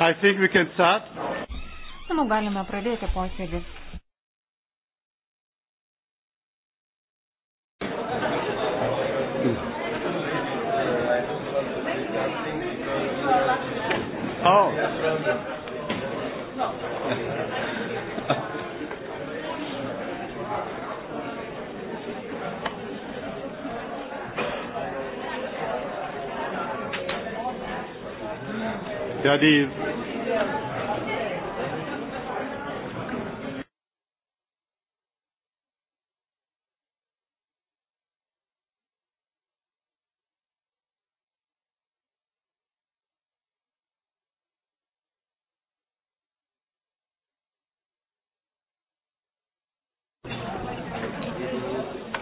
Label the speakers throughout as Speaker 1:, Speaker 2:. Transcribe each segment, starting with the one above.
Speaker 1: Manau,
Speaker 2: galime pradėti posėdį.
Speaker 1: Oh. Ja, die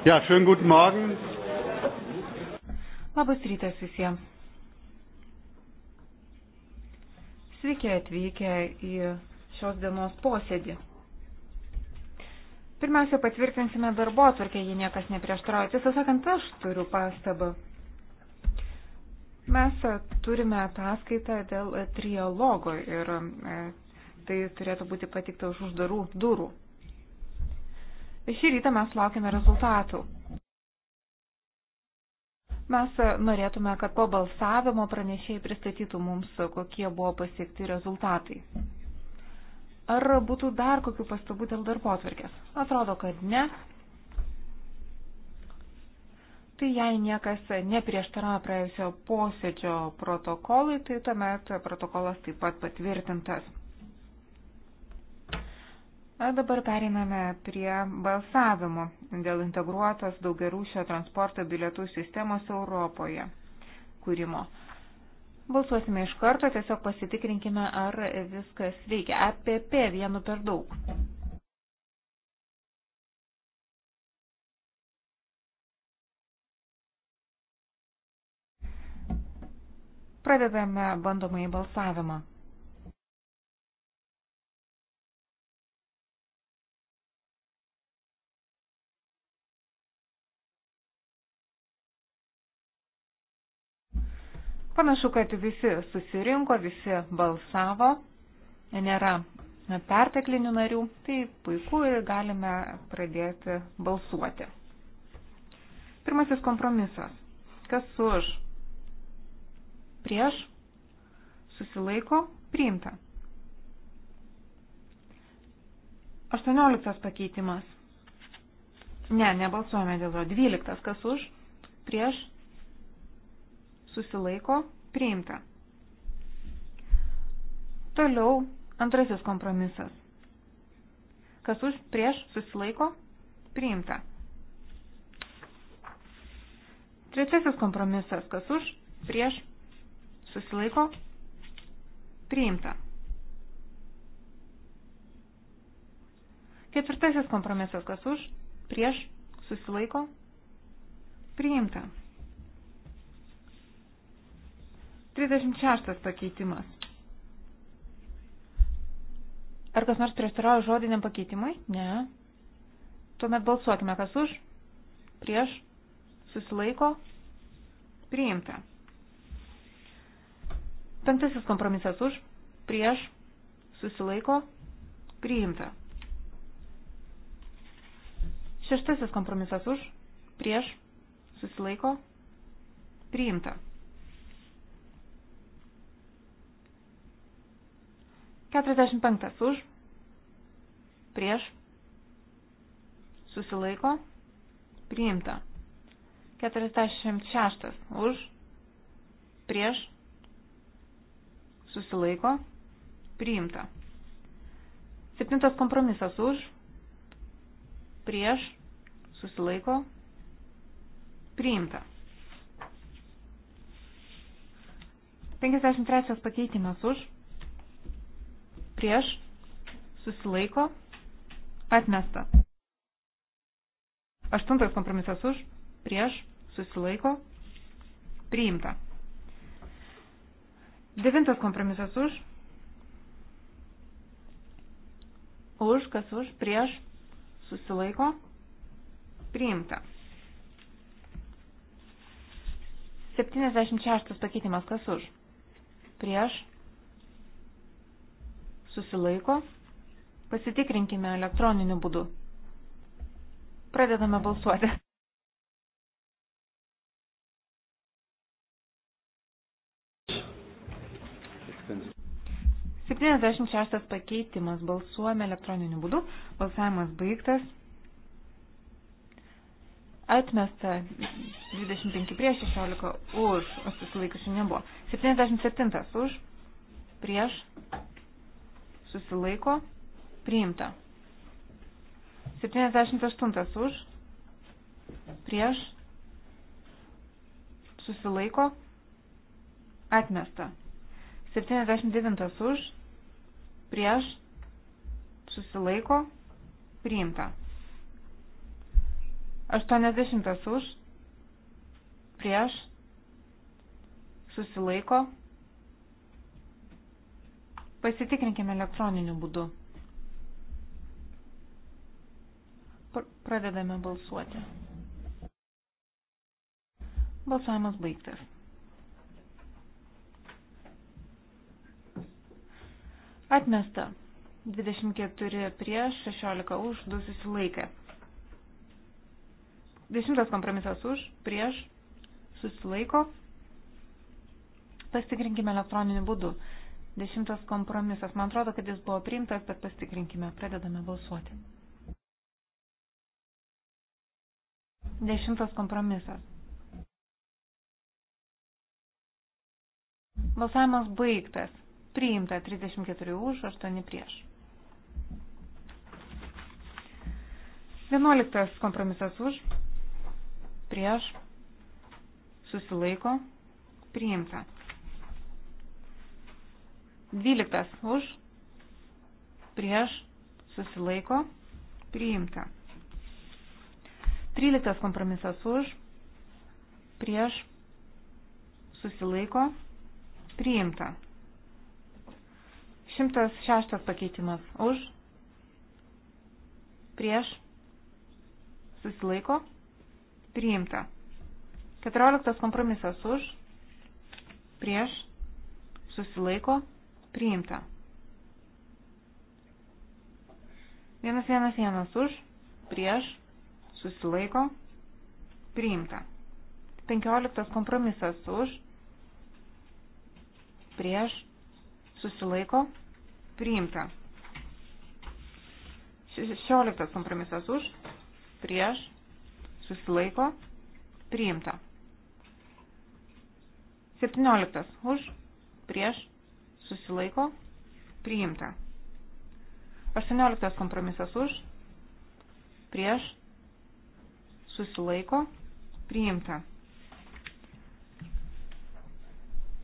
Speaker 3: Ja, schönen guten
Speaker 2: Morgen. Labas rytas visiems. Sveiki atvykę į šios dienos posėdį. Pirmiausia, patvirtinsime darbo atvarkę, jei niekas neprieštarauja. Tiesą sakant, aš turiu pastabą. Mes turime ataskaitą dėl trialogo ir e, tai turėtų būti patikta už uždarų durų. Šį rytą mes laukiame rezultatų. Mes norėtume, kad po balsavimo pranešėjai pristatytų mums, kokie buvo pasiekti rezultatai. Ar būtų dar kokių pastabų dėl darbo atvarkės? Atrodo, kad ne. Tai jei niekas neprieštaravo praėjusio posėdžio protokolui, tai tuomet protokolas taip pat patvirtintas. Dabar pereiname prie balsavimo dėl integruotos daugiarūšio transporto bilietų sistemos Europoje kūrimo. Balsuosime iš karto, tiesiog pasitikrinkime, ar viskas veikia. APP e vienu per daug. Pradedame bandomąjį balsavimą. Panašu, kad visi susirinko, visi balsavo, nėra perteklinių narių, tai puiku ir galime pradėti balsuoti. Pirmasis kompromisas. Kas už? Prieš? Susilaiko? Priimta. 18 pakeitimas. Ne, nebalsuojame dėl jo. 12. Kas už? Prieš? susilaiko, priimta. Toliau antrasis kompromisas. Kas už prieš susilaiko, priimta. Trečiasis kompromisas. Kas už prieš susilaiko, priimta. Ketvirtasis kompromisas. Kas už prieš susilaiko, priimta. 36 pakeitimas. Ar kas nors prieštarauja žodiniam pakeitimui? Ne. Tuomet balsuokime, kas už, prieš, susilaiko, priimta. Penktasis kompromisas už, prieš, susilaiko, priimta. Šeštasis kompromisas už, prieš, susilaiko, priimta. 45 už, prieš, susilaiko, priimta. 46 už, prieš, susilaiko, priimta. 7 kompromisas už, prieš, susilaiko, priimta. 53 pakeitimas už prieš, susilaiko, atmesta. Aštuntas kompromisas už, prieš, susilaiko, priimta. Devintas kompromisas už, už, kas už, prieš, susilaiko, priimta. 76 pakeitimas kas už, prieš, susilaiko, pasitikrinkime elektroniniu būdu. Pradedame balsuoti. Septyniasdešimt šeštas pakeitimas. Balsuojame elektroniniu būdu. Balsavimas baigtas. Atmesta 25 prieš 16 už, o susilaikiusių nebuvo. 77 už, prieš, susilaiko, priimta. 78 už, prieš, susilaiko, atmesta. 79 už, prieš, susilaiko, priimta. 80 už, prieš, susilaiko, Pasitikrinkime elektroniniu būdu. Pradedame balsuoti. Balsavimas baigtas. Atmesta. 24 prieš, 16 už, 2 susilaikė. 10 kompromisas už, prieš, susilaiko. Pasitikrinkime elektroniniu būdu. Dešimtas kompromisas. Man atrodo, kad jis buvo priimtas, bet pasitikrinkime. Pradedame balsuoti. Dešimtas kompromisas. Balsavimas baigtas. Priimta 34 už, 8 prieš. Vienuoliktas kompromisas už, prieš, susilaiko, priimta. Dvyliktas už, prieš, susilaiko, priimta. Tryliktas kompromisas už, prieš, susilaiko, priimta. Šimtas šeštas pakeitimas už, prieš, susilaiko, priimta. Keturioliktas kompromisas už, prieš, susilaiko, priimta priimta. 111 už, prieš, susilaiko, priimta. 15 kompromisas už, prieš, susilaiko, priimta. 16 kompromisas už, prieš, susilaiko, priimta. 17 už, prieš, susilaiko, priimta. 18 kompromisas už, prieš, susilaiko, priimta.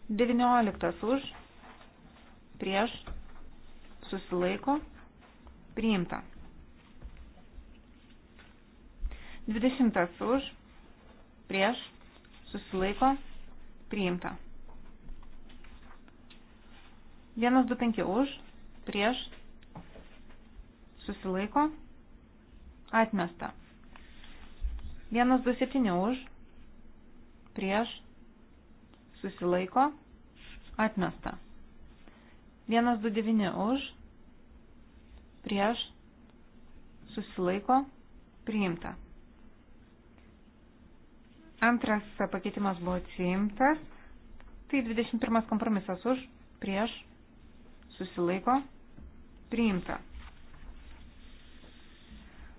Speaker 2: 19 už, prieš, susilaiko, priimta. 20 už, prieš, susilaiko, priimta. 125 už, prieš, susilaiko, atmesta. 127 už, prieš, susilaiko, atmesta. 129 už, prieš, susilaiko, priimta. Antras pakeitimas buvo atsiimtas. Tai 21 kompromisas už, prieš, susilaiko, priimta.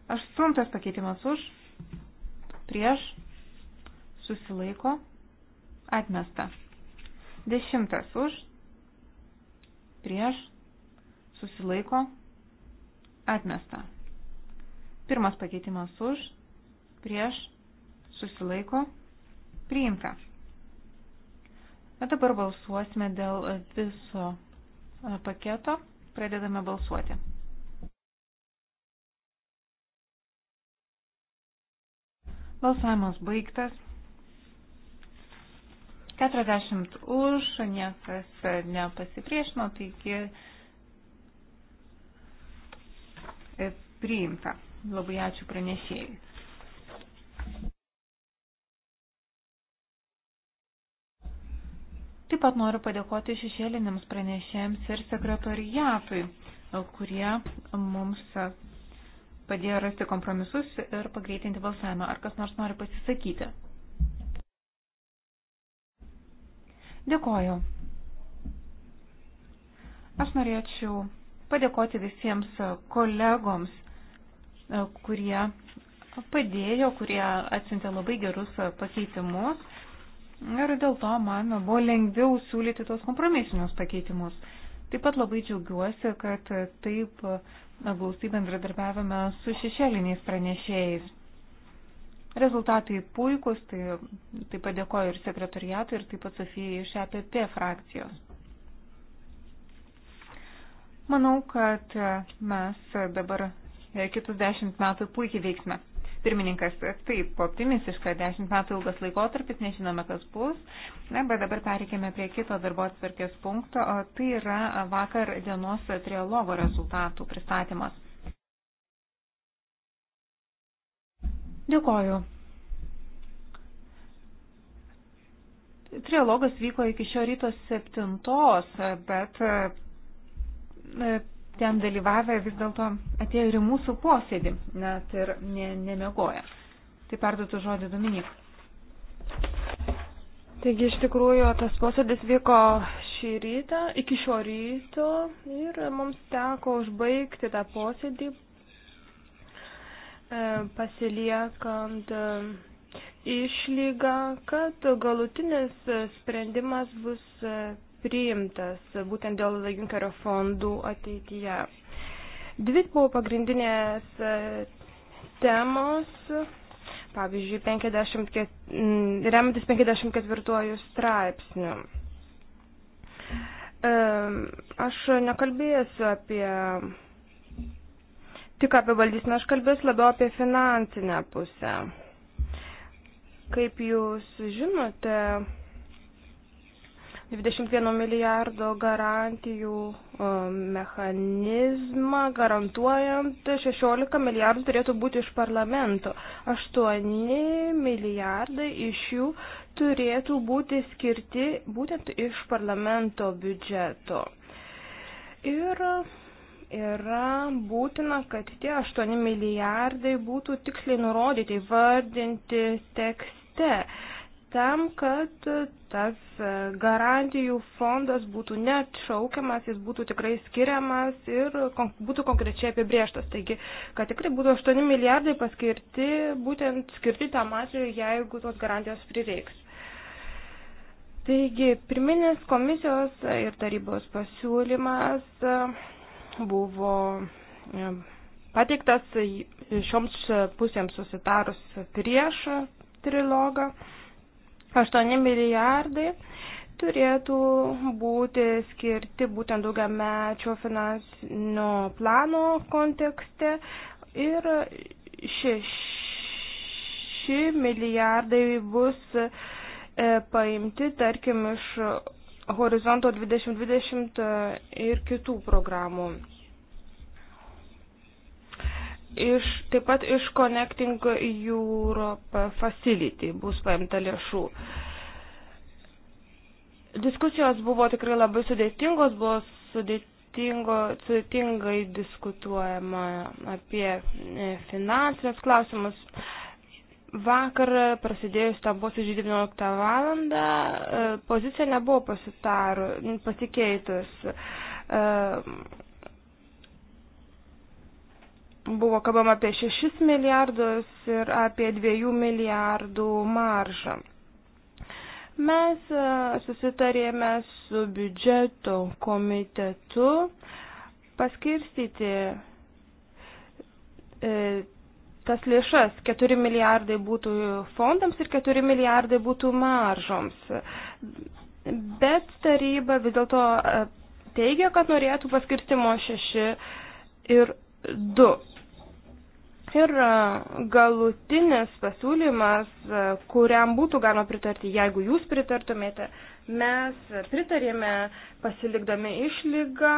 Speaker 2: Aštuntas pakeitimas už, prieš, susilaiko, atmesta. Dešimtas už, prieš, susilaiko, atmesta. Pirmas pakeitimas už, prieš, susilaiko, priimta. Na dabar balsuosime dėl viso E, paketo. Pradedame balsuoti. Balsavimas baigtas. 40 už, niekas nepasipriešino, taigi e, priimta. Labai ačiū pranešėjai. Taip pat noriu padėkoti šešėlinėms pranešėjams ir sekretoriatui, kurie mums padėjo rasti kompromisus ir pagreitinti balsavimą. Ar kas nors nori pasisakyti? Dėkoju. Aš norėčiau padėkoti visiems kolegoms, kurie padėjo, kurie atsintė labai gerus pakeitimus. Ir dėl to man buvo lengviau siūlyti tos kompromisinius pakeitimus. Taip pat labai džiaugiuosi, kad taip glaustai bendradarbiavame su šešėliniais pranešėjais. Rezultatai puikus, tai taip pat dėkoju ir sekretariatui, ir taip pat Sofijai iš EPP frakcijos. Manau, kad mes dabar kitus dešimt metų puikiai veiksime. Pirmininkas, taip, optimistiška, dešimt metų ilgas laikotarpis, nežinome, kas bus. Na, bet dabar pereikėme prie kito darbo atverkės punkto, o tai yra vakar dienos trialogo rezultatų pristatymas. Dėkoju. Trialogas vyko iki šio ryto septintos, bet e, ten dalyvavę vis dėlto atėjo ir į mūsų posėdį, net ir ne, nemegoja. Tai perduotų žodį Dominik.
Speaker 4: Taigi iš tikrųjų tas posėdis vyko šį rytą, iki šio ryto ir mums teko užbaigti tą posėdį e, pasiliekant e, išlygą, kad galutinis sprendimas bus e, priimtas būtent dėl Junkerio fondų ateityje. Dvi buvo pagrindinės e, temos, pavyzdžiui, 50, remtis 54 straipsniu. E, aš nekalbėsiu apie tik apie valdysiną, aš kalbėsiu labiau apie finansinę pusę. Kaip jūs žinote, 21 milijardo garantijų e, mechanizmą garantuojant 16 milijardų turėtų būti iš parlamento. 8 milijardai iš jų turėtų būti skirti būtent iš parlamento biudžeto. Ir yra būtina, kad tie 8 milijardai būtų tiksliai nurodyti, vardinti tekste tam, kad tas e, garantijų fondas būtų neatšaukiamas, jis būtų tikrai skiriamas ir būtų konkrečiai apibrieštas. Taigi, kad tikrai būtų 8 milijardai paskirti, būtent skirti tam atveju, jeigu tos garantijos prireiks. Taigi, pirminis komisijos ir tarybos pasiūlymas e, buvo e, pateiktas šioms pusėms susitarus prieš trilogą. 8 milijardai turėtų būti skirti būtent daugiamečio finansinio plano kontekste ir 6 milijardai bus e, paimti, tarkim, iš Horizonto 2020 e, ir kitų programų iš, taip pat iš Connecting Europe Facility bus paimta lėšų. Diskusijos buvo tikrai labai sudėtingos, buvo sudėtingo, sudėtingai diskutuojama apie e, finansinius klausimus. Vakar prasidėjus tam posėdžiui 19 valandą e, pozicija nebuvo pasitaru, pasikeitus e, buvo kalbama apie 6 milijardus ir apie 2 milijardų maržą. Mes e, susitarėme su biudžeto komitetu paskirstyti e, tas lėšas 4 milijardai būtų fondams ir 4 milijardai būtų maržoms. Bet taryba vis dėlto e, teigia, kad norėtų paskirstimo 6 ir 2. Ir e, galutinis pasiūlymas, e, kuriam būtų galima pritarti, jeigu jūs pritartumėte, mes pritarėme pasilikdami išlygą,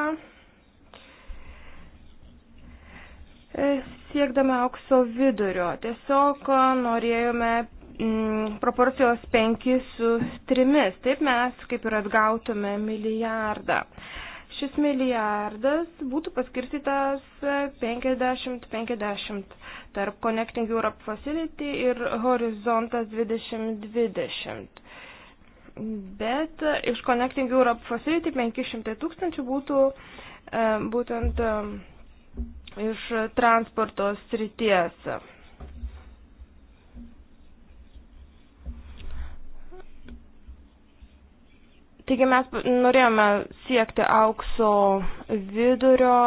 Speaker 4: e, siekdami aukso vidurio. Tiesiog norėjome mm, proporcijos 5 su 3. Taip mes kaip ir atgautume milijardą šis milijardas būtų paskirstytas 50-50 tarp Connecting Europe Facility ir Horizontas 2020. Bet iš Connecting Europe Facility 500 tūkstančių būtų e, būtent e, iš transporto srities. Taigi mes norėjome siekti aukso vidurio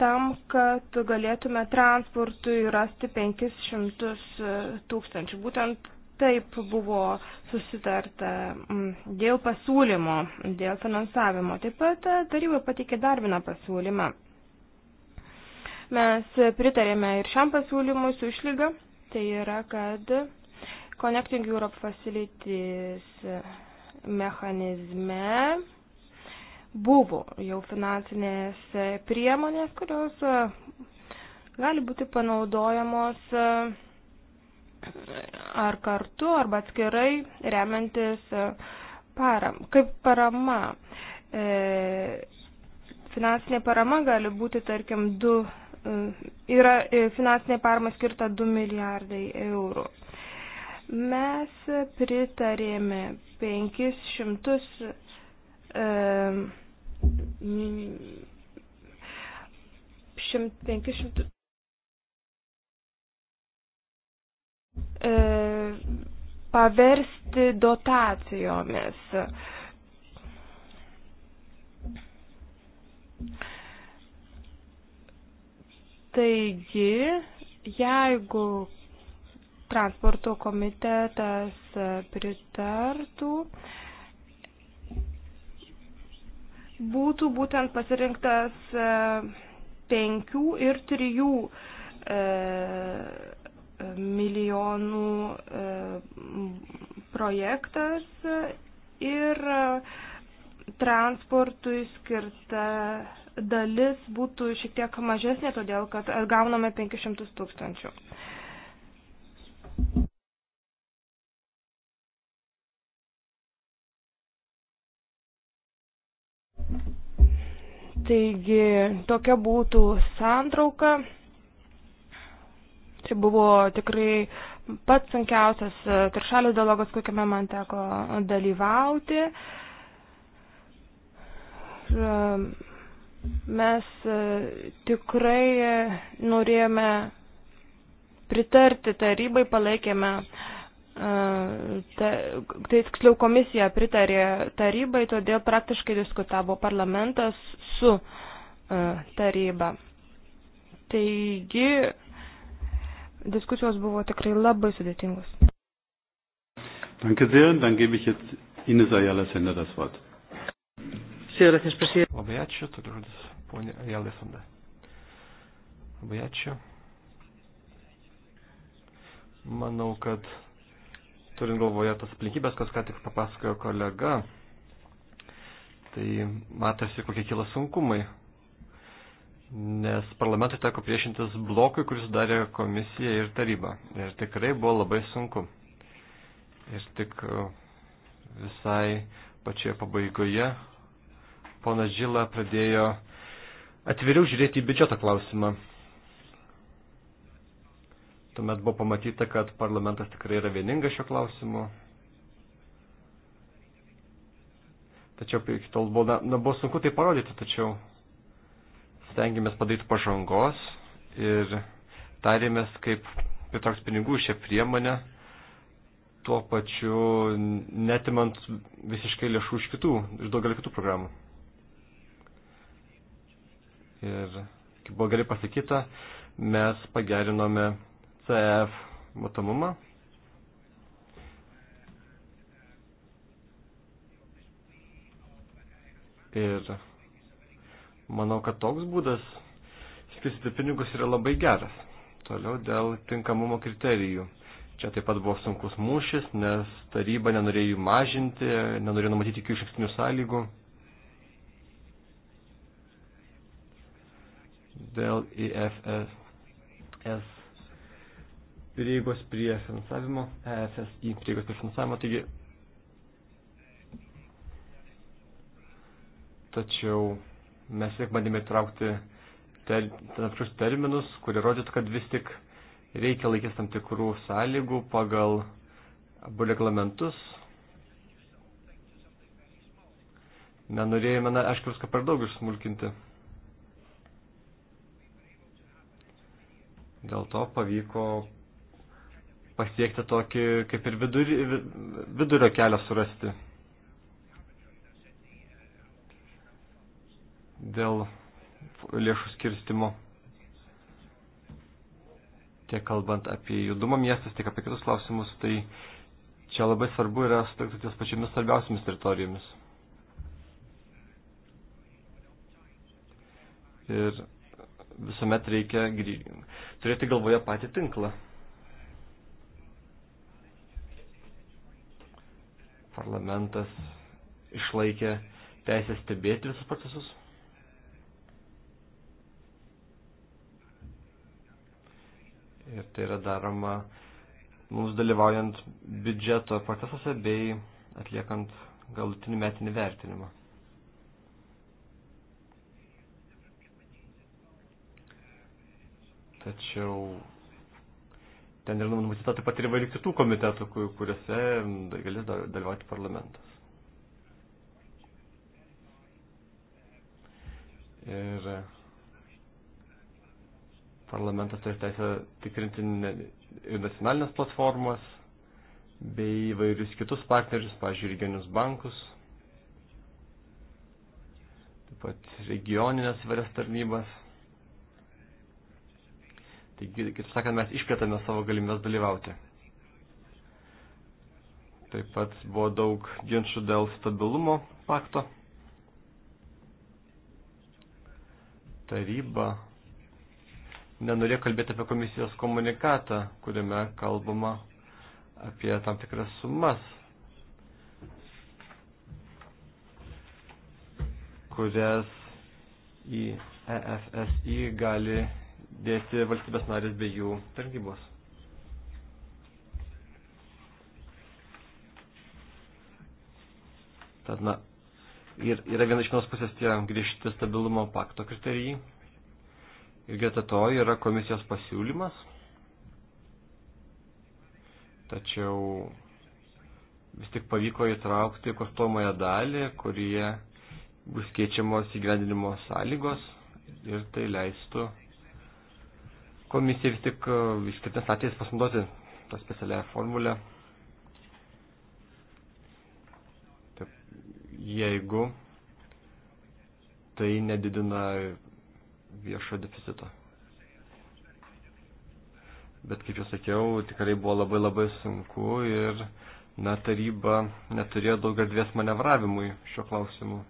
Speaker 4: tam, kad galėtume transportui rasti 500 tūkstančių. Būtent taip buvo susitarta mm, dėl pasiūlymo, dėl finansavimo. Taip pat taryba pateikė dar vieną pasiūlymą. Mes pritarėme ir šiam pasiūlymui su išlyga, tai yra, kad Connecting Europe Facilities mechanizme buvo jau finansinės priemonės, kurios e, gali būti panaudojamos e, ar kartu, arba atskirai remiantis e, param, kaip parama. Finansinė parama gali būti, tarkim, 2, yra finansinė parama skirta 2 milijardai eurų. Mes pritarėme 500 500 paversti dotacijomis. Taigi, jeigu transporto komitetas pritartų, būtų būtent pasirinktas e, penkių ir trijų e, milijonų e, projektas ir transportui skirta dalis būtų šiek tiek mažesnė, todėl kad gauname 500 tūkstančių. Taigi tokia būtų santrauka. Tai buvo tikrai pats sunkiausias trišalis dialogas, kokiame man teko dalyvauti. Mes e, tikrai e, norėjome pritarti tarybai, palaikėme uh, tai tiksliau komisija pritarė tarybai, todėl praktiškai diskutavo parlamentas su taryba. Taigi, diskusijos buvo tikrai labai
Speaker 3: sudėtingos.
Speaker 1: Danke sehr, dann gebe ich jetzt Ines Ayala Sender das
Speaker 3: Wort. Labai ačiū, turiu žodis ponė Ayala Sender. Labai ačiū. Manau, kad turint galvoje tas aplinkybės, kas ką tik papasakojo kolega, tai matosi, kokie kila sunkumai. Nes parlamentui teko priešintis blokui, kuris darė komisiją ir tarybą. Ir tikrai buvo labai sunku. Ir tik uh, visai pačioje pabaigoje ponas Žila pradėjo atviriau žiūrėti į biudžeto klausimą. Tuomet buvo pamatyta, kad parlamentas tikrai yra vieningas šio klausimu. Tačiau iki tol buvo, na, na, buvo sunku tai parodyti, tačiau stengiamės padaryti pažangos ir tarėmės, kaip pritrauks pinigų šią priemonę, tuo pačiu netimant visiškai lėšų iš kitų, iš daugelio kitų programų. Ir, kaip buvo gerai pasakyta, mes pagerinome CF matomumą. Ir manau, kad toks būdas skirstyti pinigus yra labai geras. Toliau dėl tinkamumo kriterijų. Čia taip pat buvo sunkus mūšis, nes taryba nenorėjo jų mažinti, nenorėjo numatyti jokių išankstinių sąlygų. Dėl IFS prieigos prie finansavimo, EFSI prieigos prie finansavimo, taigi tačiau mes tiek bandėme traukti ter, tam tikrus terminus, kurie rodytų, kad vis tik reikia laikytis tam tikrų sąlygų pagal abu reglamentus. Nenorėjome, na, aišku, viską per daug išsmulkinti. Dėl to pavyko pasiekti tokį kaip ir vidurį, vidurio kelią surasti. Dėl lėšų skirstimo. Tiek kalbant apie judumą miestas, tiek apie kitus klausimus, tai čia labai svarbu yra sutarkti ties pačiomis svarbiausiamis teritorijomis. Ir visuomet reikia grį... turėti galvoje patį tinklą. parlamentas išlaikė teisę stebėti visus procesus? Ir tai yra daroma mums dalyvaujant biudžeto procesuose bei atliekant galutinį metinį vertinimą. Tačiau ten yra numatyta taip pat ir įvairių kitų komitetų, kuriuose galės dalyvauti parlamentas. Ir parlamentas turi teisę tikrinti ir nacionalinės platformas, bei įvairius kitus partnerius, pavyzdžiui, regionius bankus, taip pat regioninės įvairias tarnybas. Taigi, kaip sakant, mes išplėtame savo galimybės dalyvauti. Taip pat buvo daug ginčių dėl stabilumo pakto. Taryba nenorėjo kalbėti apie komisijos komunikatą, kuriame kalbama apie tam tikras sumas, kurias į EFSI gali dėsi valstybės narės bei jų tarnybos. Tad, na, ir, yra viena iš vienos pusės tie griežti stabilumo pakto kriterijai. Ir greta to yra komisijos pasiūlymas. Tačiau vis tik pavyko įtraukti kostomąją dalį, kurie bus keičiamos įgyvendinimo sąlygos ir tai leistų komisija vis tik išskirtinės atvejais pasinaudoti tą specialią formulę. Taip, jeigu tai nedidina viešo deficito. Bet kaip e jau sakiau, tikrai e buvo labai labai sunku ir na, taryba neturėjo daug erdvės manevravimui šiuo klausimu.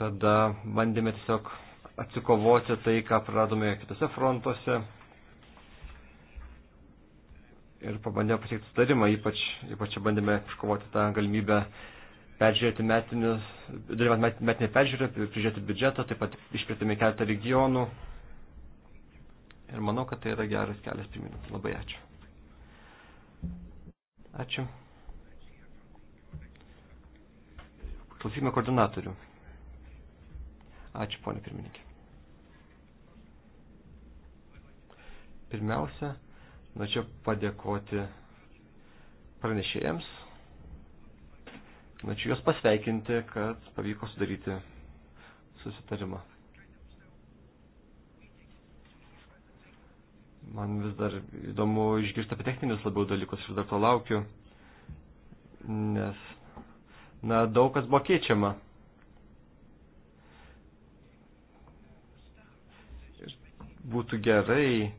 Speaker 3: Tada bandėme tiesiog atsikovoti tai, ką praradome kitose frontuose ir pabandėme pasiekti sutarimą, ypač, ypač bandėme iškovoti tą galimybę peržiūrėti metinius, dalyvauti metinį peržiūrą, prižiūrėti biudžetą, taip pat išplėtėme keletą regionų. Ir manau, kad tai yra geras kelias priminti. Labai ačiū. Ačiū. Klausykime koordinatorių. Ačiū, ponė pirmininkė. Pirmiausia, norėčiau padėkoti pranešėjams. Norėčiau juos pasveikinti, kad pavyko sudaryti susitarimą. Man vis dar įdomu išgirsti apie techninius labiau dalykus ir dar to laukiu, nes, na, daug kas buvo keičiama. būtų gerai,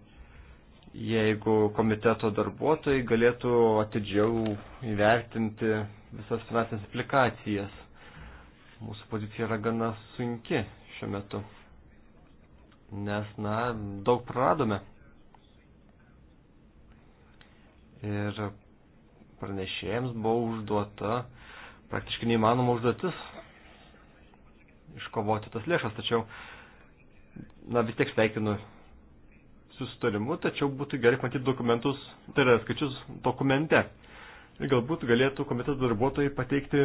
Speaker 3: jeigu komiteto darbuotojai galėtų atidžiau įvertinti visas finansinės aplikacijas. Mūsų pozicija yra gana sunki šiuo metu, nes, na, daug praradome. Ir pranešėjams buvo užduota praktiškai neįmanoma užduotis iškovoti tas lėšas, tačiau, na, vis tiek sveikinu susitarimu, tačiau būtų gerai matyti dokumentus, tai yra skaičius dokumente. Ir galbūt galėtų komiteto darbuotojai pateikti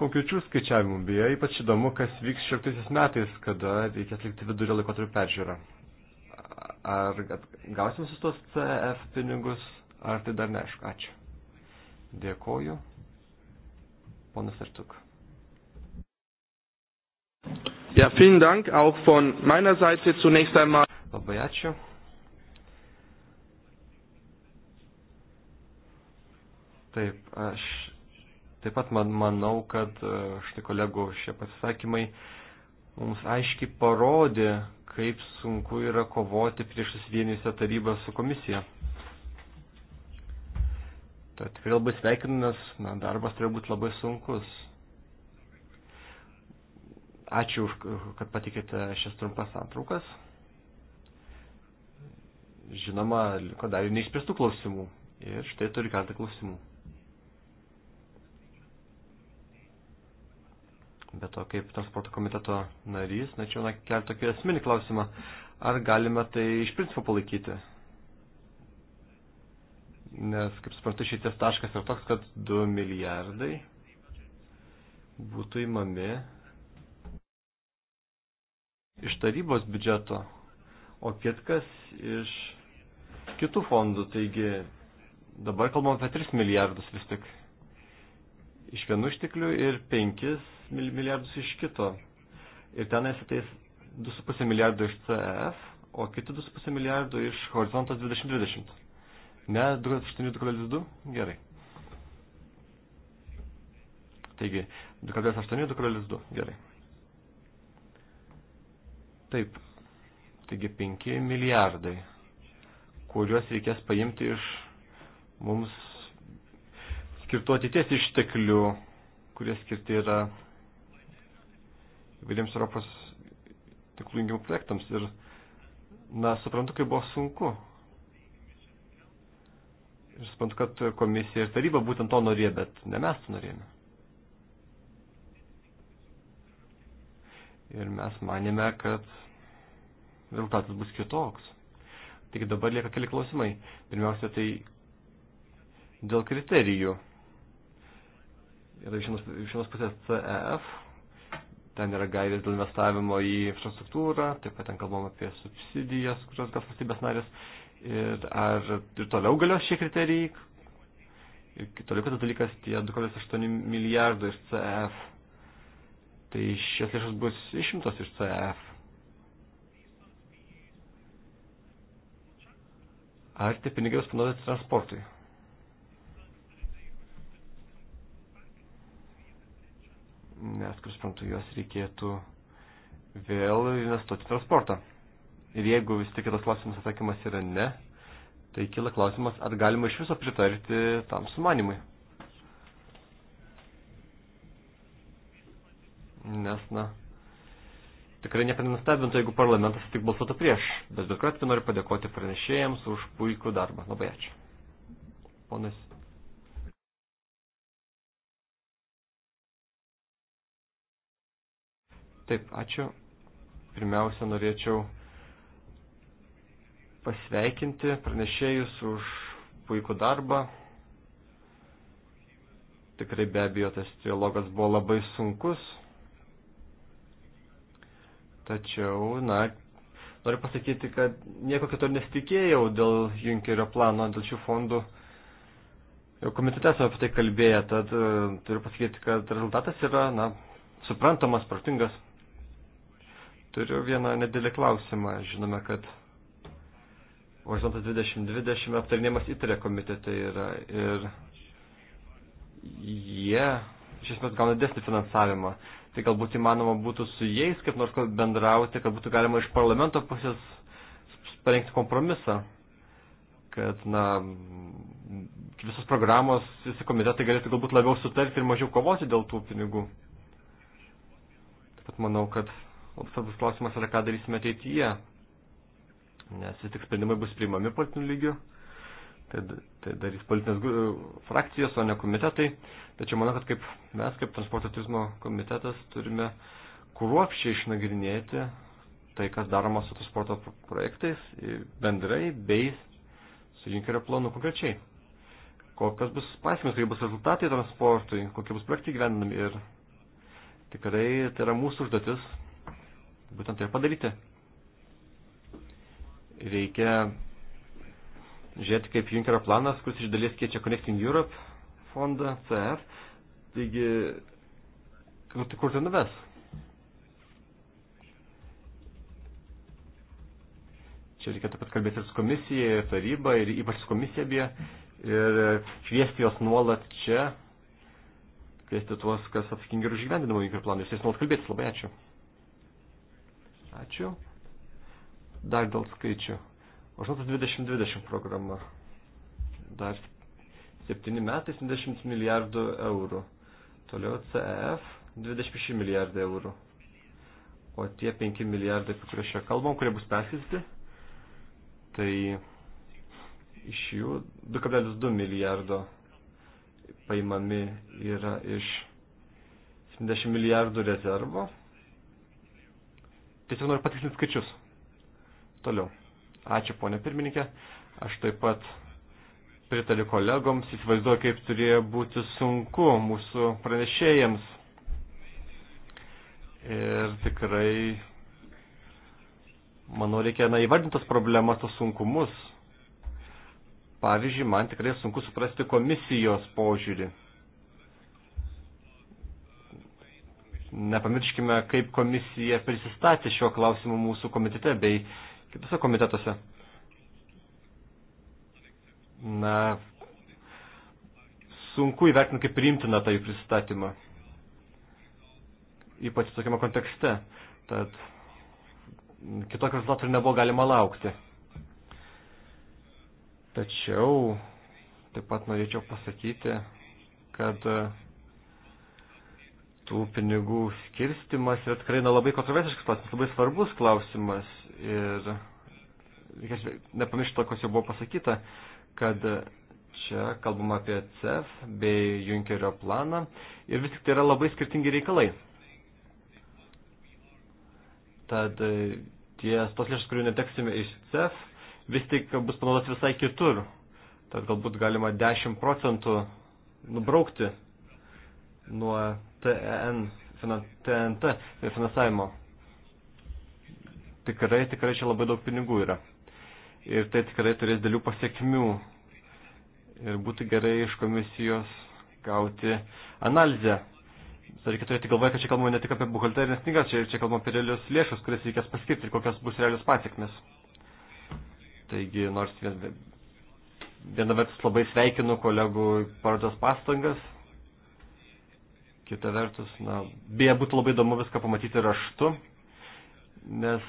Speaker 3: konkrečių skaičiavimų, beje, ypač įdomu, kas vyks 16 metais, kada reikia atlikti vidurio laikotarpio peržiūrą. Ar gausim su tos CF pinigus, ar tai dar neaišku. Ačiū. Dėkoju. Ponas Artuk. Ja, vielen Dank auch von meiner Seite zunächst einmal. Labai ačiū. Taip, aš taip pat man, manau, kad e, štai kolegų šie pasisakymai mums aiškiai parodė, kaip sunku yra kovoti prieš susivienysią tarybą su komisija. Tad tikrai labai sveikinamės, na, darbas turi būti labai sunkus. Ačiū, kad patikite šias trumpas antraukas. Žinoma, liko dar ir neišspręstų klausimų. Ir štai turi kartą klausimų. Be to, kaip transporto komiteto narys, na čia kelti tokį esminį klausimą, ar galime tai iš principo palaikyti? Nes, kaip suprantu, šitas taškas yra toks, kad 2 milijardai būtų įmami iš tarybos biudžeto, o kitkas iš kitų fondų. Taigi dabar kalbam apie 3 milijardus vis tik iš vienų išteklių ir 5 milijardus iš kito. Ir tenais ateis 2,5 milijardo iš CF, e o kiti 2,5 milijardo iš Horizontas 2020. Ne 2,8-2,2? Gerai. Taigi, 2,8-2,2. Gerai. Taip. Taigi 5 milijardai, kuriuos reikės paimti iš mums skirtų ateities išteklių, kurie skirti yra įvairiems Europos tiklų jungimų projektams. Ir, na, suprantu, kaip buvo sunku. Ir suprantu, kad komisija ir taryba būtent to norėjo, bet ne mes to norėjome. ir mes manėme, kad rezultatas bus kitoks. Tik dabar lieka keli klausimai. Pirmiausia, tai dėl kriterijų. Yra iš vienos pusės CEF, ten yra gairės dėl investavimo į infrastruktūrą, taip pat ten kalbam apie subsidijas, kurios gal valstybės narės. Ir ar ir toliau galios šie kriterijai? Ir toliau kitas dalykas, tie 2,8 milijardo iš CEF tai šias lėšas bus išimtos iš CF. Ar tie pinigai bus panaudoti transportui? Nes, kur suprantu, juos reikėtų vėl investuoti transportą. Ir jeigu vis tik tas klausimas atsakymas yra ne, tai kila klausimas, ar galima iš viso pritarti tam sumanimui. nes, na, tikrai nepanustebintų, jeigu parlamentas tik balsuotų prieš. Bet bet kuriuo atveju noriu padėkoti pranešėjams už puikų darbą. Labai ačiū. Ponas. Taip, ačiū. Pirmiausia, norėčiau pasveikinti pranešėjus už puikų darbą. Tikrai be abejo, tas dialogas buvo labai sunkus Tačiau, na, noriu pasakyti, kad nieko kito nesitikėjau dėl Junkerio plano, dėl šių fondų. Jau komitete esame apie tai kalbėję, tad e, turiu pasakyti, kad rezultatas yra, na, suprantamas, protingas. Turiu vieną nedėlį klausimą. Žinome, kad Horizontas 2020 aptarinėjimas įtarė komitete yra ir jie iš esmės gauna desnį finansavimą tai galbūt įmanoma būtų su jais kaip nors bendrauti, kad būtų galima iš parlamento pusės parengti kompromisą, kad na, visos programos, visi komitetai galėtų galbūt labiau sutarti ir mažiau kovoti dėl tų pinigų. Taip pat manau, kad svarbus klausimas yra, ką darysime ateityje, nes vis tik sprendimai bus priimami politiniu lygiu tai, tai darys politinės frakcijos, o ne komitetai. Tačiau manau, kad kaip mes, kaip transporto turizmo komitetas, turime kruopščiai išnagrinėti tai, kas daroma su transporto projektais bendrai bei su žinkerio planu konkrečiai. Kokios bus pasimis, kokie bus rezultatai transportui, kokie bus projektai gyvendami ir tikrai tai yra mūsų užduotis būtent tai padaryti. Reikia žiūrėti, kaip Junkerio planas, kuris iš dalies keičia Connecting Europe fondą, CF, taigi, kur tai nuves? Čia reikia taip pat kalbėti ir su komisija, ir taryba, ir ypač su komisija abie, ir kviesti jos nuolat čia, kviesti tuos, kas atsakingi ir užgyvendinamo Junkerio planą, jūs nuolat kalbėtis, labai ačiū. Ačiū. Dar dėl skaičių. Horizontas 2020 programa. Dar 7 metais 20 milijardų eurų. Toliau CEF 26 milijardai eurų. O tie 5 milijardai, apie kuriuos čia kalbam, kurie bus persisti, tai iš jų 2,2 milijardo paimami yra iš 70 milijardų rezervo. Tiesiog noriu patikslinti skaičius. Toliau. Ačiū, ponė pirmininkė. Aš taip pat pritariu kolegoms, įsivaizduoju, kaip turėjo būti sunku mūsų pranešėjams. Ir tikrai, manau, reikia na, įvardinti tos problemas, tos sunkumus. Pavyzdžiui, man tikrai sunku suprasti komisijos požiūrį. Nepamirškime, kaip komisija prisistatė šiuo klausimu mūsų komitete bei kitose komitetuose. Na, sunku įvertinti kaip priimtina tą jų pristatymą. Ypač tokiame kontekste. Tad kitokio rezultato nebuvo galima laukti. Tačiau taip pat norėčiau pasakyti, kad tų pinigų skirstimas yra tikrai na, labai kontroversiškas klausimas, labai svarbus klausimas. Ir reikia nepamiršti to, kas jau buvo pasakyta, kad čia kalbama apie CEF bei Junkerio planą ir vis tik tai yra labai skirtingi reikalai. Tad e, ties tos lėšas, kurių neteksime iš CEF, vis tik bus panaudotas visai kitur. Tad galbūt galima 10 procentų nubraukti nuo TEN, e TNT finansavimo. Tikrai, tikrai čia labai daug pinigų yra. Ir tai tikrai turės dėlių pasiekmių. Ir būtų gerai iš komisijos gauti analizę. Tai reikia turėti galvoje, kad čia kalbame ne tik apie buhalterinės knygas, čia, čia kalbame apie realius lėšus, kurias reikės paskirti ir kokios bus realius pasiekmes. Taigi, nors viena vertus labai sveikinu kolegų parodos pastangas, Kita vertus, na, beje, būtų labai įdomu viską pamatyti raštu, nes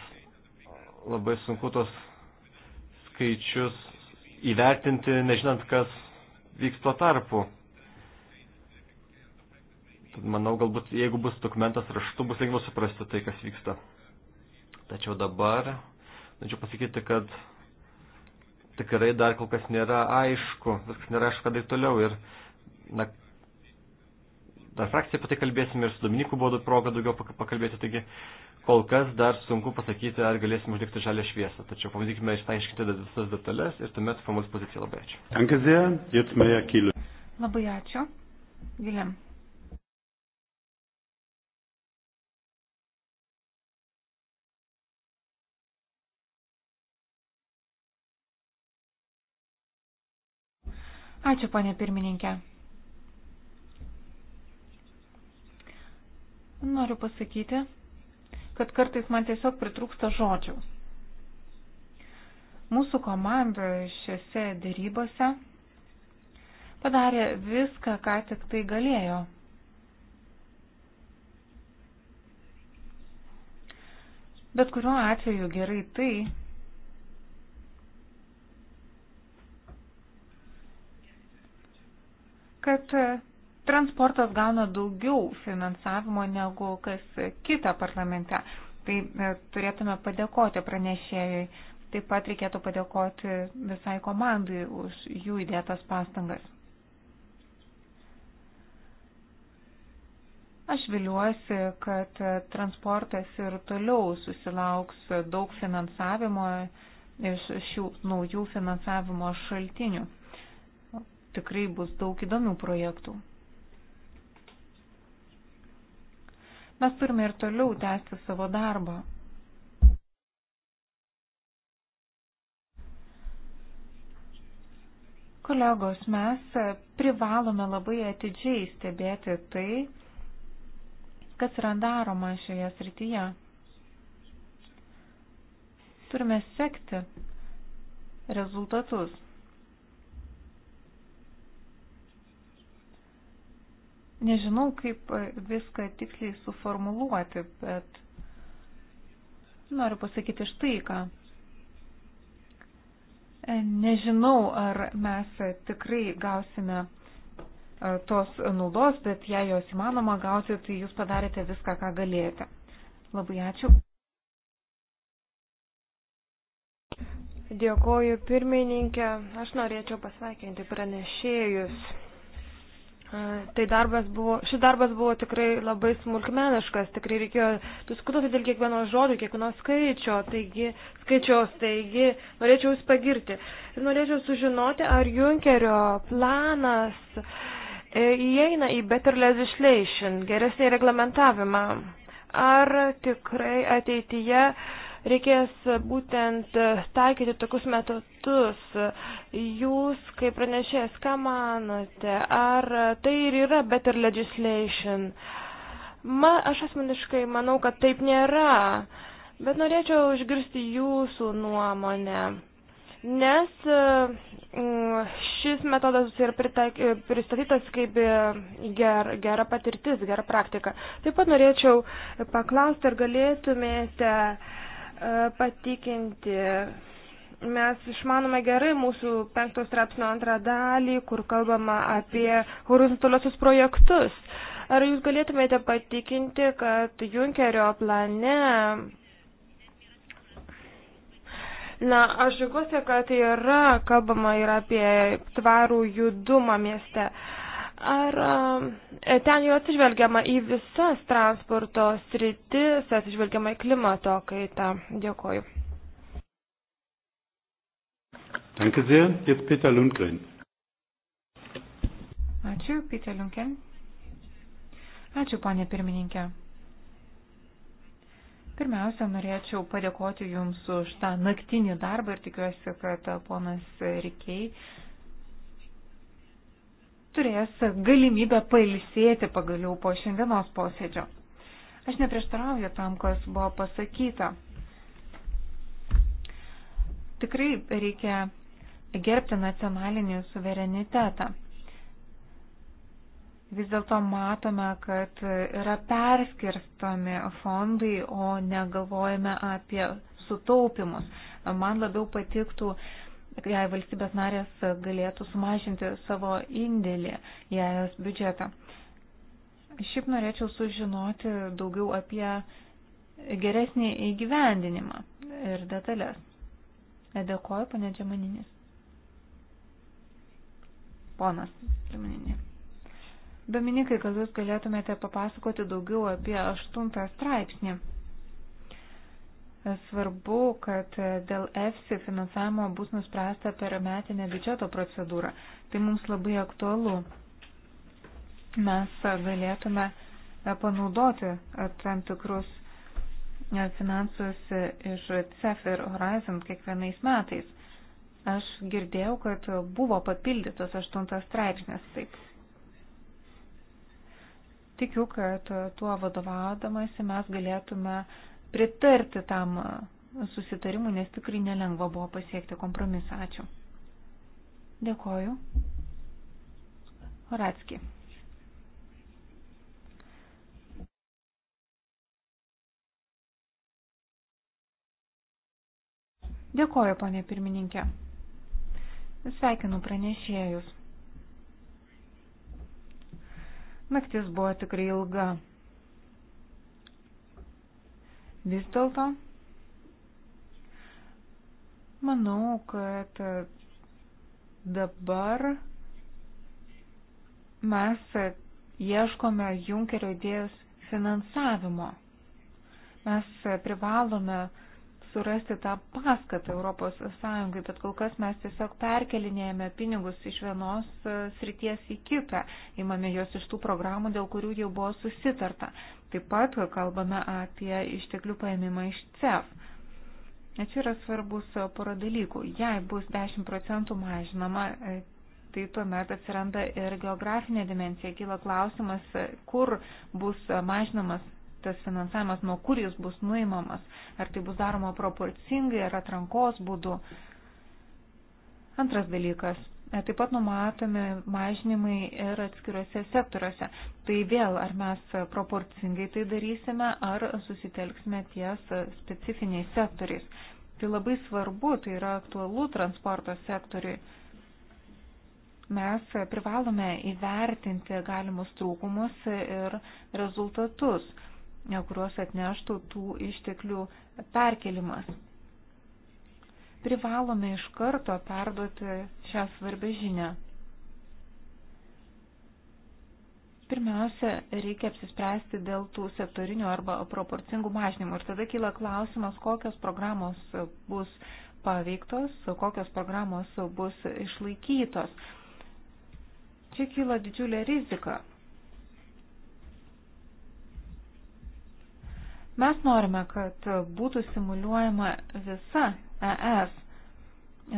Speaker 3: labai sunku tos skaičius įvertinti, nežinant, kas vyks tuo tarpu. Tad manau, galbūt, jeigu bus dokumentas raštu, bus lengviau suprasti tai, kas vyksta. Tačiau dabar, norėčiau pasakyti, kad tikrai dar kol kas nėra aišku, viskas nėra aišku, ką daryti toliau. Ir na, dar frakciją apie tai kalbėsime ir su Dominiku buvo proga daugiau pakalbėti, taigi kol kas dar sunku pasakyti, ar galėsime uždegti žalę šviesą, tačiau pabandykime išaiškinti visas detalės ir tuomet formuos poziciją. Labai ačiū. Ankazė,
Speaker 2: Labai ačiū. Vilėm. Ačiū, ponė pirmininkė. Noriu pasakyti, kad kartais man tiesiog pritrūksta žodžių. Mūsų komanda šiuose dėrybose padarė viską, ką tik tai galėjo. Bet kuriuo atveju gerai tai, kad transportas gauna daugiau finansavimo negu kas kita parlamente. Tai e, turėtume padėkoti pranešėjai. Taip pat reikėtų padėkoti visai komandai už jų įdėtas pastangas. Aš viliuosi, kad transportas ir toliau susilauks daug finansavimo iš šių naujų finansavimo šaltinių. Tikrai bus daug įdomių projektų. Mes turime ir toliau tęsti savo darbą. Kolegos, mes privalome labai atidžiai stebėti tai, kas yra daroma šioje srityje. Turime sekti rezultatus. Nežinau, kaip e, viską tiksliai suformuluoti, bet noriu pasakyti štai ką. E, nežinau, ar mes tikrai gausime e, tos naudos, bet jei jos įmanoma gauti, tai jūs padarėte viską, ką galėjote. Labai ačiū.
Speaker 4: Dėkoju pirmininkė. Aš norėčiau pasveikinti pranešėjus. Tai darbas buvo, šis darbas buvo tikrai labai smulkmeniškas, tikrai reikėjo diskutuoti dėl kiekvieno žodžio, kiekvieno skaičio, taigi, skaičiaus, taigi norėčiau Jūs pagirti. Ir norėčiau sužinoti, ar Junkerio planas e, įeina į better legislation, geresnį reglamentavimą, ar tikrai ateityje uh, reikės būtent taikyti tokius metodus. Jūs, kaip pranešėjas, ką manote, ar tai ir yra better legislation? Ma, aš asmeniškai manau, kad taip nėra, bet norėčiau išgirsti jūsų nuomonę. Nes mm, šis metodas yra pritaik, pristatytas kaip e, ger, gera patirtis, gera praktika. Taip pat norėčiau paklausti, ar galėtumėte uh, E, patikinti. Mes išmanome gerai mūsų penktos straipsnio antrą dalį, kur kalbama apie horizontaliosius projektus. Ar jūs galėtumėte patikinti, kad Junkerio plane Na, aš žiūriuosi, kad yra kalbama ir apie tvarų judumą mieste. Uh, Ar ten jau atsižvelgiama į visas transporto sritis, atsižvelgiama į klimato kaitą? Dėkoju.
Speaker 1: Danke sehr. Jetzt Peter Lundgren.
Speaker 4: Ačiū, Peter Lundgren.
Speaker 2: Ačiū, ponė pirmininkė. Pirmiausia, norėčiau padėkoti Jums už tą naktinį darbą ir tikiuosi, kad ponas Rikiai turės galimybę pailsėti pagaliau po šiandienos posėdžio. Aš neprieštarauju tam, kas buvo pasakyta. Tikrai reikia gerbti nacionalinį suverenitetą. Vis dėlto matome, kad yra perskirstomi fondai, o negalvojame apie sutaupimus. Man labiau patiktų uh, jei valstybės narės galėtų sumažinti savo indėlį į ES biudžetą. Šiaip norėčiau sužinoti daugiau apie geresnį įgyvendinimą ir detalės. Dėkoju, ponė Džemaninis. Ponas Džemaninis. Dominikai, kad jūs galėtumėte papasakoti daugiau apie aštuntą straipsnį. Svarbu, kad dėl EFSI finansavimo bus nuspręsta per metinę biudžeto procedūrą. Tai mums labai aktualu. Mes galėtume panaudoti tam tikrus finansus iš CEF ir Horizon kiekvienais metais. Aš girdėjau, kad buvo papildytas aštuntas straipsnis taip tikiu, kad tuo vadovaudamasi mes galėtume pritarti tam susitarimui, nes tikrai nelengva buvo pasiekti kompromisą. Ačiū. Dėkoju. Horatski. Dėkoju, ponė pirmininkė. Sveikinu pranešėjus. Naktis buvo tikrai ilga. Vis dėlto manau, kad dabar mes ieškome Junkerio idėjos finansavimo. Mes privalome uh, surasti tą paskatą Europos Sąjungai, bet kol kas mes tiesiog perkelinėjame pinigus iš vienos e, srities į kitą, įmame juos iš tų programų, dėl kurių jau buvo susitarta. Taip pat kalbame apie išteklių paėmimą iš CEF. E, čia yra svarbus e, pora dalykų. Jei bus 10 procentų mažinama, tai tuomet atsiranda ir geografinė dimencija. Kyla klausimas, kur bus mažinamas tas finansavimas, nuo kur jis bus nuimamas, ar tai bus daroma proporcingai ar atrankos būdu. Antras dalykas. E, taip pat numatomi mažinimai ir atskiruose sektoriuose. Tai vėl, ar mes proporcingai tai darysime, ar susitelksime ties specifiniais sektoriais. Tai labai svarbu, tai yra aktualu transporto sektoriui mes privalome įvertinti galimus trūkumus ir rezultatus kuriuos atneštų tų išteklių perkelimas. Privalome iš karto perduoti šią svarbę žinę. Pirmiausia, reikia apsispręsti dėl tų sektorinių arba proporcingų mažinimų. Ir tada kyla klausimas, kokios programos bus paveiktos, kokios programos bus išlaikytos. Čia kyla didžiulė rizika Mes norime, kad būtų simuliuojama visa ES,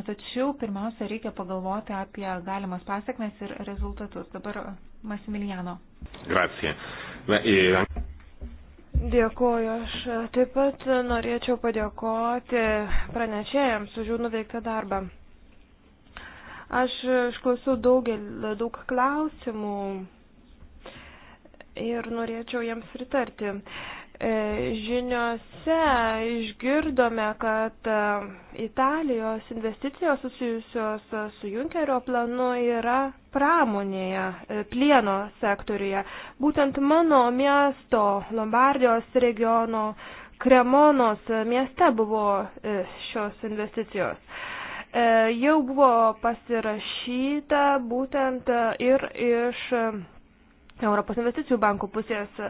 Speaker 2: tačiau pirmiausia reikia pagalvoti apie galimas pasiekmes ir rezultatus. Dabar Masimiliano.
Speaker 1: Grazie. E,
Speaker 4: Dėkuoju. Aš taip pat norėčiau padėkoti pranešėjams už jų nuveiktą darbą. Aš išklausiau daugelį, daug klausimų ir norėčiau jiems pritarti. E, Žiniuose išgirdome, kad e, Italijos investicijos susijusios su Junkerio planu yra pramonėje, e, plieno sektoriuje. Būtent mano miesto, Lombardijos regiono, Kremonos mieste buvo šios investicijos jau buvo pasirašyta būtent ir iš Europos investicijų bankų pusės.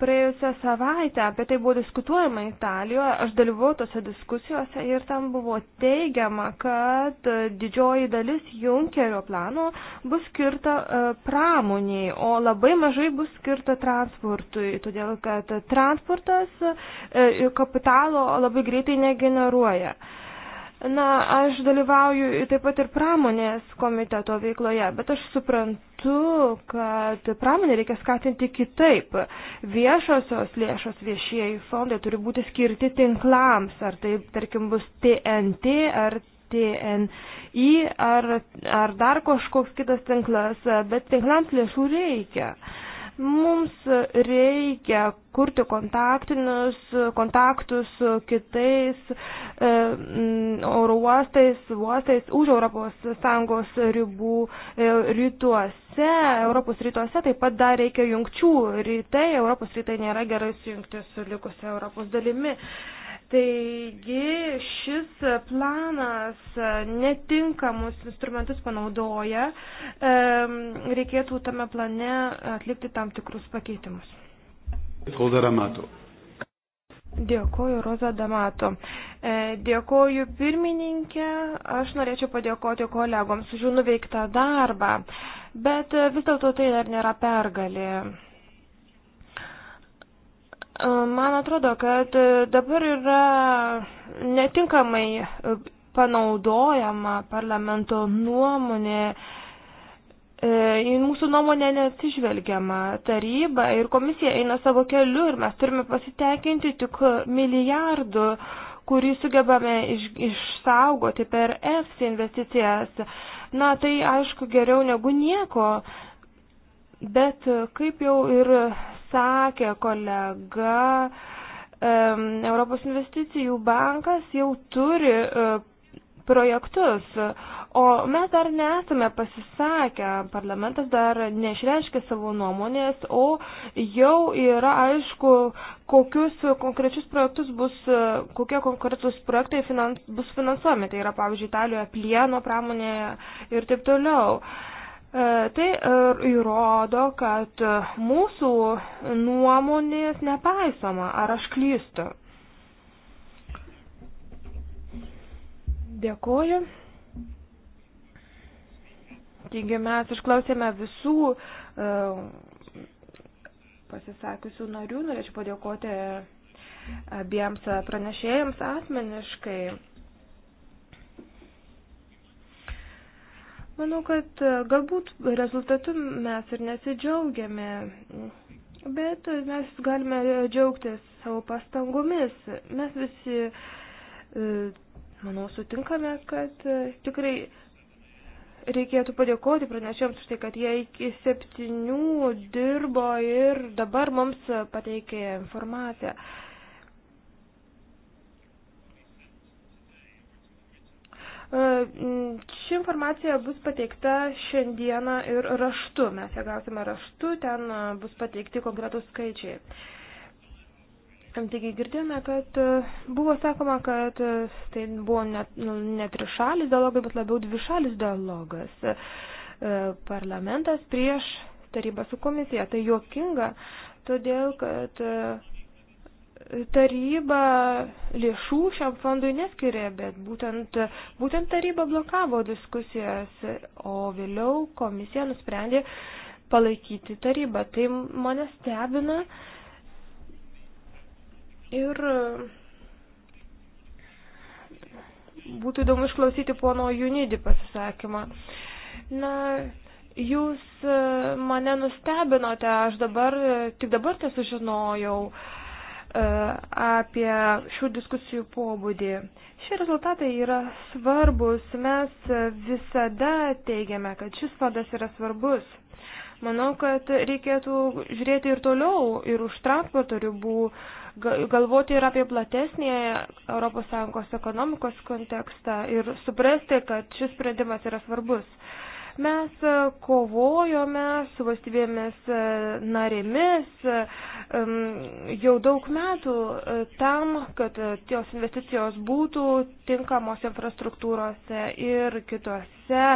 Speaker 4: Praėjusią savaitę apie tai buvo diskutuojama Italijoje, aš dalyvau tose diskusijose ir tam buvo teigiama, kad didžioji dalis Junkerio plano bus skirta e, pramoniai, o labai mažai bus skirta transportui, todėl kad transportas e, kapitalo labai greitai negeneruoja. Na, aš dalyvauju taip pat ir pramonės komiteto veikloje, bet aš suprantu, kad pramonę reikia skatinti kitaip. Viešosios lėšos viešieji fondai turi būti skirti tinklams, ar tai, tarkim, bus TNT, ar TNI, ar, ar dar kažkoks kitas tinklas, bet tinklams lėšų reikia. Uh, Mums reikia kurti kontaktinius, kontaktus su kitais e, oro uostais, uostais už ES ribų e, rytuose. Europos rytuose taip pat dar reikia jungčių. Rytai, Europos rytai nėra gerai sujungti su likusia Europos dalimi. E, Taigi šis planas e, netinkamus instrumentus panaudoja, e, reikėtų tame plane atlikti tam tikrus pakeitimus.
Speaker 1: Roza Damato.
Speaker 4: Dėkoju, Roza Damato. E, dėkoju pirmininkė, aš norėčiau padėkoti kolegoms už jų nuveiktą darbą, bet vis dėlto tai dar nėra pergalė Man atrodo, kad dabar yra netinkamai e, panaudojama parlamento nuomonė, e, į mūsų nuomonę neatsižvelgiama taryba ir komisija eina savo keliu ir mes turime pasitenkinti tik milijardų, kurį sugebame iš, išsaugoti per EFS investicijas. Na, tai aišku geriau negu nieko, bet kaip jau ir sakė kolega, Europos investicijų bankas jau turi e, projektus, o mes dar nesame pasisakę, parlamentas dar neišreiškė savo nuomonės, o jau yra aišku, kokius konkrečius projektus bus, e, kokie konkretus projektai finans, bus finansuomi. Tai yra, pavyzdžiui, Italijoje plieno pramonėje ir taip toliau. Uh, E, tai e, įrodo, kad e, mūsų nuomonės nepaisoma, ar aš klystu. Dėkuoju. Taigi mes išklausėme visų pasisakiusių narių. Norėčiau padėkoti abiems pranešėjams asmeniškai. Manau, kad e, galbūt rezultatu mes ir nesidžiaugiame, bet mes galime džiaugtis savo pastangomis. Mes visi, e, manau, sutinkame, kad e, tikrai reikėtų padėkoti pranešėjams už tai, kad jie iki septynių dirbo ir dabar mums pateikė informaciją. E, ši informacija bus pateikta šiandieną ir raštu. Mes ją gausime raštu, ten e, bus pateikti konkretus skaičiai. Taigi girdėjome, kad e, buvo sakoma, kad tai buvo netrišalis nu, ne dialogai, bet labiau dvišalis dialogas. Parlamentas prieš tarybą su komisija. Tai juokinga, todėl kad taryba lėšų šiam fondui neskiria, bet būtent, būtent taryba blokavo diskusijas, o vėliau komisija nusprendė palaikyti tarybą. Tai mane stebina ir būtų įdomu išklausyti pono Junidį pasisakymą. Na, jūs mane nustebinote, aš dabar, tik dabar tai sužinojau. Uh, E, apie šių diskusijų pobūdį. Šie rezultatai yra svarbus. Mes visada teigiame, kad šis vadas yra svarbus. Manau, kad reikėtų žiūrėti ir toliau, ir už transporto ribų, galvoti ir apie platesnį ES ekonomikos kontekstą ir suprasti, kad šis sprendimas yra svarbus. Mes e, kovojome su valstybėmis e, narėmis e, jau daug metų tam, kad jos investicijos būtų tinkamos infrastruktūrose ir kitose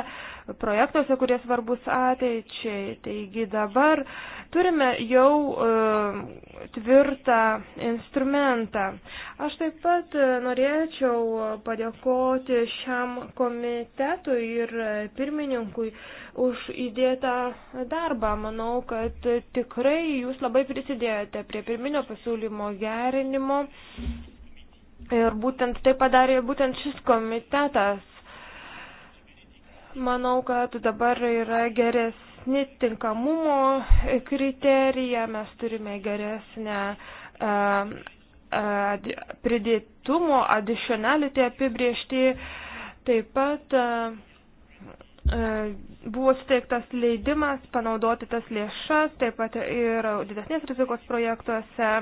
Speaker 4: projektuose, kurie svarbus ateičiai. Taigi dabar turime jau e, tvirtą instrumentą. Aš taip pat e, norėčiau padėkoti šiam komitetui ir pirmininkui už įdėtą darbą. Manau, kad tikrai jūs labai prisidėjote prie pirminio pasiūlymo gerinimo. Ir būtent tai padarė būtent šis komitetas. Manau, kad dabar yra geresni tinkamumo kriterija, mes turime geresnę e, e, pridėtumo, additionality apibriežti. Taip pat e, buvo suteiktas leidimas panaudoti tas lėšas, taip pat ir didesnės rizikos projektuose.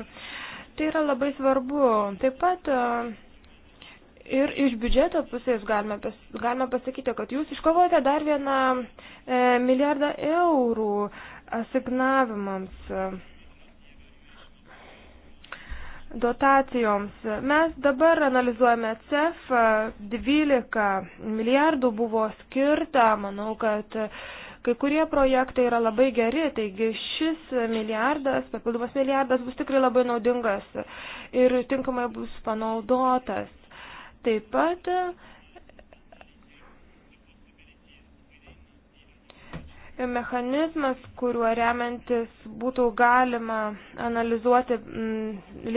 Speaker 4: Tai yra labai svarbu. Taip pat Ir iš biudžeto pusės galime, pas, galime pasakyti, kad jūs iškovojate dar vieną e, milijardą eurų asignavimams, e, dotacijoms. Mes dabar analizuojame CEF, 12 e, milijardų buvo skirta, manau, kad kai kurie projektai yra labai geri, taigi šis milijardas, papildomas milijardas bus tikrai labai naudingas ir tinkamai bus panaudotas. Taip pat e, mechanizmas, kuriuo remiantis būtų galima analizuoti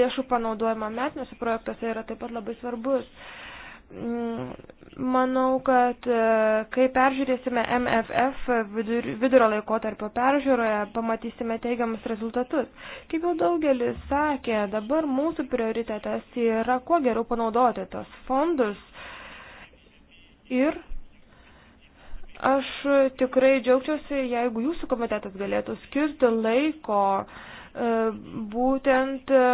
Speaker 4: lėšų panaudojimą metiniuose projektuose yra taip pat labai svarbus. Mm, manau, kad e, kai peržiūrėsime MFF vidurio laikotarpio peržiūroje, pamatysime teigiamus rezultatus. Kaip jau daugelis sakė, dabar mūsų prioritetas yra kuo geriau panaudoti tos fondus. Ir aš tikrai džiaugčiausi, jeigu jūsų komitetas galėtų skirti laiko e, būtent e,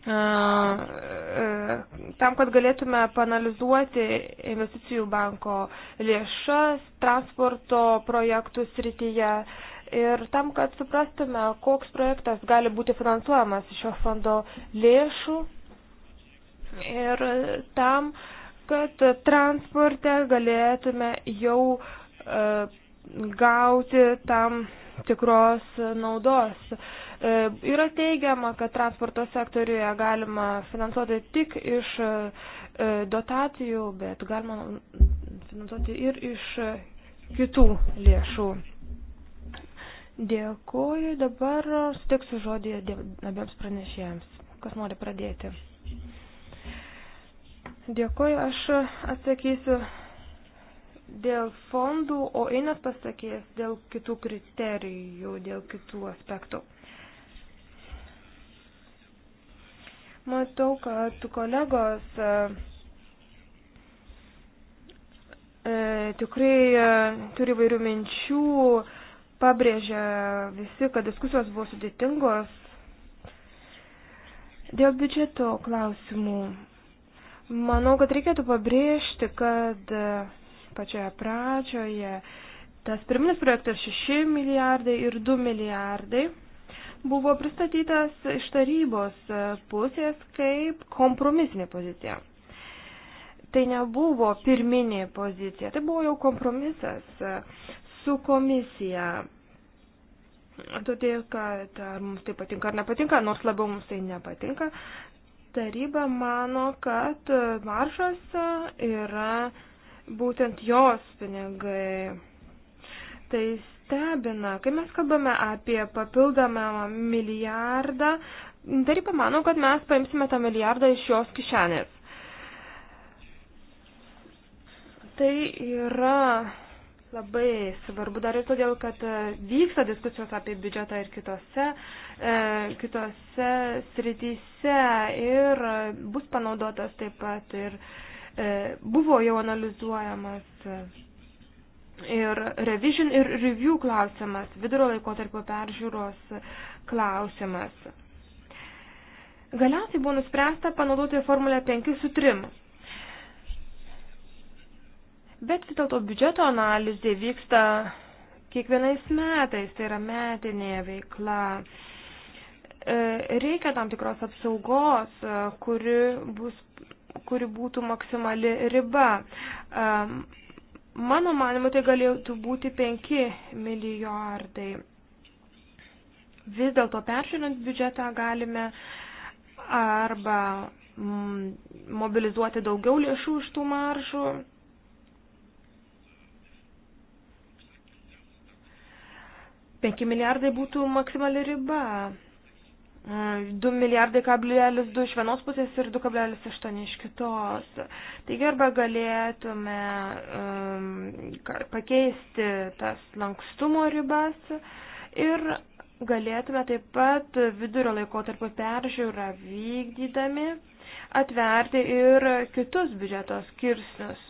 Speaker 4: E, tam, kad galėtume panalizuoti investicijų banko lėšas transporto projektų srityje ir tam, kad suprastume, koks projektas gali būti finansuojamas iš šio fondo lėšų ir tam, kad transporte galėtume jau e, gauti tam tikros naudos. Uh, E, yra teigiama, kad transporto sektoriuje galima finansuoti tik iš e, e, dotacijų, bet galima finansuoti ir iš kitų lėšų. Dėkuoju, dabar sutiksiu žodį abiems pranešėjams, kas nori pradėti. Dėkuoju, aš atsakysiu dėl fondų, o Einas pasakės dėl kitų kriterijų, dėl kitų aspektų. Matau, kad kolegos e, e, tikrai e, turi vairių minčių, pabrėžia visi, kad diskusijos buvo sudėtingos. Dėl biudžeto klausimų. Manau, kad reikėtų pabrėžti, kad pačioje pradžioje tas pirminis projektas 6 milijardai ir 2 milijardai buvo pristatytas iš tarybos pusės kaip kompromisinė pozicija. Tai nebuvo pirminė pozicija, tai buvo jau kompromisas su komisija. Todėl, kad ar mums tai patinka ar nepatinka, nors labiau mums tai nepatinka, taryba mano, kad maršas yra būtent jos pinigai. Tai stebina. Kai mes kalbame apie papildomą milijardą, taryba mano, kad mes paimsime tą milijardą iš jos kišenės. Tai yra labai svarbu dar ir todėl, kad vyksta diskusijos apie biudžetą ir kitose, e, kitose srityse ir bus panaudotas taip pat ir e, buvo jau analizuojamas. E, Ir revision ir review klausimas, vidurio laikotarpio peržiūros klausimas. Galiausiai buvo nuspręsta panaudoti formulę 5 su 3. Bet vis dėlto biudžeto analizė vyksta kiekvienais metais, tai yra metinė veikla e, reikia tam tikros apsaugos, e, kuri, bus, kuri būtų maksimali riba. Mano manimu, tai galėtų būti 5 milijardai. Vis dėlto peržiūrint biudžetą galime arba mm, mobilizuoti daugiau lėšų iš tų maržų. Penki milijardai būtų maksimali riba. 2 milijardai kablelis 2 iš vienos pusės ir 2,8 iš kitos. Taigi arba galėtume um, pakeisti tas lankstumo ribas ir galėtume taip pat vidurio laikotarpio peržiūrą vykdydami atverti ir kitus biudžeto skirsnius.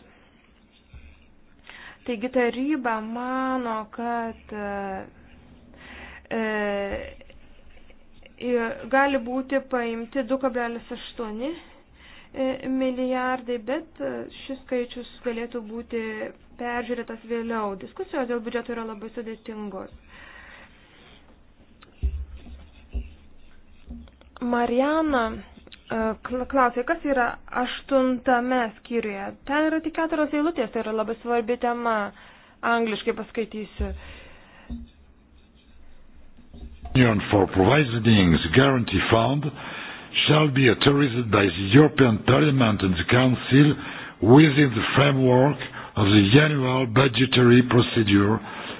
Speaker 4: Taigi taryba mano, kad e, gali būti paimti 2,8 e, milijardai, bet e, šis skaičius galėtų būti peržiūrėtas vėliau. Diskusijos dėl biudžeto yra labai sudėtingos. Mariana e, klausė, kas yra aštuntame skyriuje. Ten yra tik keturios eilutės, tai yra labai svarbi tema. Angliškai paskaitysiu. Uh,
Speaker 1: Union for Providings Guarantee Fund shall be authorized by the European Parliament and the Council within the framework of the annual budgetary procedure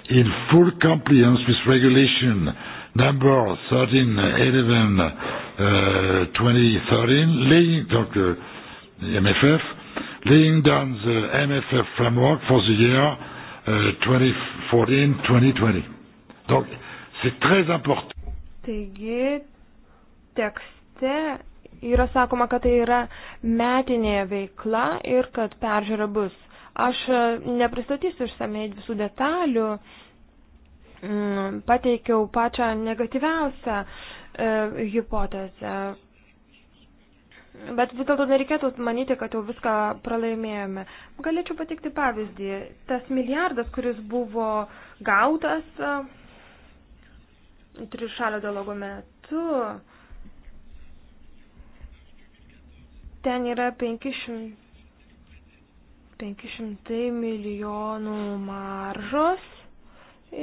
Speaker 1: in full compliance with regulation number 1311 uh, 2013 laying, donc, uh, MFF, laying down the MFF framework for the year uh, 2014-2020. Donc, C'est
Speaker 4: très important. Taigi, tekste yra sakoma, kad tai yra metinė veikla ir kad peržiūra bus. Aš e, nepristatysiu išsamei visų detalių, mm, pateikiau pačią negatyviausią e, hipotezę. Bet vis dėlto nereikėtų manyti, kad jau viską pralaimėjome. Galėčiau pateikti pavyzdį. Tas milijardas, kuris buvo gautas, e, trišalio dialogo metu ten yra 500, 500 milijonų maržos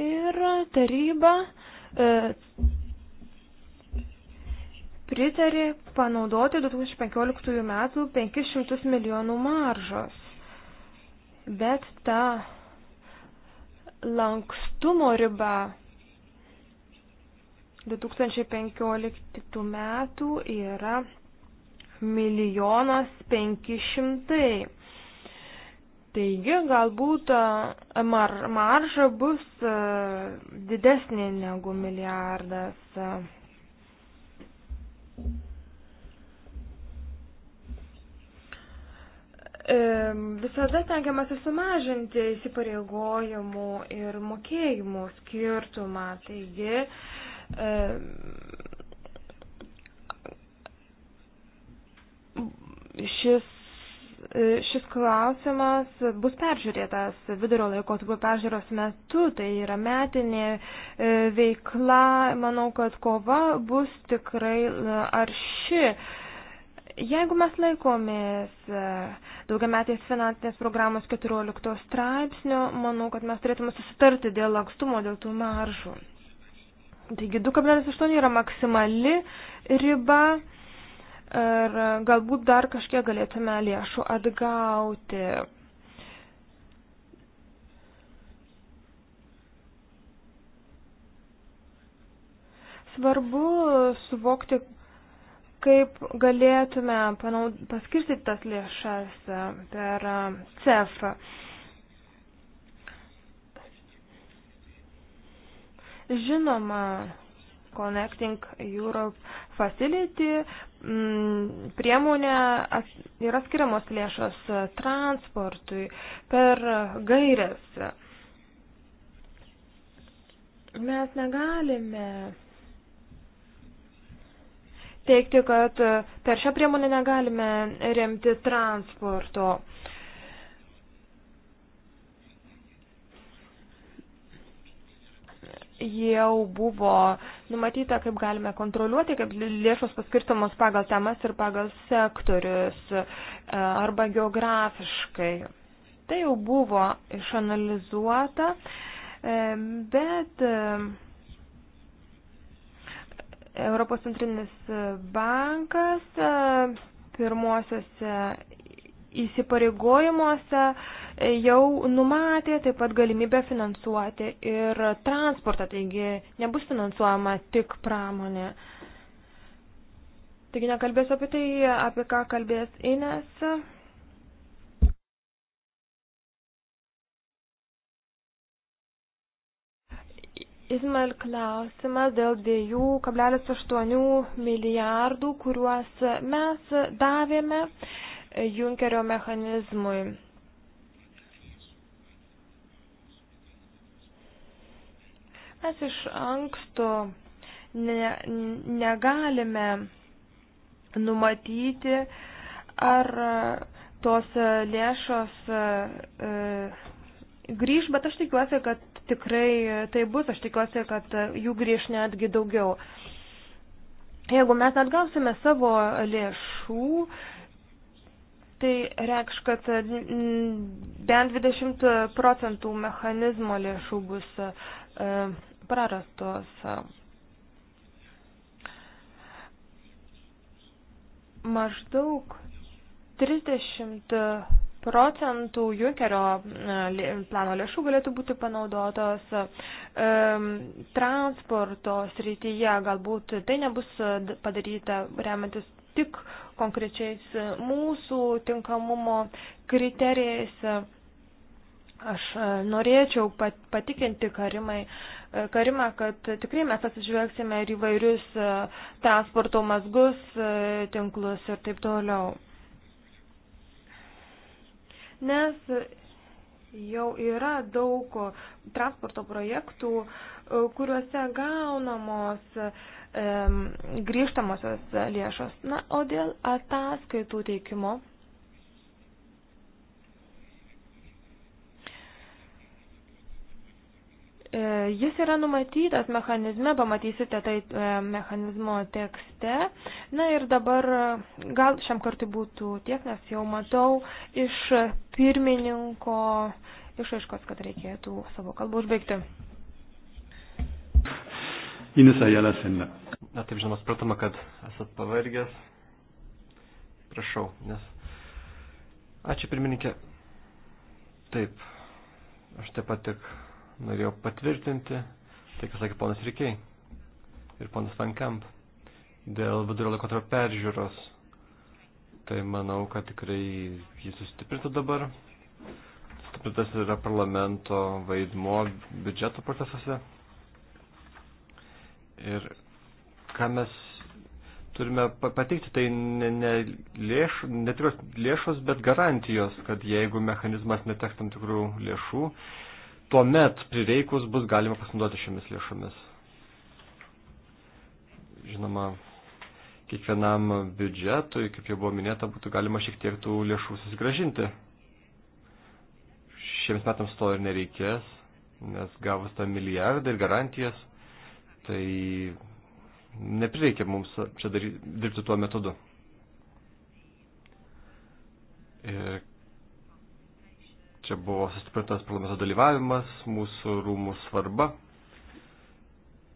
Speaker 4: ir taryba e, pritarė panaudoti 2015 metų 500 milijonų maržos. Bet ta lankstumo riba 2015 metų yra milijonas penki šimtai. Taigi galbūt mar, marža bus didesnė negu milijardas. Visada tengiamasi sumažinti įsipareigojimų ir mokėjimų skirtumą. Taigi, šis e, šis klausimas bus peržiūrėtas vidurio laiko tarp peržiūros metu, tai yra metinė e, veikla, manau, kad kova bus tikrai e, arši. Jeigu mes laikomės daugiametės finansinės programos 14 straipsnio, manau, kad mes turėtume susitarti dėl lankstumo, dėl tų maržų. Taigi 2,8 yra maksimali riba ir galbūt dar kažkiek galėtume lėšų atgauti. Svarbu suvokti, kaip galėtume paskirstyti tas lėšas per uh, CEF. Žinoma, Connecting Europe Facility mm, priemonė yra skiriamos lėšos transportui per gairias. Mes negalime teikti, kad per šią priemonę negalime remti transporto. Uh, jau buvo numatyta, kaip galime kontroliuoti, kaip lėšos paskirtamos pagal temas ir pagal sektorius e, arba geografiškai. Tai jau buvo išanalizuota, e, bet e, Europos centrinis bankas pirmosiose įsipareigojimuose jau numatė taip pat galimybę finansuoti ir transportą, taigi nebus finansuojama tik pramonė. Taigi nekalbėsiu apie tai, apie ką kalbės Ines. Izmail klausimas dėl 2,8 milijardų, kuriuos mes davėme Junkerio mechanizmui. Mes iš anksto ne, negalime numatyti, ar tos lėšos e, grįž, bet aš tikiuosi, kad tikrai tai bus, aš tikiuosi, kad jų grįž netgi daugiau. Jeigu mes atgausime savo lėšų, tai reikš, kad bent 20 procentų mechanizmo lėšų bus e, prarastos. Maždaug 30 procentų Junkerio plano lėšų galėtų būti panaudotos transporto srityje. Galbūt tai nebus padaryta remiantis tik konkrečiais mūsų tinkamumo kriterijais. Aš norėčiau patikinti karimai, Karimą, kad tikrai mes atsižvelgsime ir įvairius e, transporto mazgus, e, tinklus ir taip toliau. Nes jau yra daug transporto projektų, e, kuriuose gaunamos e, grįžtamosios lėšos. Na, o dėl ataskaitų teikimo E, jis yra numatytas mechanizme, pamatysite tai e, mechanizmo tekste. Na ir dabar e, gal šiam kartui būtų tiek, nes jau matau iš pirmininko išaiškos, kad reikėtų savo kalbą užbaigti.
Speaker 3: Ines Ajala Senna. Na taip žinoma, supratama, kad esat pavargęs. Prašau, nes. Ačiū pirmininkė. Taip, aš taip pat tik norėjau patvirtinti tai, kas sakė ponas Rikiai ir ponas Van Kamp dėl vidurio laikotarpio peržiūros. Tai manau, kad tikrai jis sustiprintų dabar. Sustiprintas yra parlamento vaidmo biudžeto procesuose. Ir ką mes turime pateikti, tai ne, ne, lėš, ne tikros lėšos, bet garantijos, kad jeigu mechanizmas neteks tam tikrų lėšų, tuomet prireikus bus galima pasinaudoti šiomis lėšomis. Žinoma, kiekvienam biudžetui, kaip jau buvo minėta, būtų galima šiek tiek tų lėšų susigražinti. Šiems metams to ir nereikės, nes gavus tą milijardą ir garantijas, tai neprireikia mums čia daryti, dirbti tuo metodu. Ir Čia buvo sustiprintas parlamento dalyvavimas, mūsų rūmų svarba,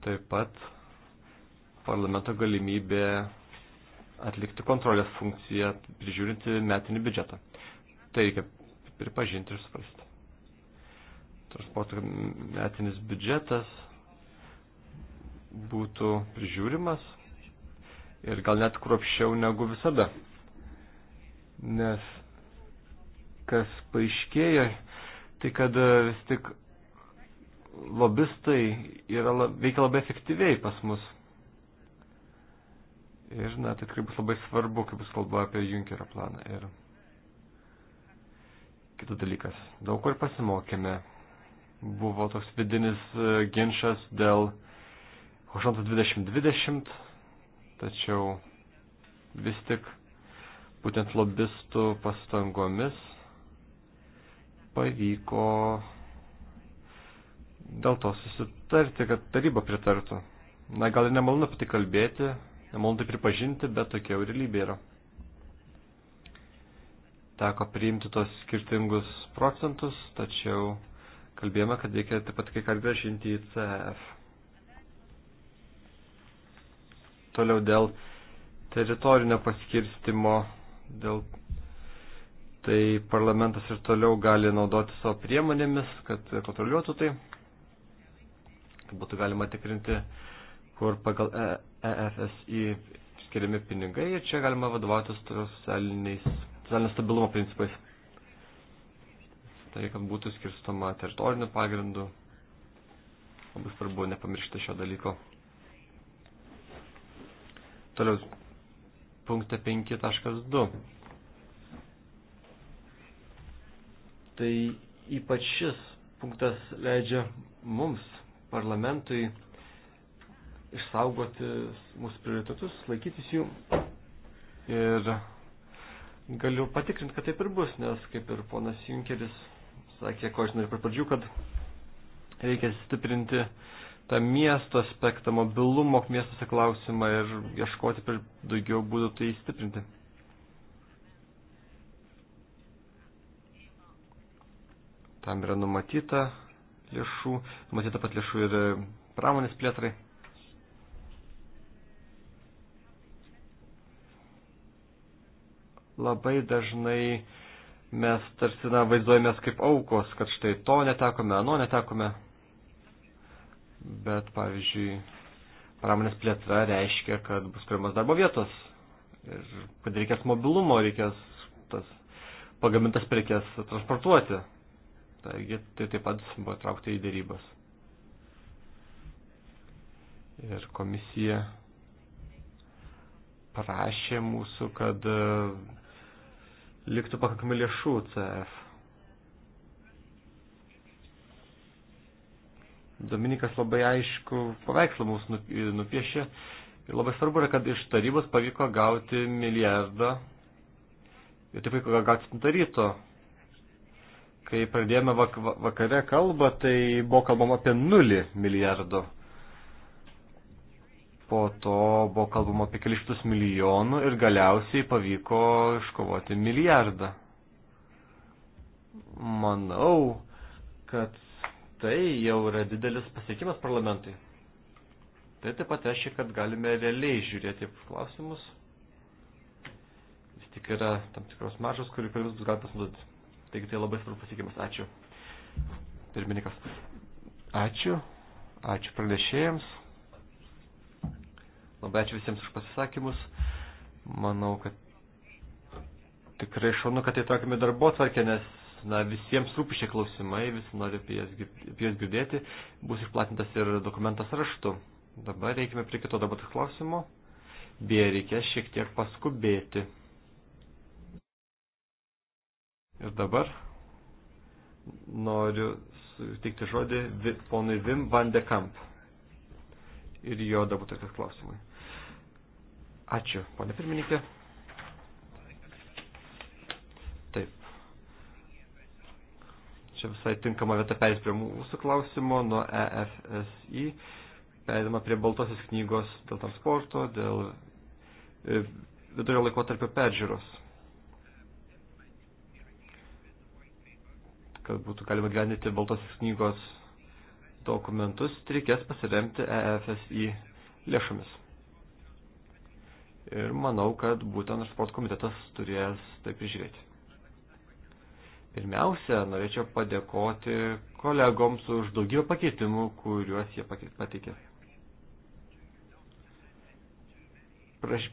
Speaker 3: taip pat parlamento galimybė atlikti kontrolės funkciją, prižiūrinti metinį biudžetą. Tai reikia pripažinti ir suprasti. Transporto metinis biudžetas būtų prižiūrimas ir gal net kruopščiau negu visada. Nes kas paaiškėja, tai kad e, vis tik lobistai yra, veikia labai efektyviai pas mus. Ir, na, tai tikrai bus labai svarbu, kai bus kalba apie Junkerio planą. Ir kitas dalykas. Daug kur pasimokėme. Buvo toks vidinis e, ginčas dėl horizontas 2020, tačiau vis tik būtent lobistų pastangomis pavyko dėl to susitarti, kad taryba pritartų. Na, gal ir nemalonu apie tai kalbėti, nemalonu tai pripažinti, bet tokia jau realybė yra. Teko priimti tos skirtingus procentus, tačiau kalbėjome, kad reikia taip pat kai ką grąžinti į CF. Toliau dėl teritorinio paskirstimo, dėl tai parlamentas ir toliau gali naudoti savo priemonėmis, kad kontroliuotų tai, kad būtų galima tikrinti, kur pagal EFSI e skiriami pinigai ir čia galima vadovautis socialinio stabilumo principais. Tai, kad būtų skirstoma teritoriniu pagrindu, labai svarbu nepamiršti šio dalyko. Toliau, punktą 5.2 Tai ypač šis punktas leidžia mums, parlamentui, išsaugoti mūsų prioritetus, laikytis jų. Ir galiu patikrinti, kad taip ir bus, nes kaip ir ponas Junkeris sakė, ko aš noriu per pradžių, kad reikia stiprinti tą miesto aspektą, mobilumo miestuose klausimą ir ieškoti per daugiau būdų tai stiprinti. tam yra numatyta lėšų, numatyta pat lėšų ir pramonės plėtrai. Labai dažnai mes tarsi na, vaizduojamės kaip aukos, kad štai to netekome, ano netekome. Bet, pavyzdžiui, pramonės plėtra reiškia, kad bus kuriamas darbo vietos ir kad reikės mobilumo, reikės tas pagamintas prekes transportuoti. Taigi tai taip pat buvo traukta į dėrybas. Ir komisija prašė mūsų, kad e, liktų pakankamai lėšų CF. Dominikas labai aišku paveikslą mums nu, nupiešė. Ir labai svarbu yra, kad iš tarybos pavyko gauti milijardą. Ir taip pavyko gauti 7 ryto Kai pradėjome vak vakare kalbą, tai buvo kalbama apie 0 milijardų. Po to buvo kalbama apie kelištus milijonų ir galiausiai pavyko iškovoti milijardą. Manau, kad tai jau yra didelis pasiekimas parlamentui. Tai taip pat reiškia, kad galime realiai žiūrėti klausimus. Vis tik yra tam tikros mažos, kuriomis bus galima pasinaudoti. Taigi tai labai svarbus pasiekimas. Ačiū. Pirmininkas. Ačiū. Ačiū pranešėjams. Labai ačiū visiems už pasisakymus. Manau, kad tikrai šaunu, kad tai tokiame darbo tvarkė, nes na, visiems rūpi šie klausimai, visi nori apie jas, apie jas girdėti. Bus išplatintas ir dokumentas raštu. Dabar reikime prie kito dabar klausimo. Bėja reikia šiek tiek paskubėti. Ir dabar noriu sutikti žodį ponui Vim van de Kamp ir jo dabutarkas klausimai. Ačiū, ponė pirmininkė. Taip. Čia visai tinkama vieta perės prie mūsų klausimo nuo EFSI, perėdama prie Baltosios knygos dėl transporto, dėl e, vidurio laikotarpio peržiūros. kad būtų galima gyveninti Baltosios knygos dokumentus, tai reikės pasiremti EFSI lėšomis. Ir manau, kad būtent sporto komitetas turės tai prižiūrėti. Pirmiausia, norėčiau padėkoti kolegoms už daugybę pakeitimų, kuriuos jie pateikė. Praš...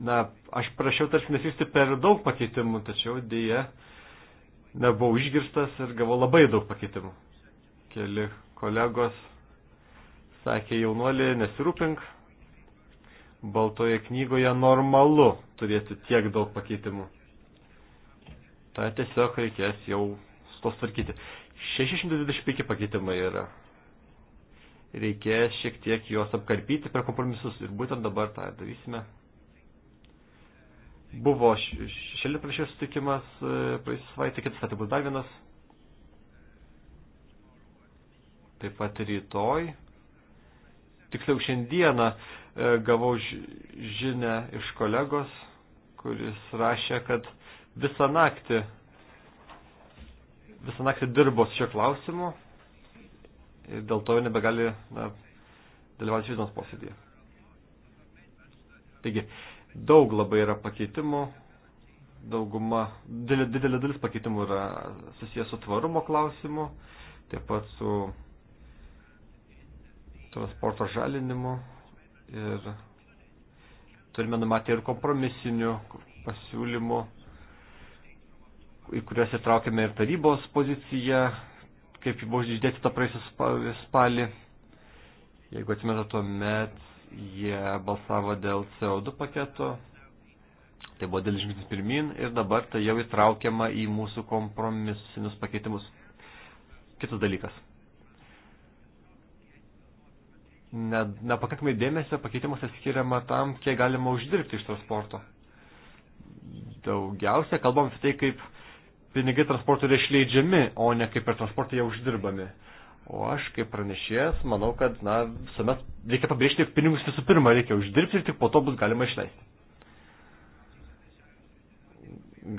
Speaker 3: Na, aš prašiau tarsi nesiųsti per daug pakeitimų, tačiau dėja, uh, nebuvau išgirstas ir gavau labai daug pakeitimų. Keli kolegos sakė jaunuolį, nesirūpink, baltoje knygoje normalu turėti tiek daug pakeitimų. Tai tiesiog reikės jau su to tvarkyti. 625 pakeitimai yra. Reikės šiek tiek juos apkarpyti per kompromisus ir būtent dabar tą darysime. Buvo šešėlė prieš sutikimas e, praeisą savaitę, kitas atė bus dar vienas. Taip pat rytoj. Tiksliau šiandieną e, gavau žinę iš kolegos, kuris rašė, kad visą naktį, visą naktį dirbo su šio klausimu ir dėl to nebegali na, dalyvauti šiandienos posėdėje. Taigi, Daug labai yra pakeitimų, dauguma, didelė, didelė dalis pakeitimų yra susijęs su tvarumo klausimu, taip pat su transporto žalinimu ir turime numatę ir kompromisinių pasiūlymų, į kuriuos įtraukėme ir tarybos poziciją, kaip ji buvo išdėstyta praėjusią spalį. Jeigu atsimeta, tuomet jie balsavo dėl CO2 paketo, tai buvo dėl žingsnis pirmin ir dabar tai jau įtraukiama į mūsų kompromisinius pakeitimus. Kitas dalykas. Ne, nepakankamai dėmesio pakeitimuose skiriama tam, kiek galima uždirbti iš transporto. Daugiausia kalbam apie tai, kaip pinigai transportui yra išleidžiami, o ne kaip per transportą jie uždirbami. O aš kaip pranešėjas manau, kad na, visuomet reikia pabrėžti, jog pinigus visų pirma reikia uždirbti ir tik po to bus galima išleisti.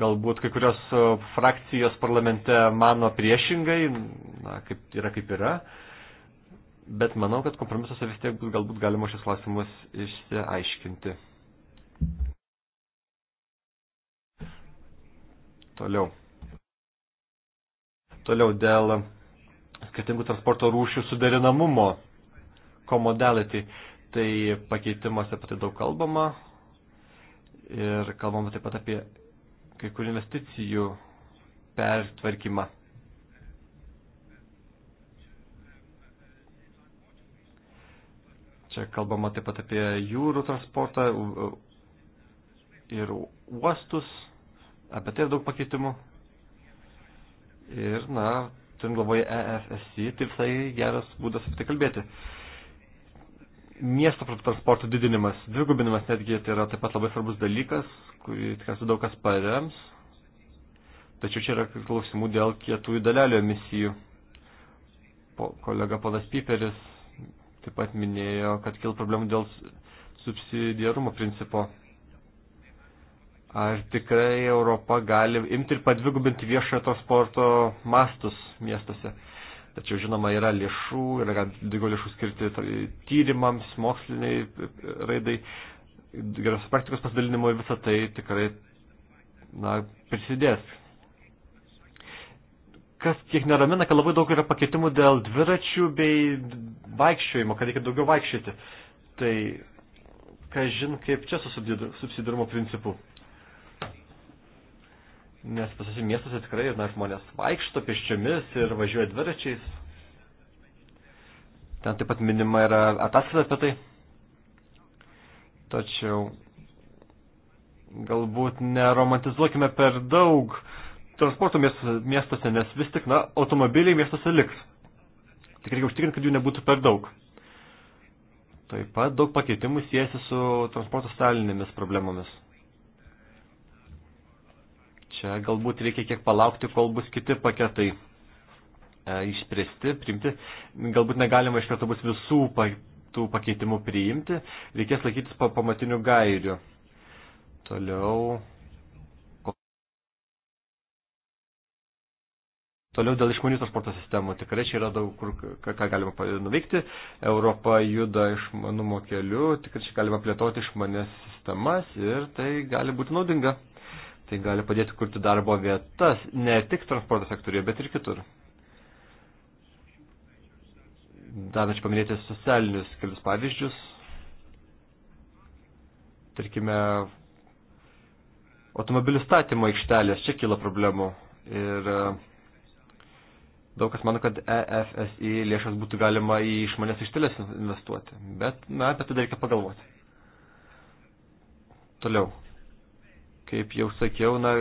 Speaker 3: Galbūt kai kurios e, frakcijos parlamente mano priešingai, na, kaip yra kaip yra, bet manau, kad kompromisuose vis tiek bus galbūt galima šis klausimus išsiaiškinti. Toliau. Toliau dėl skirtingų tai transporto rūšių suderinamumo, commodality. Tai pakeitimuose apie tai daug kalbama ir kalbama taip pat apie kai kur investicijų pertvarkymą. Čia kalbama taip pat apie jūrų transportą ir uostus, apie tai daug pakeitimų. Ir, na, turint galvoje EFSI, tai visai geras būdas apie tai kalbėti. Miesto transporto didinimas, dvigubinimas netgi tai yra taip pat labai svarbus dalykas, kurį tikriausiai daug kas parems. Tačiau čia yra klausimų dėl kietųjų dalelių emisijų. Po, kolega Padas Piperis taip pat minėjo, kad kil problemų dėl subsidiarumo principo. Ar tikrai Europa gali imti ir padvigubinti viešojo transporto mastus miestuose? Tačiau, žinoma, yra lėšų, yra daugiau lėšų skirti tyrimams, moksliniai raidai, geros praktikos pasidalinimui, visą tai tikrai na, prisidės. Kas kiek neramina, kad labai daug yra pakeitimų dėl dviračių bei vaikščiojimo, kad reikia daugiau vaikščioti. Tai, kažin, kaip čia su subsidirumo principu. Nes pasasi miestuose tikrai, na, žmonės vaikšto pėsčiomis ir važiuoja dviračiais. Ten taip pat minima yra ataskaita apie tai. Tačiau galbūt neromantizuokime per daug transporto miestuose, nes vis tik, na, automobiliai miestuose liks. Tik reikia užtikrinti, kad jų nebūtų per daug. Taip pat daug pakeitimų siejasi su transporto socialinėmis problemomis. Čia galbūt reikia kiek palaukti, kol bus kiti paketai e, išspręsti, priimti. Galbūt negalima iš karto bus visų pa, tų pakeitimų priimti, reikės laikytis pa, pamatinių gairių. Toliau. Toliau dėl išmanių transporto sistemų. Tikrai čia yra daug, kur, ką, ką galima nuveikti. Europa juda išmanumo keliu, tikrai čia galima plėtoti išmanės sistemas ir tai gali būti naudinga. Tai gali padėti kurti darbo vietas ne tik transporto sektoriuje, bet ir kitur. Dar norėčiau paminėti socialinius kelius pavyzdžius. Tarkime, automobilių statymo aikštelės, čia kyla problemų. Ir e, daug kas mano, kad EFSI lėšas būtų galima į išmanės aikštelės investuoti. Bet, na, apie tai dar reikia pagalvoti. Toliau kaip jau sakiau, na,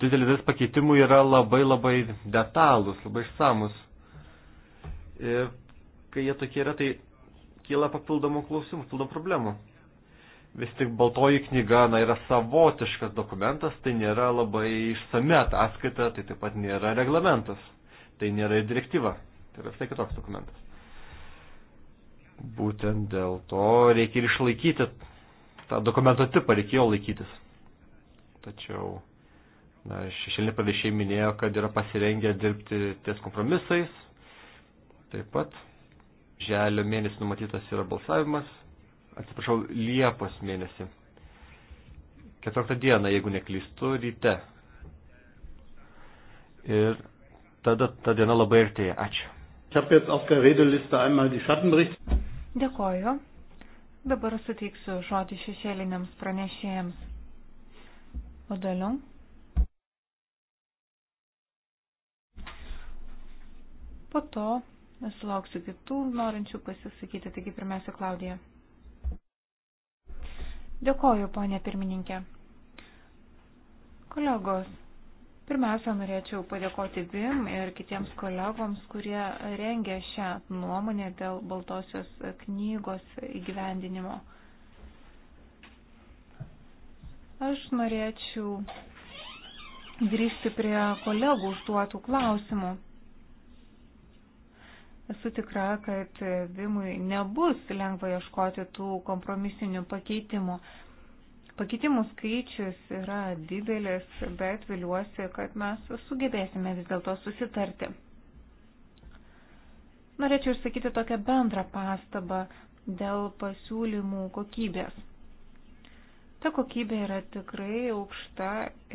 Speaker 3: didelis vis pakeitimų yra labai labai detalus, labai išsamus. Ir kai jie tokie yra, tai kyla papildomų klausimų, papildomų problemų. Vis tik baltoji knyga na, yra savotiškas dokumentas, tai nėra labai išsame ataskaita, tai taip pat nėra reglamentas, tai nėra direktyva, tai yra visai kitoks dokumentas. Būtent dėl to reikia ir išlaikyti tą dokumento tipą, reikėjo laikytis tačiau šešėlinė pavyzdžiai minėjo, kad yra pasirengę dirbti ties kompromisais. Taip pat želio mėnesį numatytas yra balsavimas, atsiprašau, Liepos mėnesį. 14 dieną, jeigu neklystu, ryte. Ir tada ta diena labai artėja. Ačiū.
Speaker 2: Dėkoju. Dabar suteiksiu žodį šešėliniams pranešėjams. O toliau. Po to sulauksiu kitų norinčių pasisakyti. Taigi pirmiausia, Klaudija. Dėkoju, ponė pirmininkė. Kolegos, pirmiausia, norėčiau padėkoti BIM ir kitiems kolegoms, kurie rengė šią nuomonę dėl Baltosios knygos įgyvendinimo. Aš norėčiau grįžti prie kolegų užduotų klausimų. Esu tikra, kad Vimui nebus lengva ieškoti tų kompromisinių pakeitimų. Pakeitimų skaičius yra didelis, bet viliuosi, kad mes sugebėsime vis dėlto susitarti. Norėčiau išsakyti tokią bendrą pastabą dėl pasiūlymų kokybės. Ta kokybė yra tikrai aukšta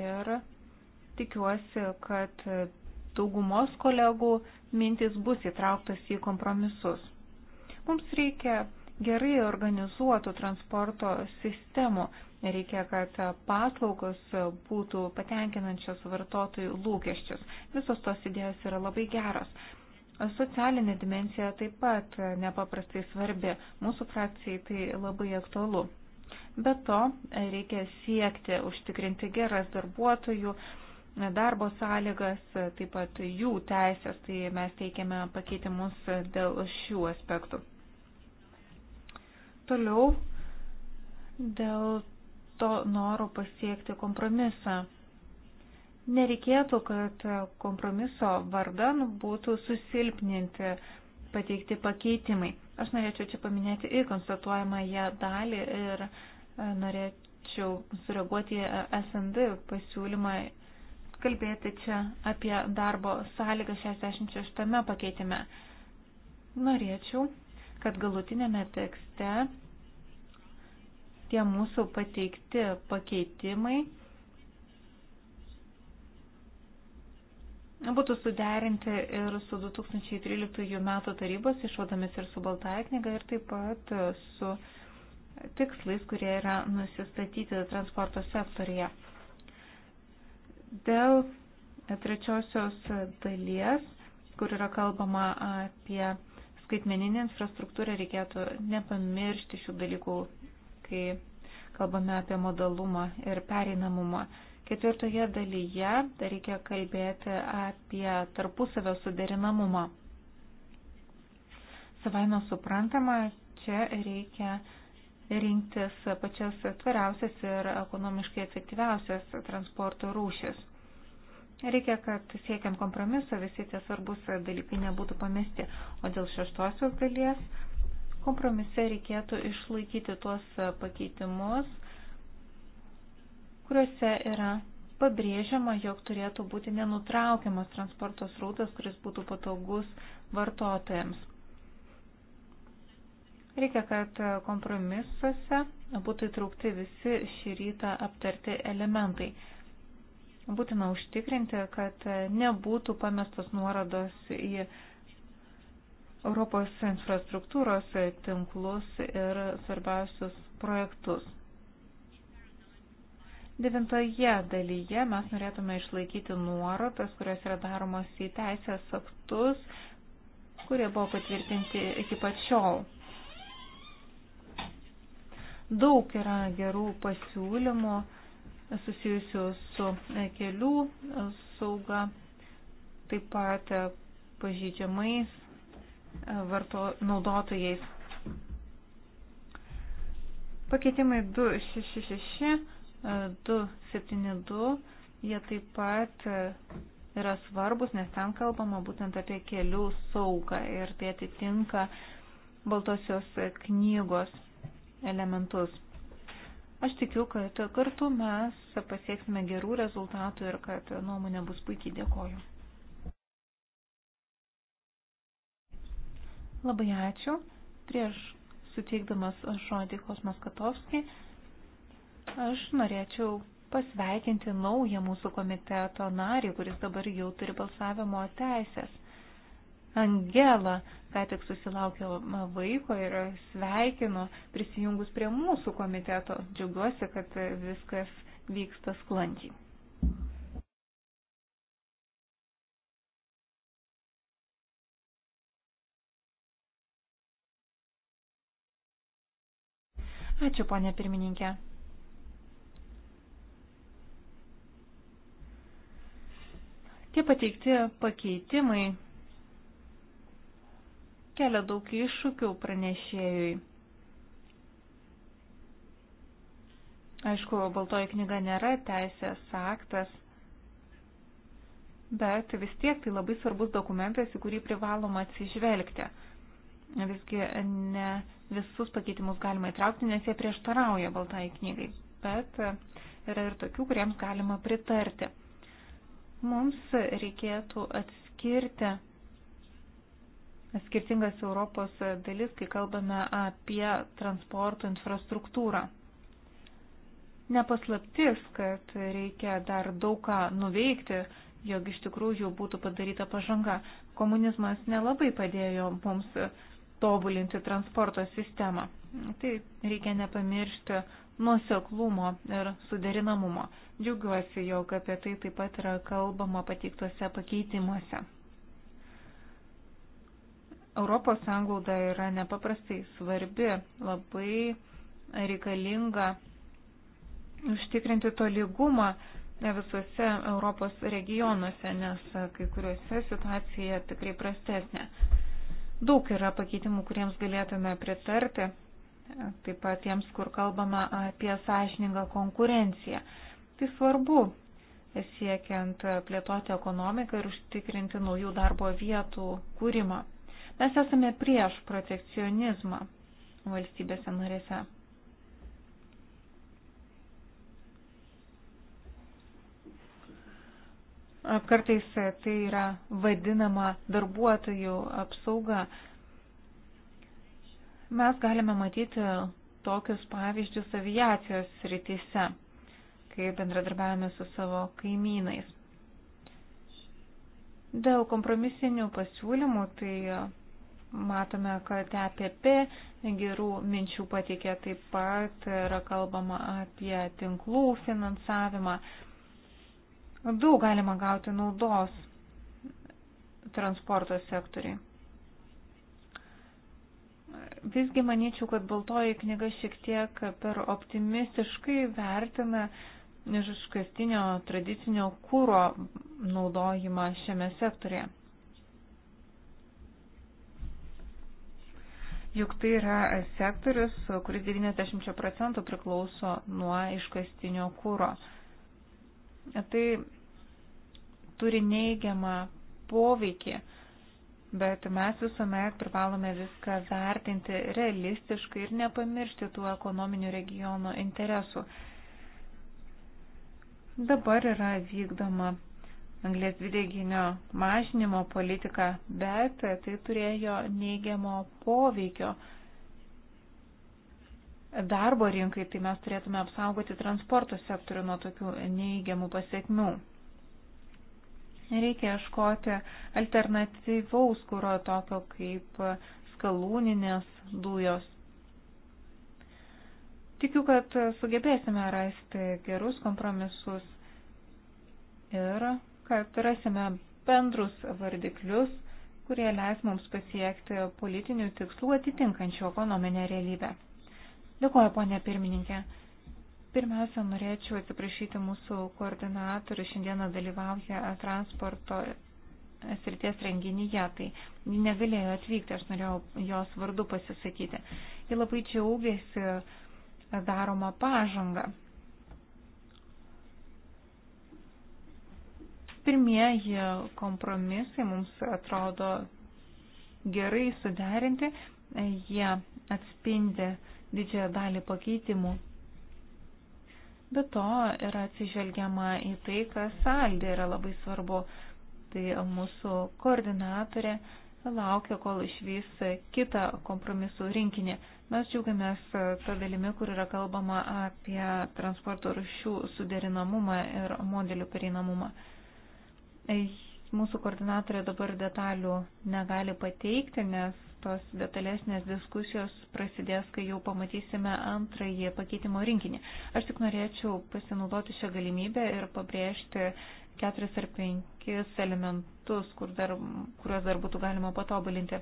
Speaker 2: ir tikiuosi, kad daugumos kolegų mintis bus įtrauktas į kompromisus. Mums reikia gerai organizuotų transporto sistemų, reikia, kad paslaugos būtų patenkinančios vartotojų lūkesčius. Visos tos idėjos yra labai geros. Socialinė dimensija taip pat nepaprastai svarbi. Mūsų frakcijai tai labai aktualu. Be to, reikia siekti užtikrinti geras darbuotojų e, darbo sąlygas, e, taip pat jų teisės, tai mes teikiame pakeitimus dėl šių aspektų. Toliau dėl to noro pasiekti kompromisą. Nereikėtų, kad kompromiso vardan būtų susilpninti pateikti pakeitimai. Aš norėčiau čia paminėti ir konstatuojamą ją dalį ir norėčiau sureaguoti SND pasiūlymą kalbėti čia apie darbo sąlygą 66 pakeitime. Norėčiau, kad galutinėme tekste tie mūsų pateikti pakeitimai būtų suderinti ir su 2013 metų tarybos išvadomis ir su Baltąja knyga ir taip pat su tikslais, kurie yra nusistatyti transporto sektorija. Dėl trečiosios dalies, kur yra kalbama apie skaitmeninę infrastruktūrą, reikėtų nepamiršti šių dalykų, kai kalbame apie modalumą ir pereinamumą. Ketvirtoje dalyje reikia kalbėti apie tarpusavio suderinamumą. Savaime suprantama, čia reikia uh, rinktis pačias tvariausias ir ekonomiškai efektyviausias transporto rūšis. Reikia, kad siekiant kompromiso visi tie svarbus dalykai nebūtų pamesti, o dėl šeštosios dalies kompromise reikėtų išlaikyti tuos pakeitimus, kuriuose yra pabrėžiama, jog turėtų būti nenutraukiamas transporto srautas, kuris būtų patogus vartotojams. Reikia, kad kompromisuose būtų įtraukti visi šį rytą aptarti elementai. Būtina užtikrinti, kad nebūtų pamestos nuorodos į Europos infrastruktūros tinklus ir svarbiausius projektus. Devintoje dalyje mes norėtume išlaikyti nuorodas, kurios yra daromos į teisės aktus, kurie buvo patvirtinti iki pat šiol. Daug yra gerų pasiūlymų susijusių su e, kelių e, sauga, taip pat e, pažydžiamais varto naudotojais. Pakeitimai 266, 272, jie taip pat yra svarbus, nes ten kalbama būtent apie kelių saugą ir tai atitinka Baltosios knygos elementus. Aš tikiu, kad kartu mes pasieksime gerų rezultatų ir kad nuomonė bus puikiai dėkoju. Labai ačiū. Prieš suteikdamas žodį Kosmas Katovskį, aš norėčiau pasveikinti naują mūsų komiteto narį, kuris dabar jau turi balsavimo teisės. Angela ką tik susilaukiau vaiko ir sveikinu prisijungus prie mūsų komiteto. Džiaugiuosi, kad viskas vyksta sklandžiai. Ačiū, ponė pirmininkė. Tie pateikti pakeitimai kelia daug iššūkių pranešėjui. Aišku, baltoji knyga nėra teisės aktas, bet vis tiek tai labai svarbus dokumentas, į kurį privaloma atsižvelgti. Visgi ne visus pakeitimus galima įtraukti, nes jie prieštarauja baltai knygai, bet yra ir tokių, kuriems galima pritarti. Mums reikėtų atskirti skirtingas Europos dalis, kai kalbame apie transporto infrastruktūrą. Nepaslaptis, kad reikia dar daug ką nuveikti, jog iš tikrųjų būtų padaryta pažanga. Komunizmas nelabai padėjo mums tobulinti transporto sistemą. Tai reikia nepamiršti nuoseklumo ir suderinamumo. Džiaugiuosi, jog apie tai taip pat yra kalbama pateiktuose pakeitimuose. Europos sanglauda yra nepaprastai svarbi, labai reikalinga užtikrinti tolygumą visuose Europos regionuose, nes kai kuriuose situacija tikrai prastesnė. Daug yra pakeitimų, kuriems galėtume pritarti, taip pat tiems, kur kalbama apie sąžiningą konkurenciją. Tai svarbu siekiant plėtoti ekonomiką ir užtikrinti naujų darbo vietų kūrimą. Mes esame prieš protekcionizmą valstybėse narėse. Kartais tai yra vadinama darbuotojų apsauga. Mes galime matyti tokius pavyzdžius aviacijos rytise, kai bendradarbiavame su savo kaimynais. Dėl kompromisinių pasiūlymų, tai Matome, kad EPP gerų minčių pateikė taip pat, yra kalbama apie tinklų finansavimą. Daug galima gauti naudos transporto sektoriai. Visgi manyčiau, kad baltoji knyga šiek tiek per optimistiškai vertina iš iškastinio tradicinio kūro naudojimą šiame sektorėje. juk tai yra sektorius, kuris 90 procentų priklauso nuo iškastinio kūro. Tai turi neigiamą poveikį, bet mes visuomet privalome viską vertinti realistiškai ir nepamiršti tų ekonominių regionų interesų. Dabar yra vykdoma anglės dvideginio mažinimo politiką, bet tai turėjo neigiamo poveikio darbo rinkai, tai mes turėtume apsaugoti transporto sektorių nuo tokių neįgiamų pasiekmių. Reikia ieškoti alternatyvaus kūro tokio kaip skalūninės dujos. Tikiu, kad sugebėsime rasti gerus kompromisus ir kad rasime bendrus vardiklius, kurie leis mums pasiekti politinių tikslų atitinkančių ekonominę realybę. Dėkuoju, ponė pirmininkė. Pirmiausia, norėčiau atsiprašyti mūsų koordinatorių. Šiandieną dalyvauja transporto srities renginyje, tai negalėjo atvykti, aš norėjau jos vardu pasisakyti. Ji labai džiaugiasi daroma pažanga. Pirmieji kompromisai mums atrodo gerai suderinti, jie atspindi didžiąją dalį pakeitimų. Be to yra atsižvelgiama į tai, kas saldė yra labai svarbu. Tai mūsų koordinatorė laukia, kol išvys kitą kompromisų rinkinį. Mes džiaugiamės tą dalimi, kur yra kalbama apie transporto rušių suderinamumą ir modelių pereinamumą. Mūsų koordinatorė dabar detalių negali pateikti, nes tos detalesnės diskusijos prasidės, kai jau pamatysime antrąjį pakeitimo rinkinį. Aš tik norėčiau pasinaudoti šią galimybę ir pabrėžti keturis ar penkis elementus, kur dar, kuriuos dar būtų galima patobulinti.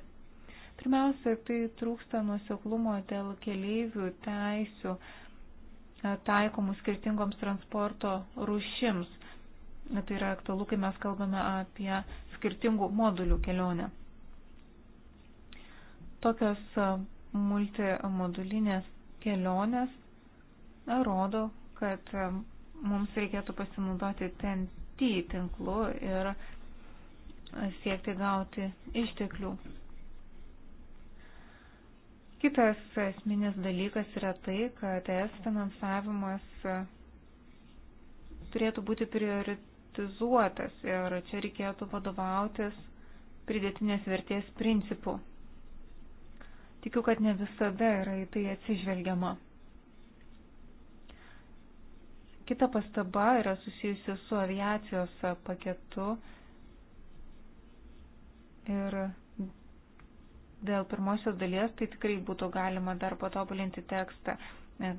Speaker 2: Pirmiausia, tai trūksta nuseklumo dėl keleivių teisių taikomų skirtingoms transporto rušims. Tai yra aktualu, kai mes kalbame apie skirtingų modulių kelionę. Tokios e, multimodulinės kelionės e, rodo, kad e, mums reikėtų pasinaudoti TNT tinklu ir siekti gauti išteklių. Kitas esminis dalykas yra tai, kad ES finansavimas turėtų būti prioritetas standartizuotas ir čia reikėtų vadovautis pridėtinės vertės principu. Tikiu, kad ne visada yra į tai atsižvelgiama. Kita pastaba yra susijusi su aviacijos paketu ir dėl pirmosios dalies tai tikrai būtų galima dar patobulinti tekstą,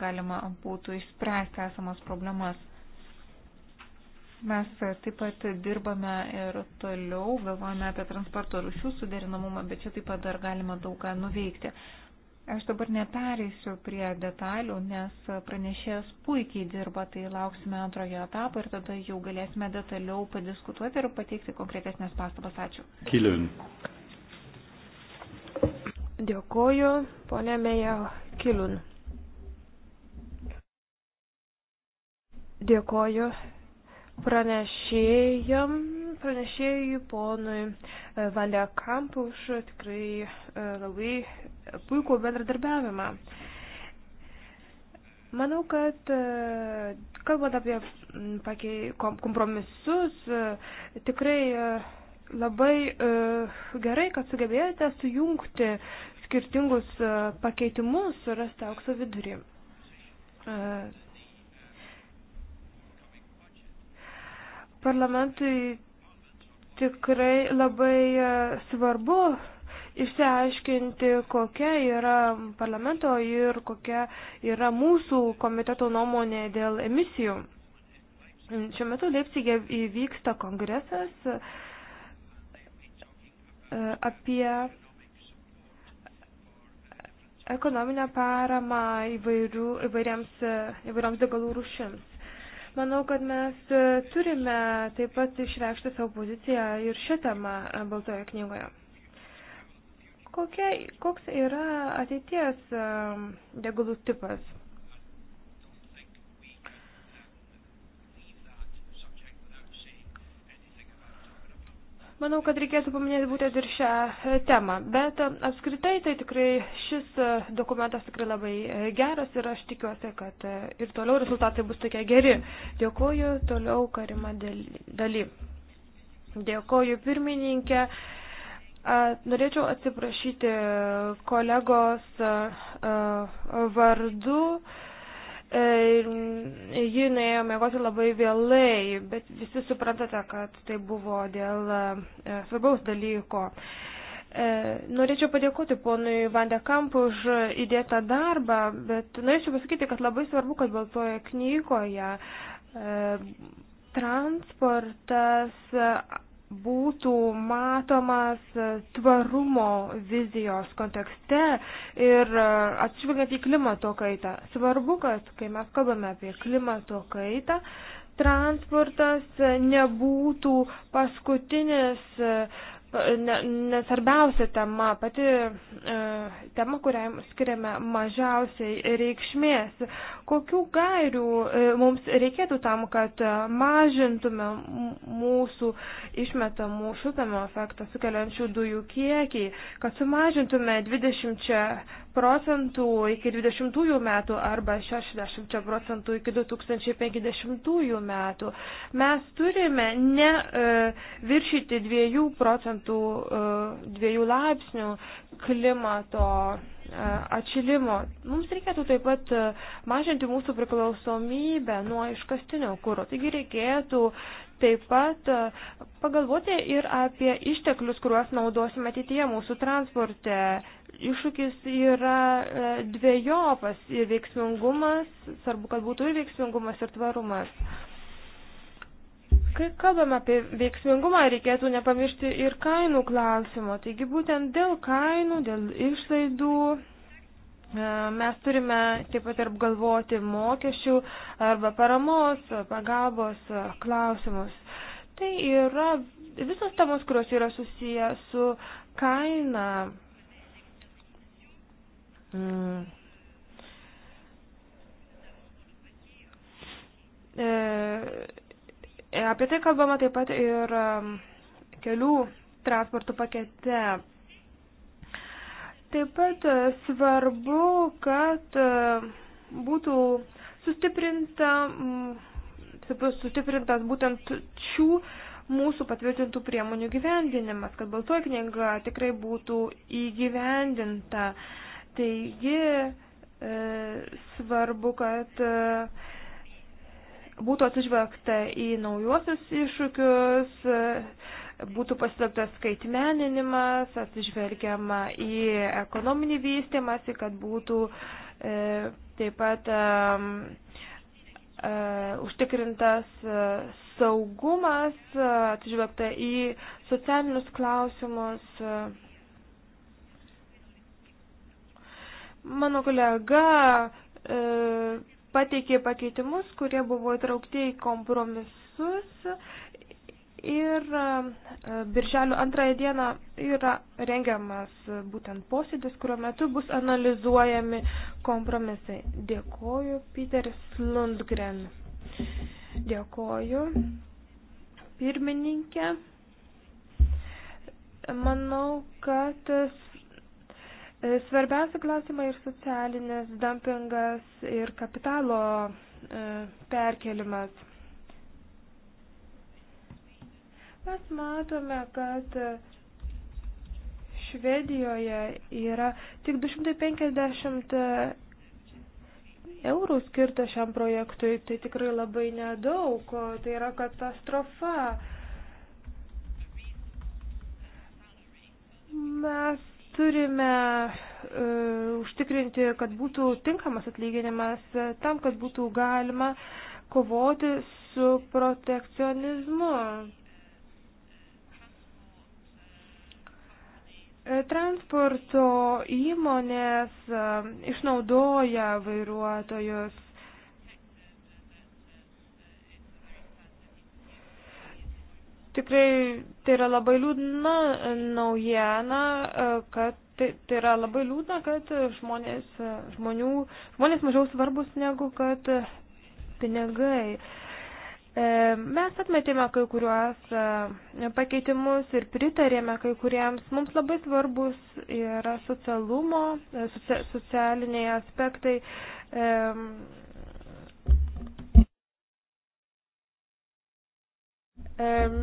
Speaker 2: galima būtų išspręsti esamas problemas. Mes taip pat dirbame ir toliau, galvojame apie transporto rušių suderinamumą, bet čia taip pat dar galima daug ką nuveikti. Aš dabar nepereisiu prie detalių, nes pranešėjas puikiai dirba, tai lauksime antrojo etapo ir tada jau galėsime detaliau padiskutuoti ir pateikti konkretesnės pastabas. Ačiū.
Speaker 3: Kilin.
Speaker 4: Dėkoju, ponė Meja Kilun. Dėkoju pranešėjam, pranešėjui ponui e, Valiakamp už tikrai e, labai puikų bendradarbiavimą. Manau, kad e, kalbant apie kompromisus, tikrai labai gerai, kad sugebėjote sujungti skirtingus pakeitimus ir rasti aukso vidurį. Parlamentui tikrai labai e, svarbu išsiaiškinti, kokia yra parlamento ir kokia yra mūsų komiteto nuomonė dėl emisijų. Šiuo metu Leipzigė įvyksta kongresas e, apie ekonominę paramą įvairių, įvairiams, e, įvairioms degalų rušims. Manau, kad mes e, turime taip pat išreikšti savo poziciją ir šią temą e, Baltoje knygoje. Kokia, koks yra ateities e, degalų tipas? Manau, kad reikėtų paminėti būtent ir šią e, temą, bet e, apskritai tai tikrai šis e, dokumentas tikrai labai geras ir aš tikiuosi, kad ir toliau rezultatai bus tokie geri. Dėkuoju toliau Karima Daly. Dėkuoju pirmininkė. Norėčiau atsiprašyti kolegos vardu. E, ji nuėjo mėgoti labai vėlai, bet visi suprantate, kad tai buvo dėl e, svarbaus dalyko. E, norėčiau padėkoti ponui Vandekamp už įdėtą darbą, bet norėčiau pasakyti, kad labai svarbu, kad baltoje knygoje transportas būtų matomas tvarumo vizijos kontekste ir e, atsižvelgiant į klimato kaitą. Svarbu, kad kai mes kalbame apie klimato kaitą, transportas nebūtų paskutinis e, nesvarbiausia ne tema, pati e, tema, kuriai skiriame mažiausiai reikšmės. Kokių gairių e, mums reikėtų tam, kad mažintume mūsų išmetamų šiltame efektą sukeliančių dujų kiekį, kad sumažintume 20 procentų iki 20 metų arba 60 procentų iki 2050 metų. Mes turime ne e, viršyti 2 procentų, e, 2 laipsnių klimato e, atšilimo. Mums reikėtų taip pat e, mažinti mūsų priklausomybę nuo iškastinio kūro. Taigi reikėtų Taip pat e, pagalvoti ir apie išteklius, kuriuos naudosime ateityje mūsų transporte. Iššūkis yra e, dviejopas ir veiksmingumas, svarbu, kad būtų ir veiksmingumas, ir tvarumas. Kai kalbame apie veiksmingumą, reikėtų nepamiršti ir kainų klausimo. Taigi būtent dėl kainų, dėl išlaidų E, mes turime taip pat ir galvoti mokesčių arba paramos, pagalbos klausimus. Tai yra visos temos, kurios yra susiję su kaina. Mm. E, apie tai kalbama taip pat ir e, kelių transportų pakete. Taip pat e, svarbu, kad e, būtų sustiprinta, sustiprintas būtent šių mūsų patvirtintų priemonių gyvendinimas, kad baltoji knyga tikrai būtų įgyvendinta. Taigi e, svarbu, kad e, būtų atsižvelgta į naujosius iššūkius, e, būtų pasitelktas skaitmeninimas, atsižvelgiama į ekonominį vystimąsi, kad būtų e, taip pat e, e, užtikrintas e, saugumas, atsižvelgta į socialinius klausimus. Mano kolega e, pateikė pakeitimus, kurie buvo įtraukti į kompromisus Ir e, birželio antrąją dieną yra rengiamas e, būtent posėdis, kurio metu bus analizuojami kompromisai. Dėkoju, Peteris Lundgren. Dėkoju, pirmininkė. Manau, kad svarbiausia klausimai ir socialinis dumpingas ir kapitalo e, perkelimas Mes matome, kad Švedijoje yra tik 250 eurų skirta šiam projektui, tai tikrai labai nedaug, tai yra katastrofa. Mes turime uh, užtikrinti, kad būtų tinkamas atlyginimas e, tam, kad būtų galima kovoti su protekcionizmu. Transporto įmonės e, išnaudoja vairuotojus. Tikrai tai yra labai liūdna naujiena, e, kad tai, tai yra labai liūdna, kad žmonės, žmonių, žmonės mažiau svarbus negu kad pinigai. E, mes atmetėme kai kuriuos e, pakeitimus ir pritarėme kai kuriems. Mums labai svarbus yra socialumo, e, socialiniai aspektai.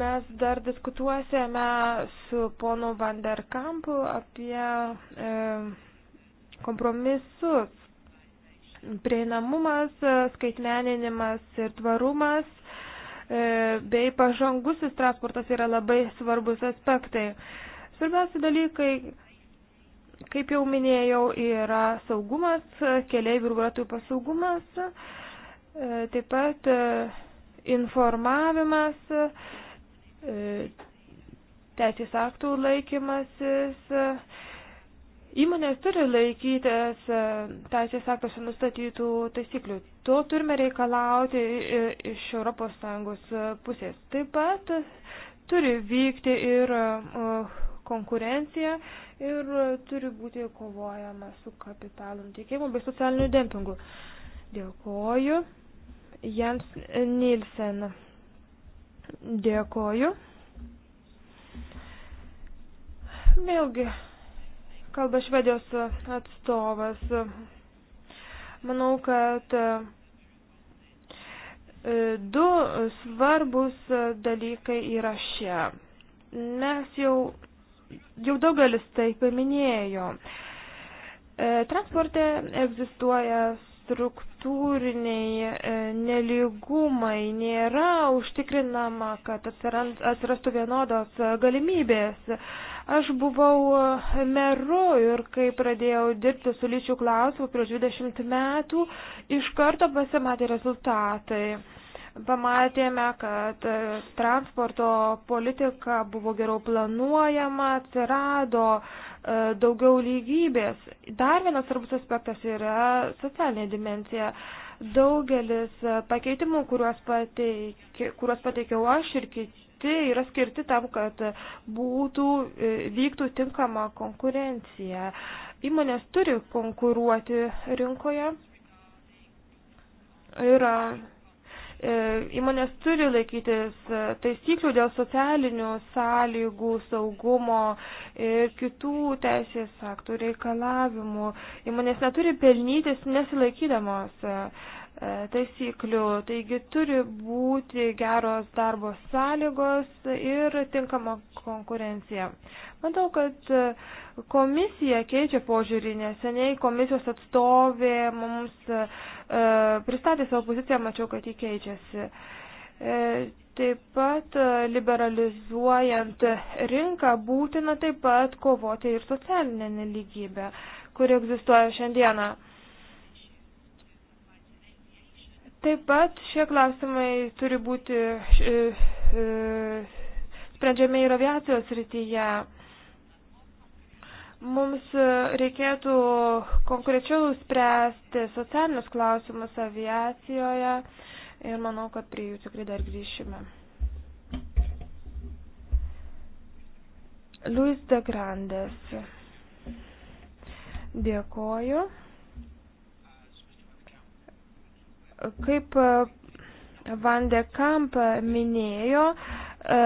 Speaker 4: Mes dar diskutuosime su ponu Vanderkampu apie kompromisus prieinamumas, skaitmeninimas ir tvarumas E, bei pažangusis transportas yra labai svarbus aspektai. Svarbiausi dalykai, kaip jau minėjau, yra saugumas, keliaivių ir vairuotojų pasaugumas, e, taip pat e, informavimas, teisės aktų laikymasis Įmonės turi laikytis e, teisės aktuose nustatytų taisyklių. To turime reikalauti e, iš ES pusės. Taip pat turi vykti ir e, konkurencija ir turi būti kovojama su kapitalų nutikimu bei socialiniu dempingu. Dėkoju. Jens Nilsen. Dėkoju. Vėlgi, kalba Švedijos atstovas. Manau, kad e, du svarbus dalykai yra šie. Mes jau, jau daugelis tai paminėjo. E, transporte egzistuoja struktūriniai e, neligumai, nėra užtikrinama, kad atsirastų vienodos galimybės Aš buvau e, meru ir kai pradėjau dirbti su lyčių klausimu prieš 20 metų, iš karto pasimatė rezultatai. Pamatėme, kad e, transporto politika buvo geriau planuojama, atsirado e, daugiau lygybės. Dar vienas svarbus aspektas yra socialinė dimencija daugelis pakeitimų, kuriuos, pateik, kuriuos pateikiau aš ir kiti, skirti, yra skirti tam, kad būtų, e, vyktų tinkama konkurencija. Įmonės turi konkuruoti rinkoje ir e, įmonės turi laikytis e, taisyklių dėl socialinių sąlygų, saugumo ir kitų teisės aktų reikalavimų. Įmonės neturi pelnytis nesilaikydamos E, taisyklių. Taigi turi būti geros darbo sąlygos ir tinkama konkurencija. Matau, kad e, komisija keičia požiūrį, neseniai komisijos atstovė mums e, pristatė savo poziciją, mačiau, kad jį keičiasi. Taip pat liberalizuojant rinką būtina taip pat kovoti ir socialinę neligybę, kuri egzistuoja šiandieną. Taip pat šie klausimai turi būti e, sprendžiami ir aviacijos rytyje. Mums reikėtų konkrečiau spręsti socialinius klausimus aviacijoje ir manau, kad prie jų tikrai dar grįšime. Luis de Grandes. Dėkoju. Kaip e, Van de Kamp minėjo, e,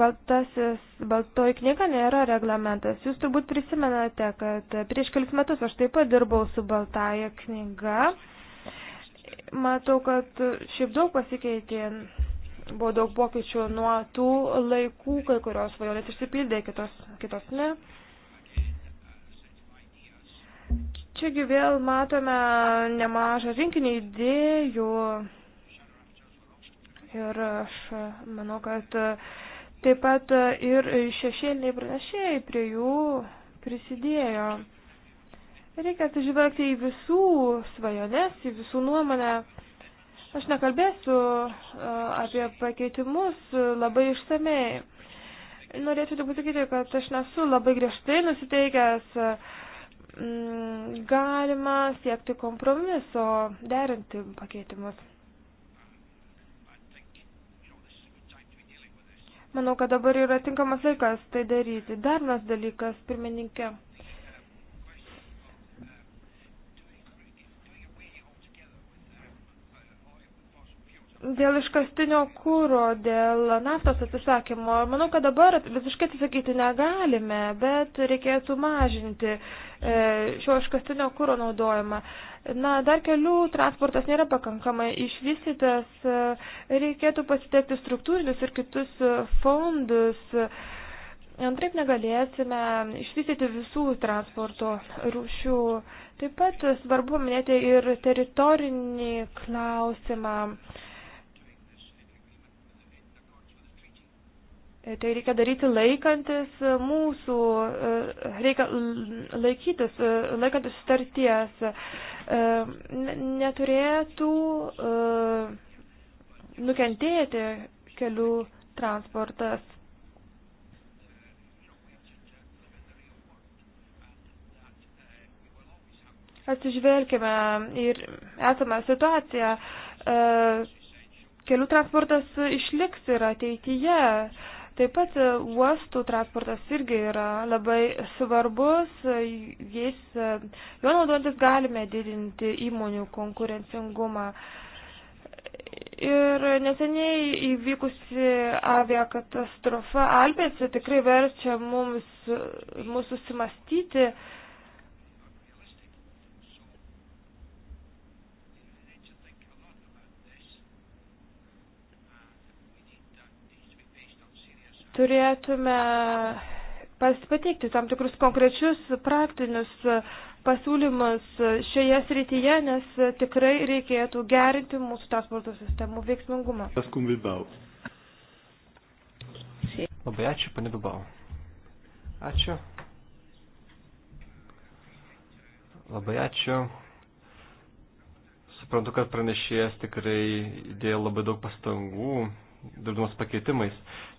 Speaker 4: baltasis, baltoji knyga nėra reglamentas. Jūs turbūt prisimenate, kad prieš kelis metus aš taip pat dirbau su baltaja knyga. Matau, kad šiaip daug pasikeitė, buvo daug pokyčių nuo tų laikų, kai kurios svajonės išsipildė, kitos, kitos ne. Uh, Čiagi vėl matome nemažą rinkinį idėjų ir aš manau, kad taip pat ir šešėliniai pranešėjai prie jų prisidėjo. Reikia atsižvelgti į visų svajones, į visų nuomonę. Aš nekalbėsiu apie pakeitimus labai išsamei. Norėčiau tik pasakyti, kad aš nesu labai griežtai nusiteikęs Mm, galima siekti kompromiso, derinti pakeitimus. Manau, kad dabar yra tinkamas laikas tai daryti. Dar vienas dalykas, pirmininkė. dėl iškastinio kūro, dėl naftos atsisakymo. Manau, kad dabar visiškai atsisakyti negalime, bet reikėtų mažinti e, šio iškastinio kūro naudojimą. Na, dar kelių transportas nėra pakankamai išvystytas, e, reikėtų pasitelkti struktūrinius ir kitus e, fondus. Antraip negalėsime išvystyti visų transporto rūšių. Taip pat svarbu minėti ir teritorinį klausimą. Tai reikia daryti laikantis e, mūsų, e, reikia laikytis, e, laikantis starties. Neturėtų nukentėti kelių transportas. Atsižvelkime ir esamą situaciją. Kelių transportas išliks ir ateityje Taip pat e, uostų transportas irgi yra labai svarbus, e, jais, e, juo naudotis galime didinti įmonių konkurencingumą. Ir neseniai įvykusi aviakatastrofa Alpėse tikrai verčia mums, mūsų susimastyti, turėtume pateikti tam tikrus konkrečius praktinius pasiūlymus šioje srityje, nes tikrai reikėtų gerinti mūsų transporto sistemų veiksmingumą.
Speaker 3: Labai ačiū, pane Bilbao. Ačiū. Labai ačiū. Suprantu, kad pranešėjas tikrai įdėjo labai daug pastangų dirbdamas pakeitimais.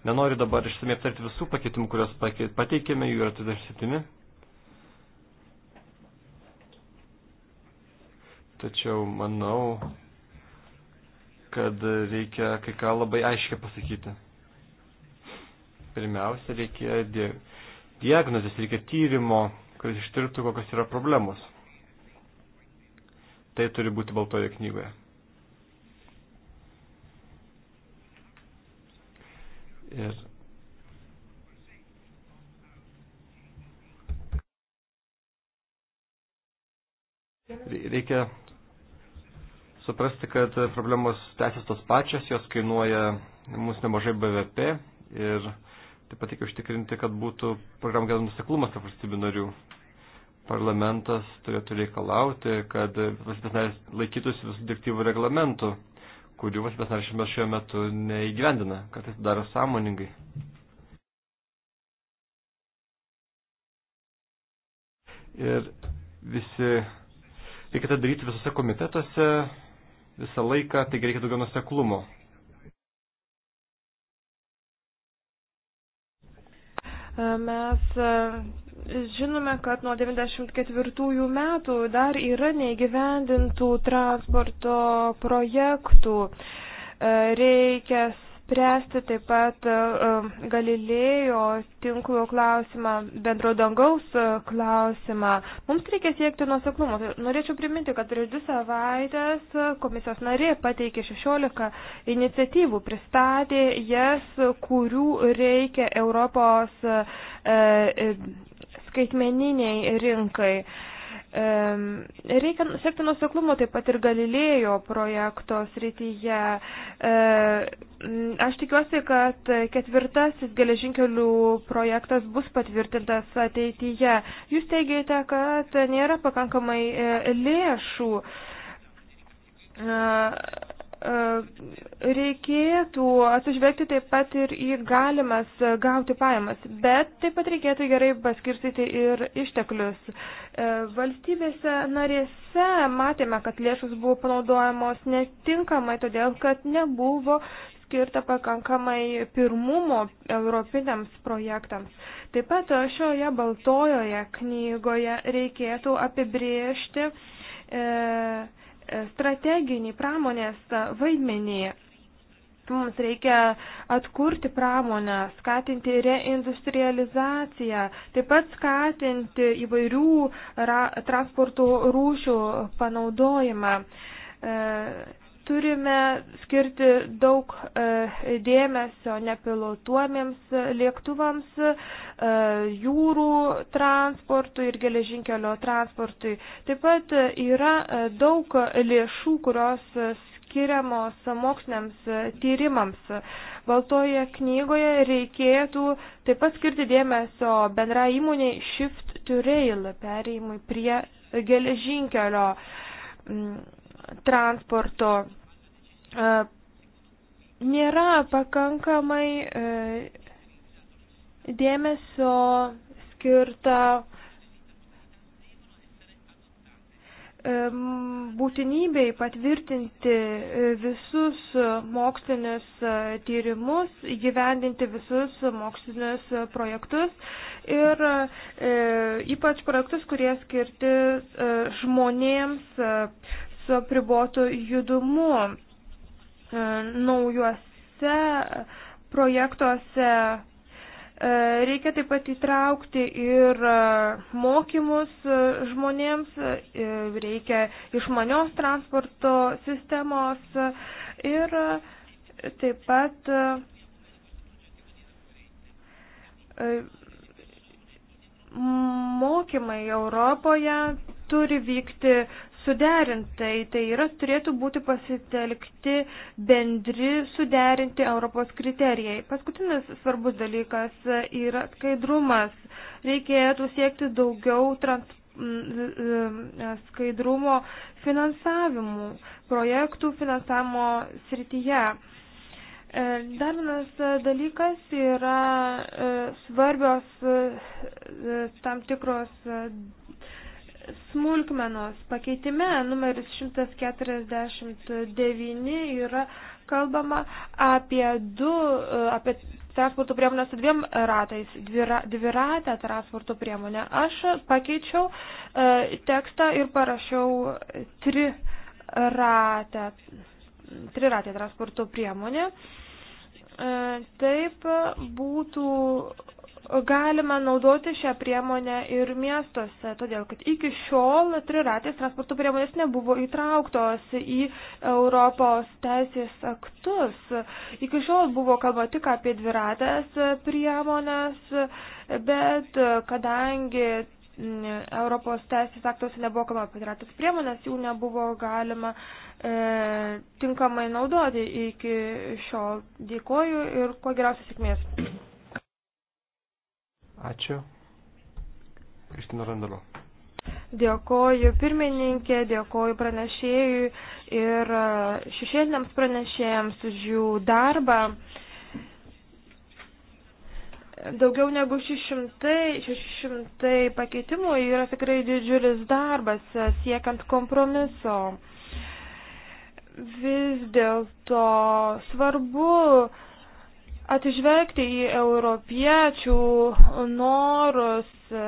Speaker 3: Nenoriu dabar išsamei aptarti visų pakeitimų, kuriuos pateikėme, jų yra 37. Tačiau manau, kad reikia kai ką labai aiškiai pasakyti. Pirmiausia, reikia die diagnozės, reikia tyrimo, kuris ištirtų, kokios yra problemos. Tai turi būti baltoje knygoje. Ir reikia suprasti, kad problemos tęsis tos pačios, jos kainuoja mūsų nemažai BVP ir taip pat reikia užtikrinti, kad būtų programų gerų nusiklumas tarp valstybių narių. Parlamentas turėtų reikalauti, kad valstybės narės laikytųsi visų direktyvų reglamentų kurių valstybės naršymės šiuo metu neįgyvendina, kad tai daro sąmoningai. Ir visi, reikia tai daryti visose komitetuose, visą laiką, taigi reikia daugiau nuseklumo.
Speaker 4: Mes Žinome, kad nuo 94 metų dar yra neįgyvendintų transporto projektų. E, reikia spręsti taip pat e, Galilėjo tinklo klausimą, bendro dangaus e, klausimą. Mums reikia siekti nuoseklumo. Norėčiau priminti, kad prieš dvi savaitės komisijos narė pateikė 16 iniciatyvų, pristatė jas, kurių reikia Europos. E, e, skaitmeniniai rinkai. Reikia siekti nuseklumo taip pat ir Galilėjo projekto srityje. Aš tikiuosi, kad ketvirtasis geležinkelių projektas bus patvirtintas ateityje. Jūs teigiate, kad nėra pakankamai e, lėšų e, E, reikėtų atsižvelgti taip pat ir į galimas e, gauti pajamas, bet taip pat reikėtų gerai paskirstyti ir išteklius. E, valstybėse narėse matėme, kad lėšus buvo panaudojamos netinkamai, todėl kad nebuvo skirta pakankamai pirmumo europiniams projektams. Taip pat šioje baltojoje knygoje reikėtų apibriežti e, strateginį pramonės vaidmenį. Mums reikia atkurti pramonę, skatinti reindustrializaciją, taip pat skatinti įvairių transporto rūšių panaudojimą. E, turime skirti daug e, dėmesio nepilotuomiems lėktuvams, e, jūrų transportui ir geležinkelio transportui. Taip pat yra e, daug lėšų, kurios skiriamos moksliniams tyrimams. Baltoje knygoje reikėtų taip pat skirti dėmesio bendra įmoniai Shift to Rail, perėjimui prie geležinkelio mm, transporto e, nėra pakankamai e, dėmesio skirta e, būtinybei patvirtinti visus mokslinius tyrimus, įgyvendinti visus mokslinius projektus ir ypač projektus, kurie skirti žmonėms su apribotu judumu. E, naujuose projektuose e, reikia taip pat įtraukti ir e, mokymus žmonėms, reikia išmanios transporto sistemos ir taip pat mokymai Europoje turi vykti suderintai, tai yra turėtų būti pasitelkti bendri suderinti Europos kriterijai. Paskutinis svarbus dalykas yra skaidrumas. Reikėtų siekti daugiau transporto skaidrumo finansavimų, projektų finansavimo srityje. E, dar vienas dalykas yra e, svarbios e, tam tikros smulkmenos pakeitime numeris 149 yra kalbama apie du, apie transporto priemonę su dviem ratais, dviratę transporto priemonę. Aš pakeičiau e, tekstą ir parašiau triratę, triratę transporto priemonę. E, taip būtų galima naudoti šią priemonę ir miestuose, todėl kad iki šiol triratės transporto priemonės nebuvo įtrauktos į Europos teisės aktus. Iki šiol buvo kalba tik apie dviratės priemonės, bet kadangi mm, Europos teisės aktuose nebuvo kalba apie piratus priemonės, jų nebuvo galima e, tinkamai naudoti iki šiol. Dėkoju ir kuo geriausios sėkmės.
Speaker 3: Ačiū. Kristina Randalo.
Speaker 4: Dėkoju pirmininkė, dėkoju pranešėjui ir e, šešėliniams pranešėjams už jų darbą. Daugiau negu 600, 600 pakeitimų yra tikrai didžiulis darbas e, siekiant kompromiso. Vis dėlto svarbu Atižvelgti į europiečių norus e,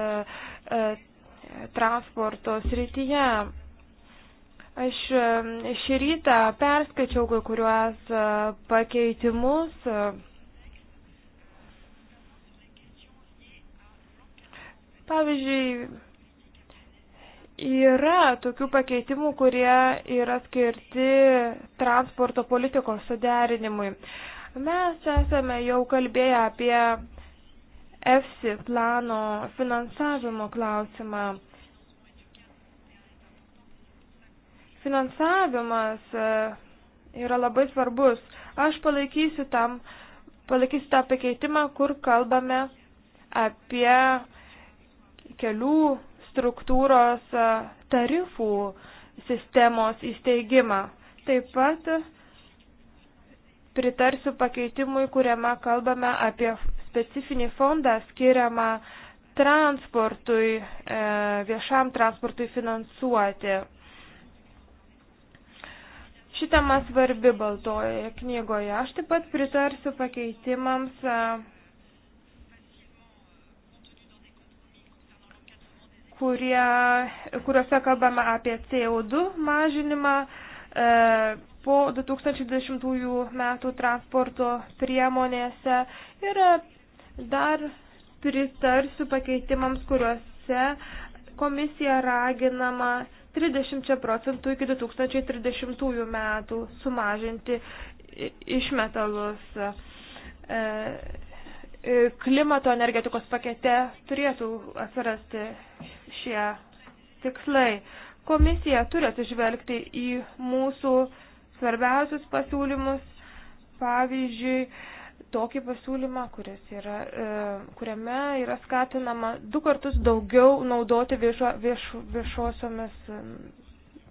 Speaker 4: e, transporto srityje. Aš e, šį rytą perskaičiau kai kuriuos pakeitimus. Pavyzdžiui, yra tokių pakeitimų, kurie yra skirti transporto politikos suderinimui. Mes esame jau kalbėję apie EFSI plano finansavimo klausimą. Finansavimas e, yra labai svarbus. Aš palaikysiu, tam, palaikysiu tą pakeitimą, kur kalbame apie kelių struktūros e, tarifų sistemos įsteigimą. Taip pat pritarsiu pakeitimui, kuriame kalbame apie specifinį fondą skiriamą transportui, e, viešam transportui finansuoti. Ši tema svarbi baltojoje knygoje. Aš taip pat pritarsiu pakeitimams e, kurie, kuriuose kalbame apie CO2 mažinimą, E, po 2010 metų transporto priemonėse ir e, dar pritarsiu pakeitimams, kuriuose komisija raginama 30 procentų iki 2030 metų sumažinti išmetalus. E, klimato energetikos pakete turėtų atsirasti šie tikslai. Komisija turi atsižvelgti į mūsų svarbiausius pasiūlymus, pavyzdžiui, tokį pasiūlymą, yra, e, kuriame yra skatinama du kartus daugiau naudoti viešo, vieš, viešosiomis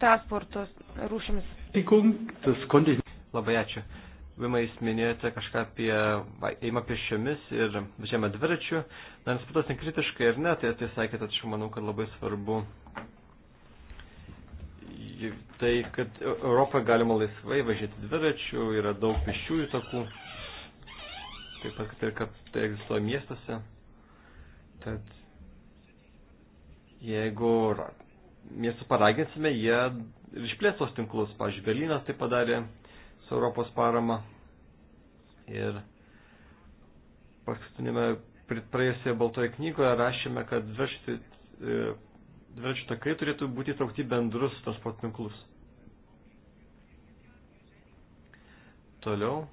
Speaker 4: transportos rūšimis.
Speaker 3: Labai ačiū. Vimai, jūs minėjote kažką apie eimą pėsčiomis ir važiavimą dviračiu. Na, nesupratas nekritiškai ar ne, tai tai sakėte, tačiau manau, kad labai svarbu tai, kad e- Europoje galima laisvai važiuoti dviračių, yra daug pėsčiųjų takų, taip pat, kad ir kad tai egzistuoja miestuose. Tad jeigu miestų paraginsime, jie ir išplės tos tinklus. Pavyzdžiui, Berlynas tai padarė su Europos parama. Ir paskutinėme praėjusioje baltoje knygoje rašėme, kad dviračių e, dviračių takai turėtų būti įtraukti bendrus transporto tinklus. Toliau.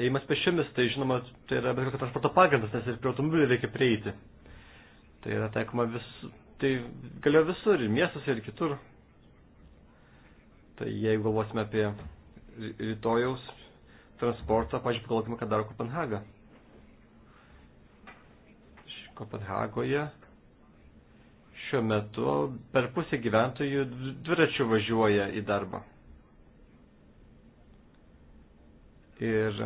Speaker 3: Ėjimas pešiomis, tai žinoma, tai yra bet kokio transporto pagrindas, nes ir prie automobilių reikia prieiti. Tai yra taikoma vis, tai galėjo visur, ir miestuose, ir kitur. Tai jeigu galvosime apie rytojaus transportą, pažiūrėjau, pagalvokime, ką daro Kopenhaga. Kopenhagoje šiuo metu per pusę gyventojų dviračių važiuoja į darbą. Ir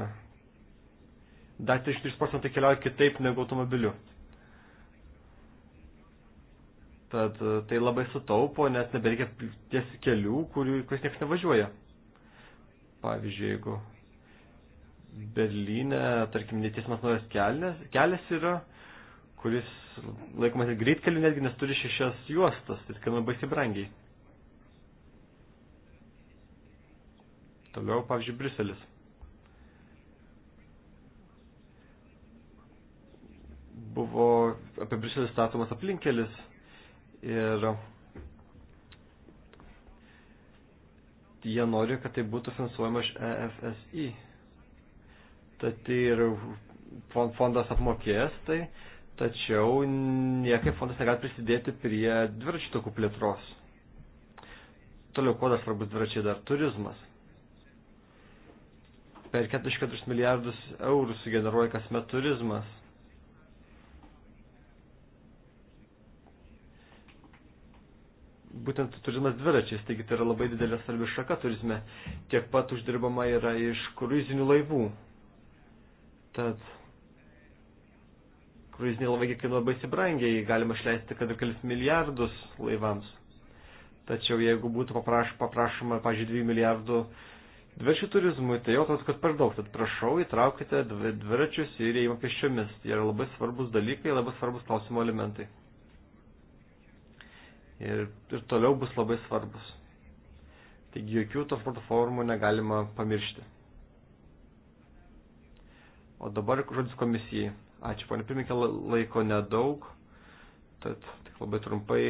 Speaker 3: dar 33 procentai keliauja kitaip negu automobiliu. Tad e, tai labai sutaupo, nes nebereikia tiesi kelių, kuriais niekas nevažiuoja. Pavyzdžiui, jeigu Berlyne, tarkim, netiesmas naujas kelias, kelias yra, kuris laikomas ir greitkeliu netgi, nes turi šešias juostas, tai kainuoja baisiai brangiai. Toliau, pavyzdžiui, Briselis. Buvo apie Briselį statomas aplinkelis ir jie nori, kad tai būtų finansuojama iš EFSI. Tad tai ir fondas apmokės, tai tačiau niekaip fondas negali prisidėti prie dviračių tokų plėtros. Toliau, kuo dar svarbus dviračiai dar turizmas. Per 44 milijardus eurų sugeneruoja kasmet turizmas. Būtent turizmas dviračiais, taigi tai yra labai didelė svarbi šaka turizme. Tiek pat uždirbama yra iš kruizinių laivų. Tad kruiziniai laivai kainuoja baisiai brangiai, galima išleisti kad ir kelis milijardus laivams. Tačiau jeigu būtų papraš, paprašoma, pažiūrėjau, 2 milijardų dviračių turizmui, tai jau tas, kad per daug. Tad prašau, įtraukite dviračius ir įėjimą pėsčiomis. Tai yra labai svarbus dalykai, labai svarbus klausimo elementai. Ir, ir toliau bus labai svarbus. Taigi jokių transporto formų negalima pamiršti. O dabar žodis komisijai. Ačiū, ponė pirmininkė, laiko nedaug, tad tik labai trumpai.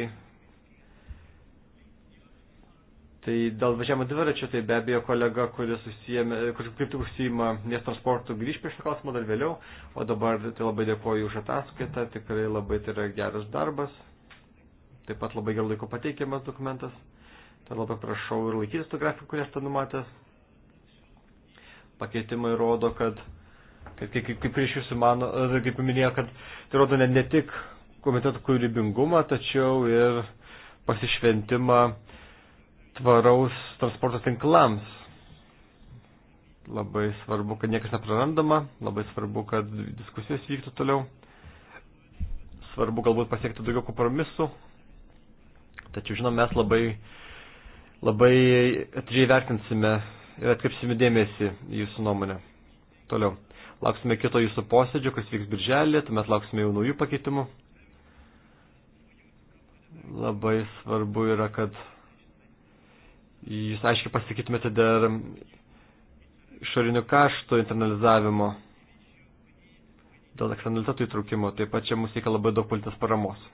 Speaker 3: Tai dėl važiavimo dviračio, tai be abejo kolega, kuris susijėmė, kuris kaip tik užsijima miesto transportu, grįž prie šio klausimo dar vėliau, o dabar tai labai dėkoju už ataskaitą, tikrai labai tai yra geras darbas, taip pat labai gerų laiko pateikiamas dokumentas, tai labai prašau ir laikytis tų grafikų, kurias ten numatęs. Pakeitimai rodo, kad kad kaip, kaip prieš jūsų mano, kaip minėjo, kad tai rodo ne, ne tik komitetų kūrybingumą, tačiau ir pasišventimą tvaraus transporto tinklams. Labai svarbu, kad niekas neprarandama, labai svarbu, kad diskusijos vyktų toliau, svarbu galbūt pasiekti daugiau kompromisų, tačiau žinom, mes labai, labai atžiai vertinsime ir atkreipsime dėmesį jūsų nuomonę. Toliau. Lauksime kito jūsų posėdžio, kas vyks birželį, tuomet lauksime jau naujų pakeitimų. Labai svarbu yra, kad jūs aiškiai pasakytumėte dėl išorinių kaštų internalizavimo, dėl eksternalitetų įtraukimo. Taip pat čia mums reikia labai daug politinės paramos.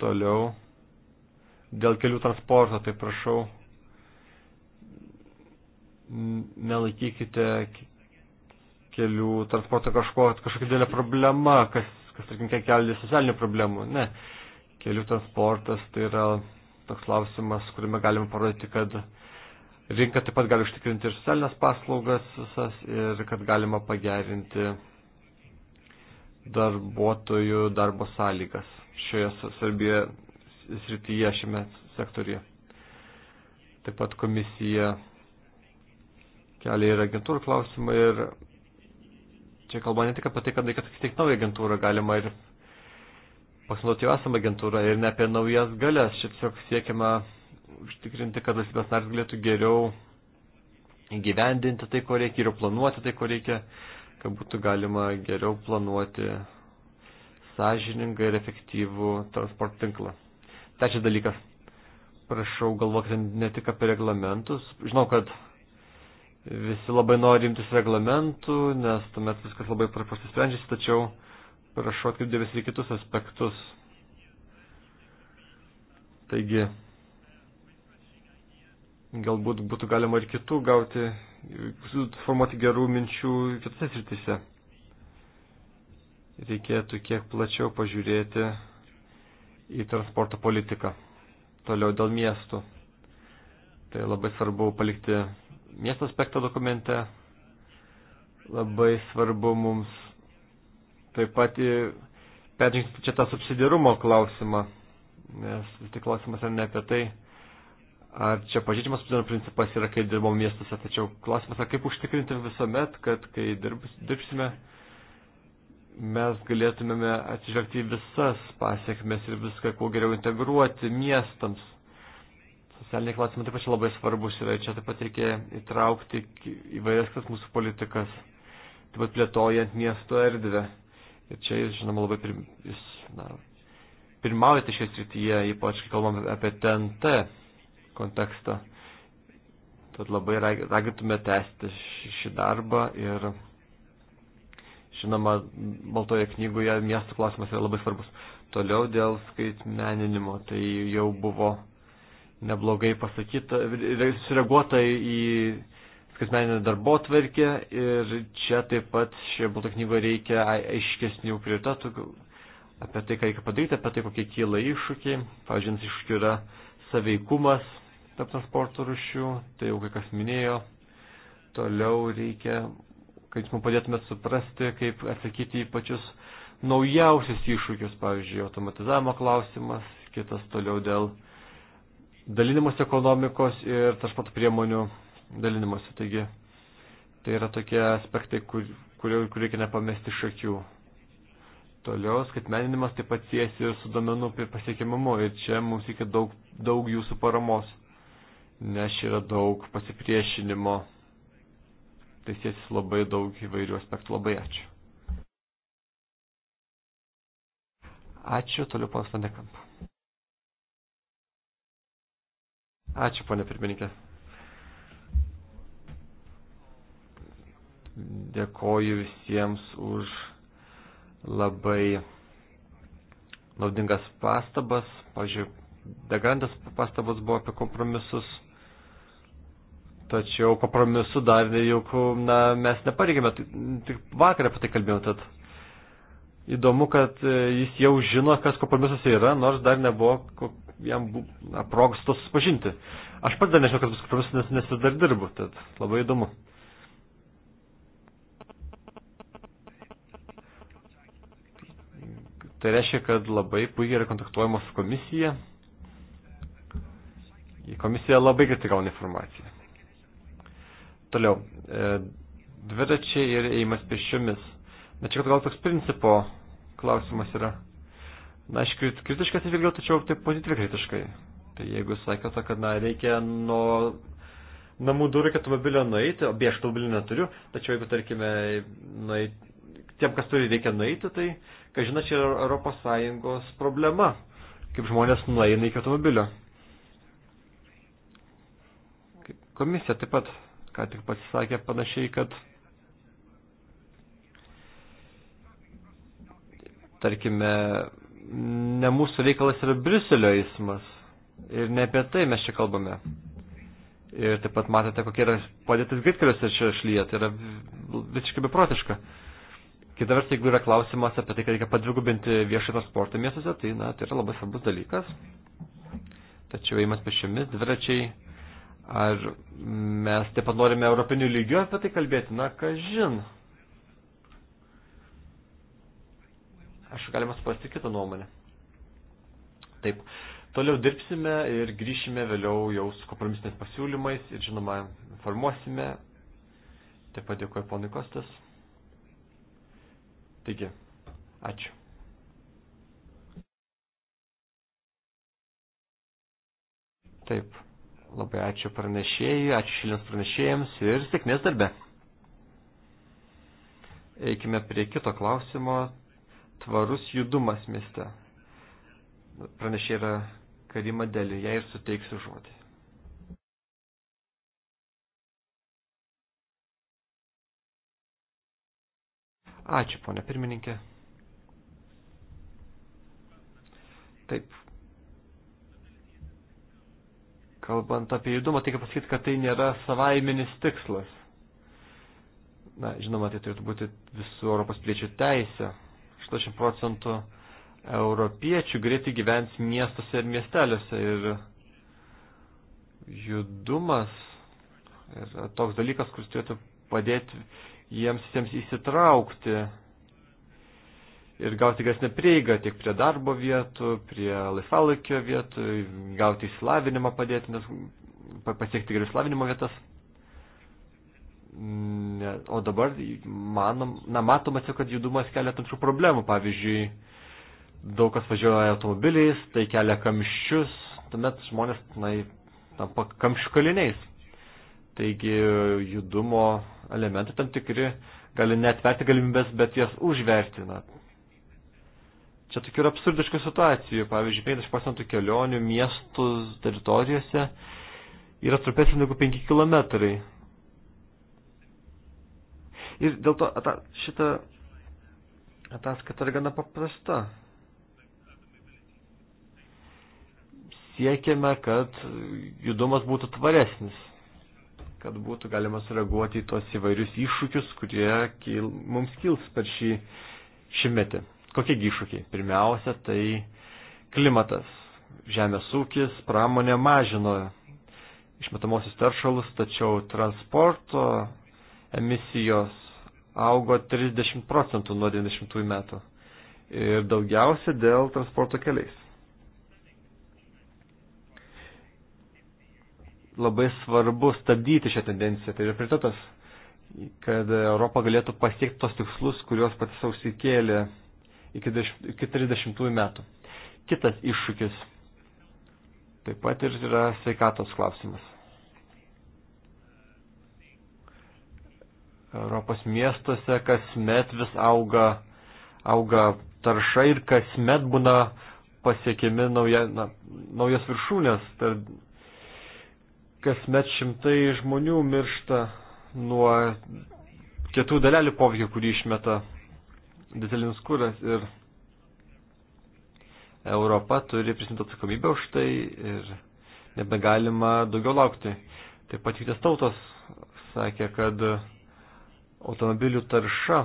Speaker 3: Toliau. Dėl kelių transporto, tai prašau, nelaikykite kelių transporto kažko, kažkokia didelė problema, kas, kas tarkim, kiek kelia socialinių problemų. Ne. Kelių transportas tai yra toks klausimas, kuriame galime parodyti, kad rinka taip pat gali užtikrinti ir socialinės paslaugas visas ir kad galima pagerinti darbuotojų darbo sąlygas šioje svarbioje srityje, šiame sektorije. Taip pat komisija kelia ir agentūrų klausimą ir čia kalba ne tik apie tai, kad reikia steigti naują agentūrą, galima ir pasinaudoti jau esamą agentūrą ir ne apie naujas galės. Čia tiesiog siekiama užtikrinti, kad valstybės narys galėtų geriau įgyvendinti tai, ko reikia, ir planuoti tai, ko reikia, kad būtų galima geriau planuoti sąžiningą ir efektyvų transporto tinklą. Trečias dalykas. Prašau, galvokite ne tik apie reglamentus. Žinau, kad Visi labai nori imtis reglamentų, nes tuomet viskas labai paprastai sprendžiasi, tačiau prašau atkreipdėmės į kitus aspektus. Taigi, galbūt būtų galima ir kitų gauti, formuoti gerų minčių kitose sritise. Reikėtų kiek plačiau pažiūrėti į transporto politiką. Toliau dėl miestų. Tai labai svarbu palikti miesto aspekto dokumente. Labai svarbu mums taip pat peržengti čia tą subsidiarumo klausimą, nes vis tik klausimas yra ne apie tai, ar čia pažydžiamas subsidiarumo principas yra, kai dirbom miestuose, tačiau klausimas yra, kaip užtikrinti visuomet, kad kai dirbs, dirbsime, mes galėtumėme atsižvelgti į visas pasiekmes ir viską kuo geriau integruoti miestams socialiniai klausimai taip pat labai svarbus yra. Čia taip pat reikia įtraukti įvairias tas mūsų politikas, taip pat plėtojant miesto erdvę. Ir čia, žinoma, labai pir, jis, na, pirmaujate šioje srityje, ypač kai kalbam apie TNT kontekstą. Tad labai ragintume tęsti šį darbą ir, žinoma, Baltoje knygoje miesto klausimas yra labai svarbus. Toliau dėl skaitmeninimo, tai jau buvo neblogai pasakyta, sureaguota į skaitmeninę darbo tvarkę ir čia taip pat šioje būtų knygoje reikia aiškesnių prioritetų apie tai, ką reikia padaryti, apie tai, kokie kyla iššūkiai. Pavyzdžiui, iššūkių yra saveikumas tarp transporto rušių, tai jau kai kas minėjo. Toliau reikia, kad jūs mums padėtumėt suprasti, kaip atsakyti į pačius naujausius iššūkius, pavyzdžiui, automatizavimo klausimas, kitas toliau dėl dalinimus ekonomikos ir transporto priemonių dalinimus. Taigi, tai yra tokie aspektai, kur, kurio kur reikia nepamesti šakių. Toliau skaitmeninimas taip pat siejasi ir su domenų pasiekimumu ir čia mums reikia daug, daug jūsų paramos, nes yra daug pasipriešinimo. Tai siejasi labai daug įvairių aspektų. Labai ačiū. Ačiū, toliau pas Vanekamp. Ačiū, ponė pirmininkė. Dėkoju visiems už labai naudingas pastabas. Pavyzdžiui, Degandas pastabas buvo apie kompromisus, tačiau kompromisu dar juk na, mes nepareigėme, tik vakar apie tai kalbėjome. Tad įdomu, kad e, jis jau žino, kas kompromisas yra, nors dar nebuvo jam na, progos to susipažinti. Aš pats dar nežinau, kas bus kompromisas, nes vis dar dirbu, tad labai įdomu. Tai reiškia, kad labai puikiai yra kontaktuojama su komisija. Į komisiją labai greitai gauna informaciją. Toliau, e, dviračiai ir ėjimas pėsčiomis. Na čia gal toks principo klausimas yra. Na, aš kritiškai atsižvelgiau, tačiau taip pozityviai kritiškai. Tai jeigu sakėte, kad na, reikia nuo namų durų iki automobilio nueiti, o beje, aš automobilį neturiu, tačiau jeigu, tarkime, nueiti, tiem, kas turi, reikia nueiti, tai, ką žinai, čia yra Europos Sąjungos problema, kaip žmonės nueina iki automobilio. Komisija taip pat, ką tik pasisakė panašiai, kad tarkime, ne mūsų reikalas yra Briuselio eismas. Ir ne apie tai mes čia kalbame. Ir taip pat matote, kokia yra padėtis greitkeliuose šioje šlyje. Tai yra visiškai beprotiška. Kita vertus, jeigu yra klausimas apie tai, kad reikia padvigubinti viešą transportą miestuose, tai, na, tai yra labai svarbus dalykas. Tačiau eimas pešiomis, dviračiai, ar mes taip pat norime europinių lygių apie tai kalbėti, na, kažin. žin. Aš galima suprasti kitą nuomonę. Taip. Toliau dirbsime ir grįšime vėliau jau su kompromisiniais pasiūlymais ir, žinoma, informuosime. Taip pat dėkuoju ponui Kostas. Taigi, ačiū. Taip, labai ačiū pranešėjai, ačiū šiliems pranešėjams ir sėkmės darbe. Eikime prie kito klausimo tvarus judumas mieste. Pranešė yra Karima Deli, jai ir suteiksiu žodį. Ačiū, ponė pirmininkė. Taip. Kalbant apie judumą, tai kaip pasakyti, kad tai nėra savaiminis tikslas. Na, žinoma, tai turėtų būti visų Europos piliečių teisė. 80 procentų europiečių greitai gyvens miestuose ir miesteliuose. Ir judumas yra toks dalykas, kuris turėtų padėti jiems visiems įsitraukti ir gauti gasnę prieigą tiek prie darbo vietų, prie laisvalaikio vietų, gauti įsilavinimą padėti, nes pasiekti gerų įsilavinimo vietas. Ne, o dabar manom, na, matomas jau, kad judumas kelia tam tikrų problemų. Pavyzdžiui, daug kas važiuoja automobiliais, tai kelia kamščius, tuomet žmonės na, tampa kamščių kaliniais. Taigi judumo elementai tam tikri gali netverti galimybės, bet jas užvertina. Čia tokių yra absurdiškų situacijų. Pavyzdžiui, 50 procentų kelionių miestų teritorijose yra trumpesnė negu 5 kilometrai. Ir dėl to ata, šita ataskaita yra gana paprasta. Siekiame, kad judumas būtų tvaresnis, kad būtų galima sureaguoti į tos įvairius iššūkius, kurie kil, mums kils per šį šimtmetį. Kokie iššūkiai? Pirmiausia, tai klimatas. Žemės ūkis, pramonė mažino išmetamosius teršalus, tačiau transporto emisijos augo 30 procentų nuo 90 metų ir daugiausia dėl transporto keliais. Labai svarbu stabdyti šią tendenciją, tai yra prioritetas, kad Europa galėtų pasiekti tos tikslus, kuriuos pati sausikėlė iki 30 metų. Kitas iššūkis taip pat ir yra sveikatos klausimas. Europos miestuose kasmet vis auga, auga tarša ir kasmet būna pasiekimi nauja, na, naujas viršūnės. Tai kasmet šimtai žmonių miršta nuo kietų dalelių poveikio, kurį išmeta dizelinis kuras. Ir Europa turi prisimti atsakomybę už tai ir nebegalima daugiau laukti. Taip pat jungtinės tautos sakė, kad automobilių tarša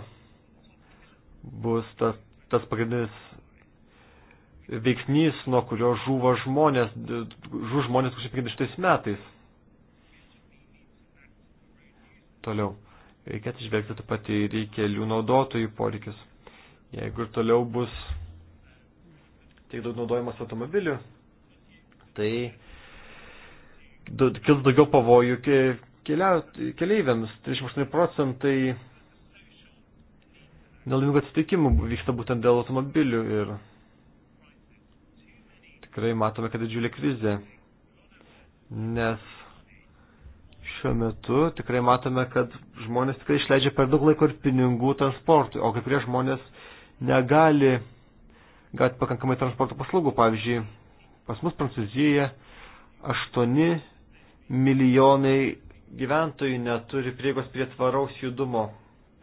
Speaker 3: bus tas, tas pagrindinis veiksnys, nuo kurio žuvo žmonės, žuvo žmonės 2050 metais. Toliau. Reikia atsižvelgti taip pat ir į kelių naudotojų poreikius. Jeigu ir toliau bus tiek daug naudojimas automobilių, tai kils daugiau pavojų keleiviams 38 procentai nelaimingų atsitikimų vyksta būtent dėl automobilių ir tikrai matome, kad didžiulė krizė, nes šiuo metu tikrai matome, kad žmonės tikrai išleidžia per daug laiko ir pinigų transportui, o kai kurie žmonės negali gauti pakankamai transporto paslaugų. Pavyzdžiui, pas mus Prancūzijoje 8 milijonai gyventojai neturi prieigos prie tvaraus judumo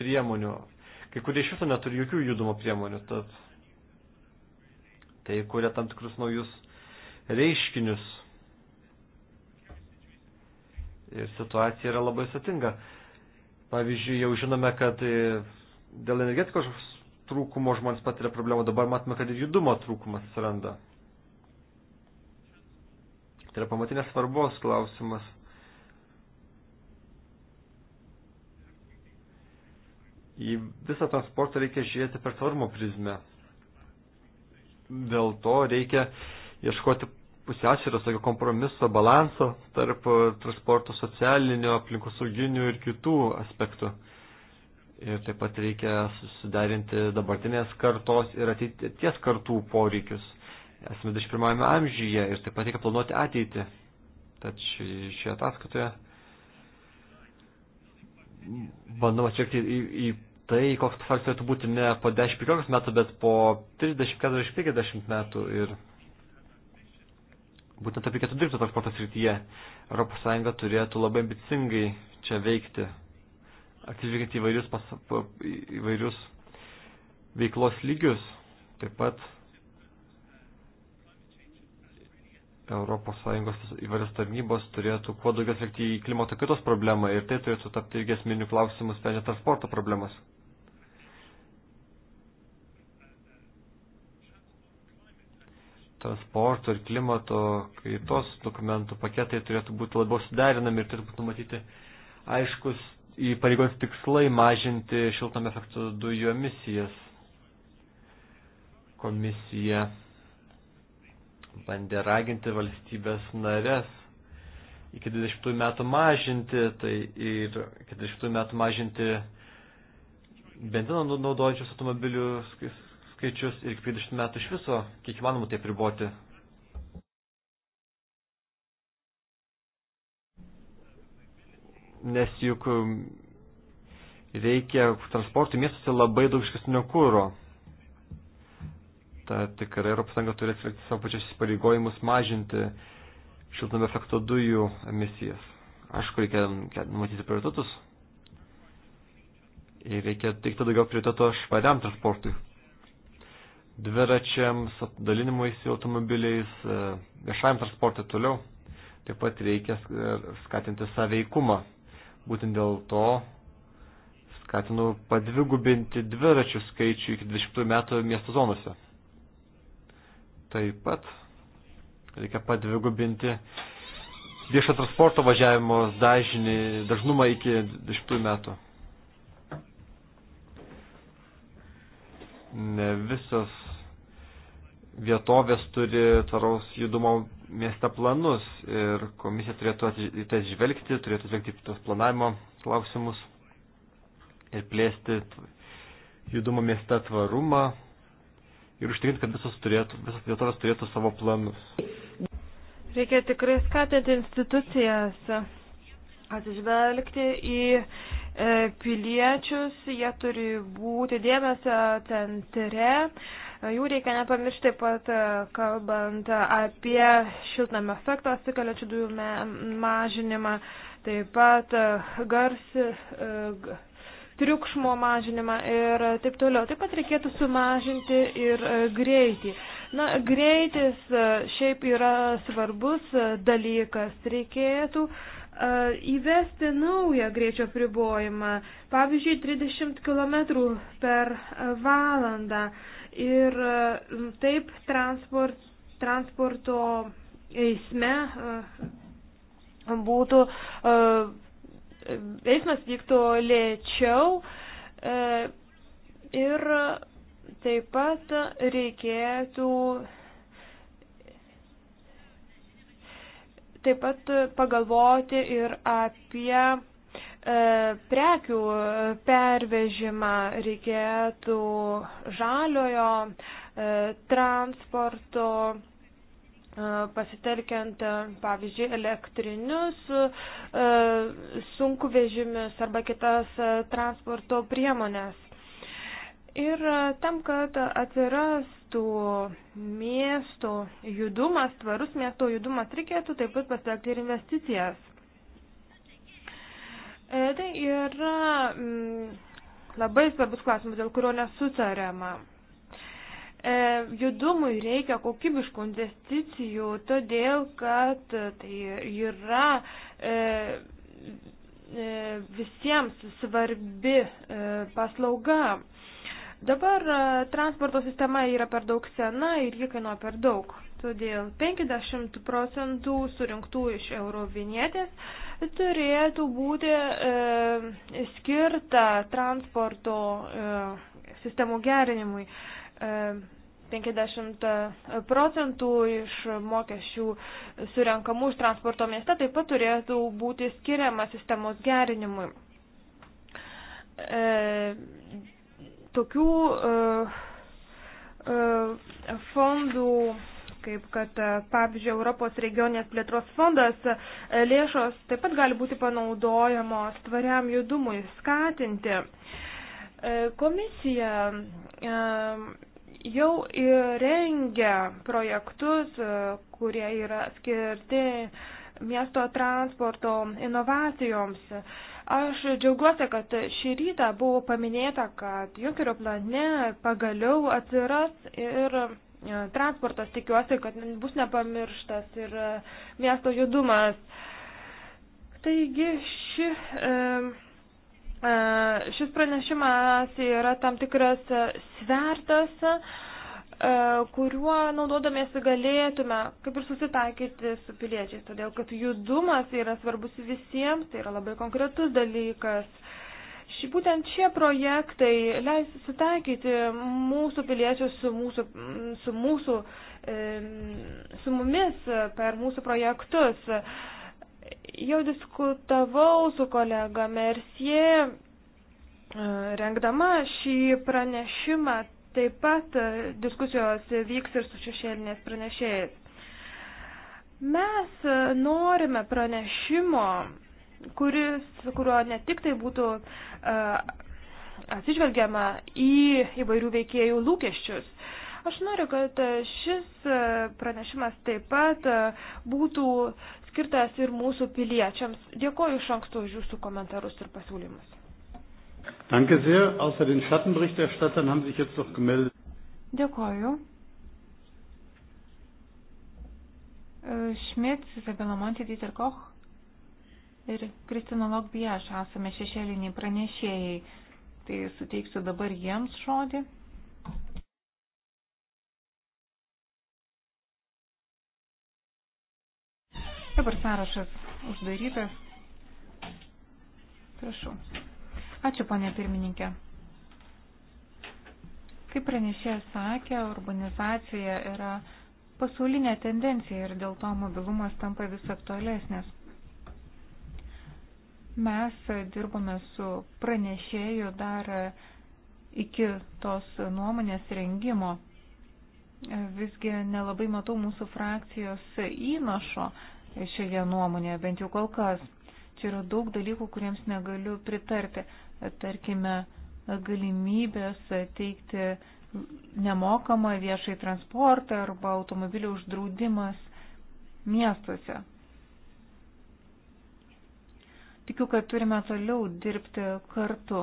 Speaker 3: priemonių. Kai kurie iš viso neturi jokių judumo priemonių, tad tai kuria tam tikrus naujus reiškinius. Ir situacija yra labai satinga. Pavyzdžiui, jau žinome, kad e, dėl energetikos trūkumo žmonės patiria problemą, dabar matome, kad ir judumo trūkumas atsiranda. Tai yra pamatinės svarbos klausimas. į visą transportą reikia žiūrėti per tvarumo prizmę. Dėl to reikia ieškoti pusiausvyros, tokio kompromiso, balanso tarp transporto socialinio, aplinkosauginių ir kitų aspektų. Ir taip pat reikia susiderinti dabartinės kartos ir ateities kartų poreikius. Esame 21 amžyje ir taip pat reikia planuoti ateitį. Tad šioje ataskaitoje bandoma atšvelgti į, į tai, koks pasaulis turėtų būti ne po 10-15 metų, bet po 30-40-50 metų ir būtent apie reikėtų dirbti transporto srityje. Europos Sąjunga turėtų labai ambicingai čia veikti, atsižvelgiant įvairius, pas, įvairius veiklos lygius. Taip pat Europos Sąjungos įvairios tarnybos turėtų kuo daugiau atsakyti į klimato kitos problemą ir tai turėtų tapti irgi esminių klausimų sprendžiant transporto problemas. transporto ir klimato kaitos dokumentų paketai turėtų būti labiau suderinami ir turėtų būti numatyti aiškus įpareigos tikslai mažinti šiltnamio efektų dujų emisijas. Komisija bandė raginti valstybės narės iki 20 metų mažinti, tai ir iki 20 metų mažinti benzino naudojančius automobilius skaičius ir 50 metų iš viso, kiek įmanoma tai priboti. Nes juk um, reikia transportui miestuose labai daug iškastinio kūro. Ta tikrai Europos Sąjunga turi atsilikti savo pačius įsipareigojimus mažinti šiltnamio efekto dujų emisijas. Aišku, reikia numatyti prioritetus ir reikia teikti daugiau prioriteto švariam transportui dviračiams, dalinimuisi automobiliais, e, viešajam transportui toliau. Taip pat reikia e, skatinti saveikumą. Būtent dėl to skatinu padvigubinti dviračių skaičių iki 20 metų miesto zonose. Taip pat reikia padvigubinti viešo transporto važiavimo dažnį, dažnumą iki 20 metų. Ne visos vietovės turi tvaraus judumo mieste planus ir komisija turėtų į tai žvelgti, turėtų žvelgti tos planavimo klausimus ir plėsti judumo mieste tvarumą ir užtikrinti, kad visos, turėtų, visos vietovės turėtų savo planus.
Speaker 4: Reikia tikrai skatinti institucijas atsižvelgti į e, piliečius, jie turi būti dėmesio centre Jų reikia nepamiršti taip pat, e, kalbant apie šiltnamio efektą sukeliančių dujų mažinimą, taip pat e, garsi, e, triukšmo mažinimą ir taip toliau. Taip pat reikėtų sumažinti ir greitį. Na, greitis šiaip yra svarbus dalykas. Reikėtų įvesti naują greičio pribojimą, pavyzdžiui, 30 km per valandą. Ir e, taip transport, transporto eisme e, būtų, e, eismas vyktų lėčiau ir taip pat reikėtų taip pat pagalvoti ir apie E, prekių pervežimą, reikėtų žaliojo e, transporto e, pasitelkiant, pavyzdžiui, elektrinius sunku vežimis arba kitas transporto priemonės. Ir tam, kad atsirastų miesto judumas, tvarus miesto judumas, reikėtų taip pat pasiekti ir investicijas. E, tai yra mm, labai svarbus klausimas, dėl kurio nesutariama. E, judumui reikia kokybiškų investicijų, todėl kad tai yra e, visiems svarbi paslauga. Dabar transporto sistema yra per daug sena ir ji kainuoja per daug. Todėl 50 procentų surinktų iš euro vinietės turėtų būti e, skirta transporto e, sistemų gerinimui. E, 50 procentų iš mokesčių surenkamų iš transporto mieste taip pat turėtų būti skiriama sistemos gerinimui. E, tokių e, e, fondų kaip kad, e, pavyzdžiui, Europos regionės plėtros fondas e, lėšos taip pat gali būti panaudojamos tvariam judumui skatinti. E, komisija jau rengia projektus, kurie yra skirti miesto transporto inovacijoms. Aš džiaugiuosi, kad šį rytą buvo paminėta, kad Junkerio plane pagaliau atsiras ir E, transportas tikiuosi, kad bus nepamirštas ir e, miesto judumas. Taigi ši, e, šis pranešimas yra tam tikras svertas, kuriuo naudodamėsi galėtume kaip ir susitaikyti su piliečiais, todėl kad judumas yra svarbus visiems, tai yra labai konkretus dalykas Ši būtent šie projektai leis susitaikyti mūsų piliečius su mūsų, su mūsų, su mumis per mūsų projektus. Jau diskutavau su kolega Mersie, e, rengdama šį pranešimą, taip pat diskusijos vyks ir su šešėlinės pranešėjais. Mes norime pranešimo kuris, kurio ne tik tai būtų e, atsižvelgiama į įvairių veikėjų lūkesčius. Aš noriu, kad šis e, pranešimas taip pat e, būtų skirtas ir mūsų piliečiams. Dėkoju iš anksto už jūsų komentarus ir pasiūlymus.
Speaker 1: Danke sehr. Außer den Schattenberichterstattern haben sich jetzt noch gemeldet.
Speaker 4: Dėkoju.
Speaker 2: Schmidt, Isabella Monti, Dieter Koch ir Kristina Lokbieš esame šešėliniai pranešėjai. Tai suteiksiu dabar jiems žodį. Dabar sąrašas uždarytas. Prašau. Ačiū, ponė pirmininkė. Kaip pranešėjas sakė, urbanizacija yra pasaulinė tendencija ir dėl to mobilumas tampa vis aktualesnis. Mes dirbome su pranešėju dar iki tos nuomonės rengimo. Visgi nelabai matau mūsų frakcijos įnašo šioje nuomonėje, bent jau kol kas. Čia yra daug dalykų, kuriems negaliu pritarti. Tarkime, galimybės teikti nemokamą viešai transportą arba automobilių uždraudimas miestuose. Tikiu, kad turime toliau dirbti kartu.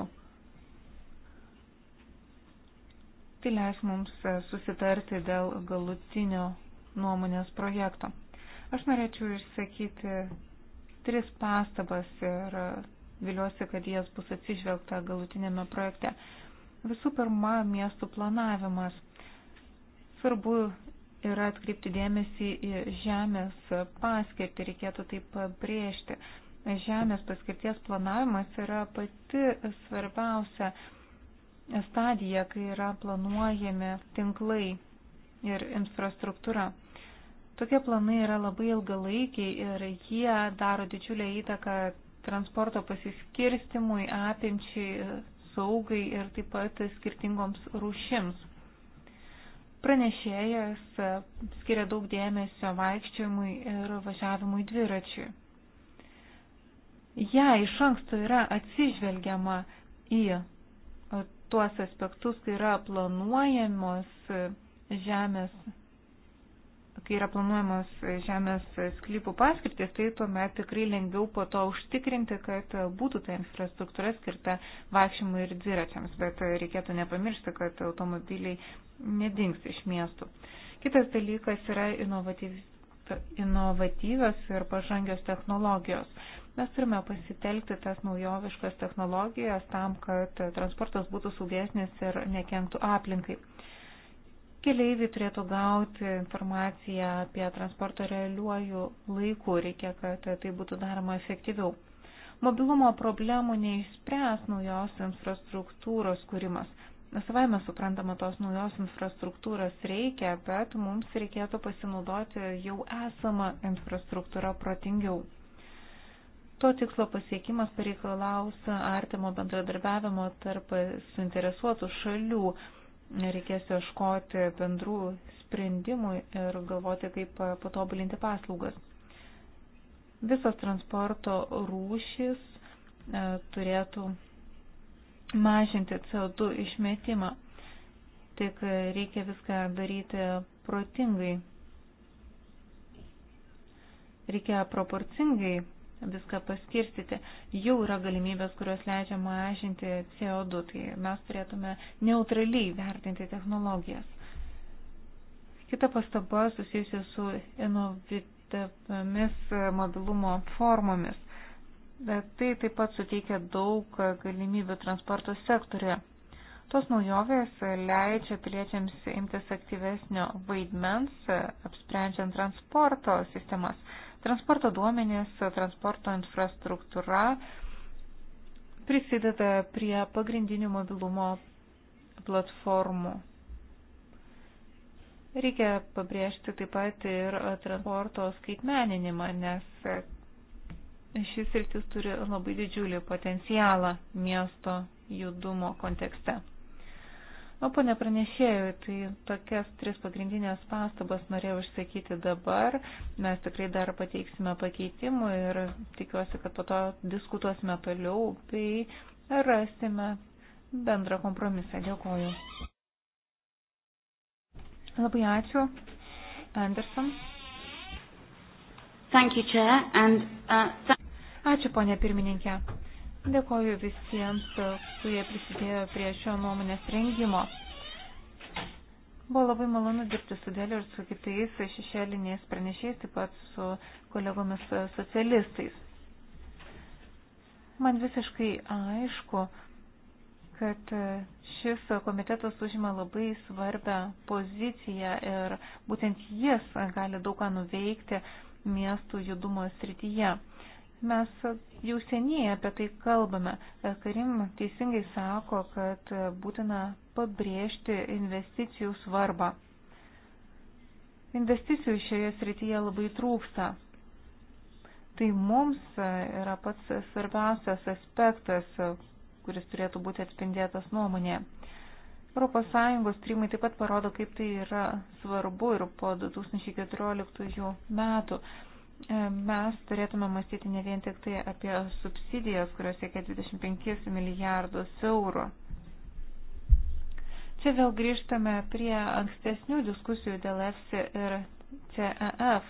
Speaker 2: Tai leis mums e, susitarti dėl galutinio nuomonės projekto. Aš norėčiau išsakyti tris pastabas ir e, viliuosi, kad jas bus atsižvelgta galutinėme projekte. Visų pirma, miestų planavimas. Svarbu yra atkreipti dėmesį į žemės paskirtį, reikėtų tai pabrėžti žemės paskirties planavimas yra pati svarbiausia stadija, kai yra planuojami tinklai ir infrastruktūra. Tokie planai yra labai ilgalaikiai ir jie daro didžiulę įtaką transporto pasiskirstimui, apimčiai, saugai ir taip pat skirtingoms rūšims. Pranešėjas skiria daug dėmesio vaikščiojimui ir važiavimui dviračiui jei iš anksto yra atsižvelgiama į e, tuos aspektus, kai yra planuojamos e, žemės, kai yra planuojamos e, žemės sklypų paskirtis, tai tuomet tikrai lengviau po to užtikrinti, kad būtų ta infrastruktūra skirta vaikščiojimui ir dviračiams, bet reikėtų nepamiršti, kad automobiliai nedings iš miestų. Kitas dalykas yra inovatyvios ir pažangios technologijos. Mes turime pasitelkti tas naujoviškas technologijas tam, kad transportas būtų saugesnis ir nekenktų aplinkai. Keleiviai turėtų gauti informaciją apie transporto realiuoju laiku, reikia, kad tai būtų daroma efektyviau. Mobilumo problemų neišspręs naujos infrastruktūros kūrimas. Savaime suprantama, tos naujos infrastruktūros reikia, bet mums reikėtų pasinaudoti jau esamą infrastruktūrą protingiau. To tikslo pasiekimas pareikalaus artimo bendradarbiavimo tarp suinteresuotų šalių. Reikės ieškoti bendrų sprendimų ir galvoti, kaip patobulinti paslaugas. Visos transporto rūšys e, turėtų mažinti CO2 išmetimą. Tik reikia viską daryti protingai. Reikia proporcingai viską paskirstyti. Jau yra galimybės, kurios leidžia mažinti CO2, tai mes turėtume neutraliai vertinti technologijas. Kita pastaba susijusi su inovatyviamis mobilumo formomis. Bet tai taip pat suteikia daug galimybių transporto sektorėje. Tos naujovės leidžia piliečiams imtis aktyvesnio vaidmens, apsprendžiant transporto sistemas. Transporto duomenys, transporto infrastruktūra prisideda prie pagrindinių mobilumo platformų. Reikia pabrėžti taip pat ir transporto skaitmeninimą, nes šis rytis turi labai didžiulį potencialą miesto judumo kontekste. O pone pranešėjui, tai tokias tris pagrindinės pastabas norėjau išsakyti dabar. Mes tikrai dar pateiksime pakeitimų ir tikiuosi, kad po to diskutuosime toliau bei rasime bendrą kompromisą. Dėkoju. Labai ačiū. Anderson. Thank you, Chair, and, uh, th ačiū, ponė pirmininkė. Dėkoju visiems, kurie prisidėjo prie šio nuomonės rengimo. Buvo labai malonu dirbti su dėliu ir su kitais šešėliniais pranešėjais, taip pat su kolegomis socialistais. Man visiškai aišku, kad šis komitetas užima labai svarbę poziciją ir būtent jis gali daug ką nuveikti miestų judumo srityje. Mes jau seniai apie tai kalbame. Karim teisingai sako, kad būtina pabrėžti investicijų svarbą. Investicijų šioje srityje labai trūksta. Tai mums yra pats svarbiausias aspektas, kuris turėtų būti atspindėtas nuomonėje. ES tyrimai taip pat parodo, kaip tai yra svarbu ir po 2014 metų. E, mes turėtume mąstyti ne vien tik tai apie subsidijas, kurios siekia 25 milijardus eurų. Čia vėl grįžtame prie ankstesnių diskusijų dėl EFSI ir CEF.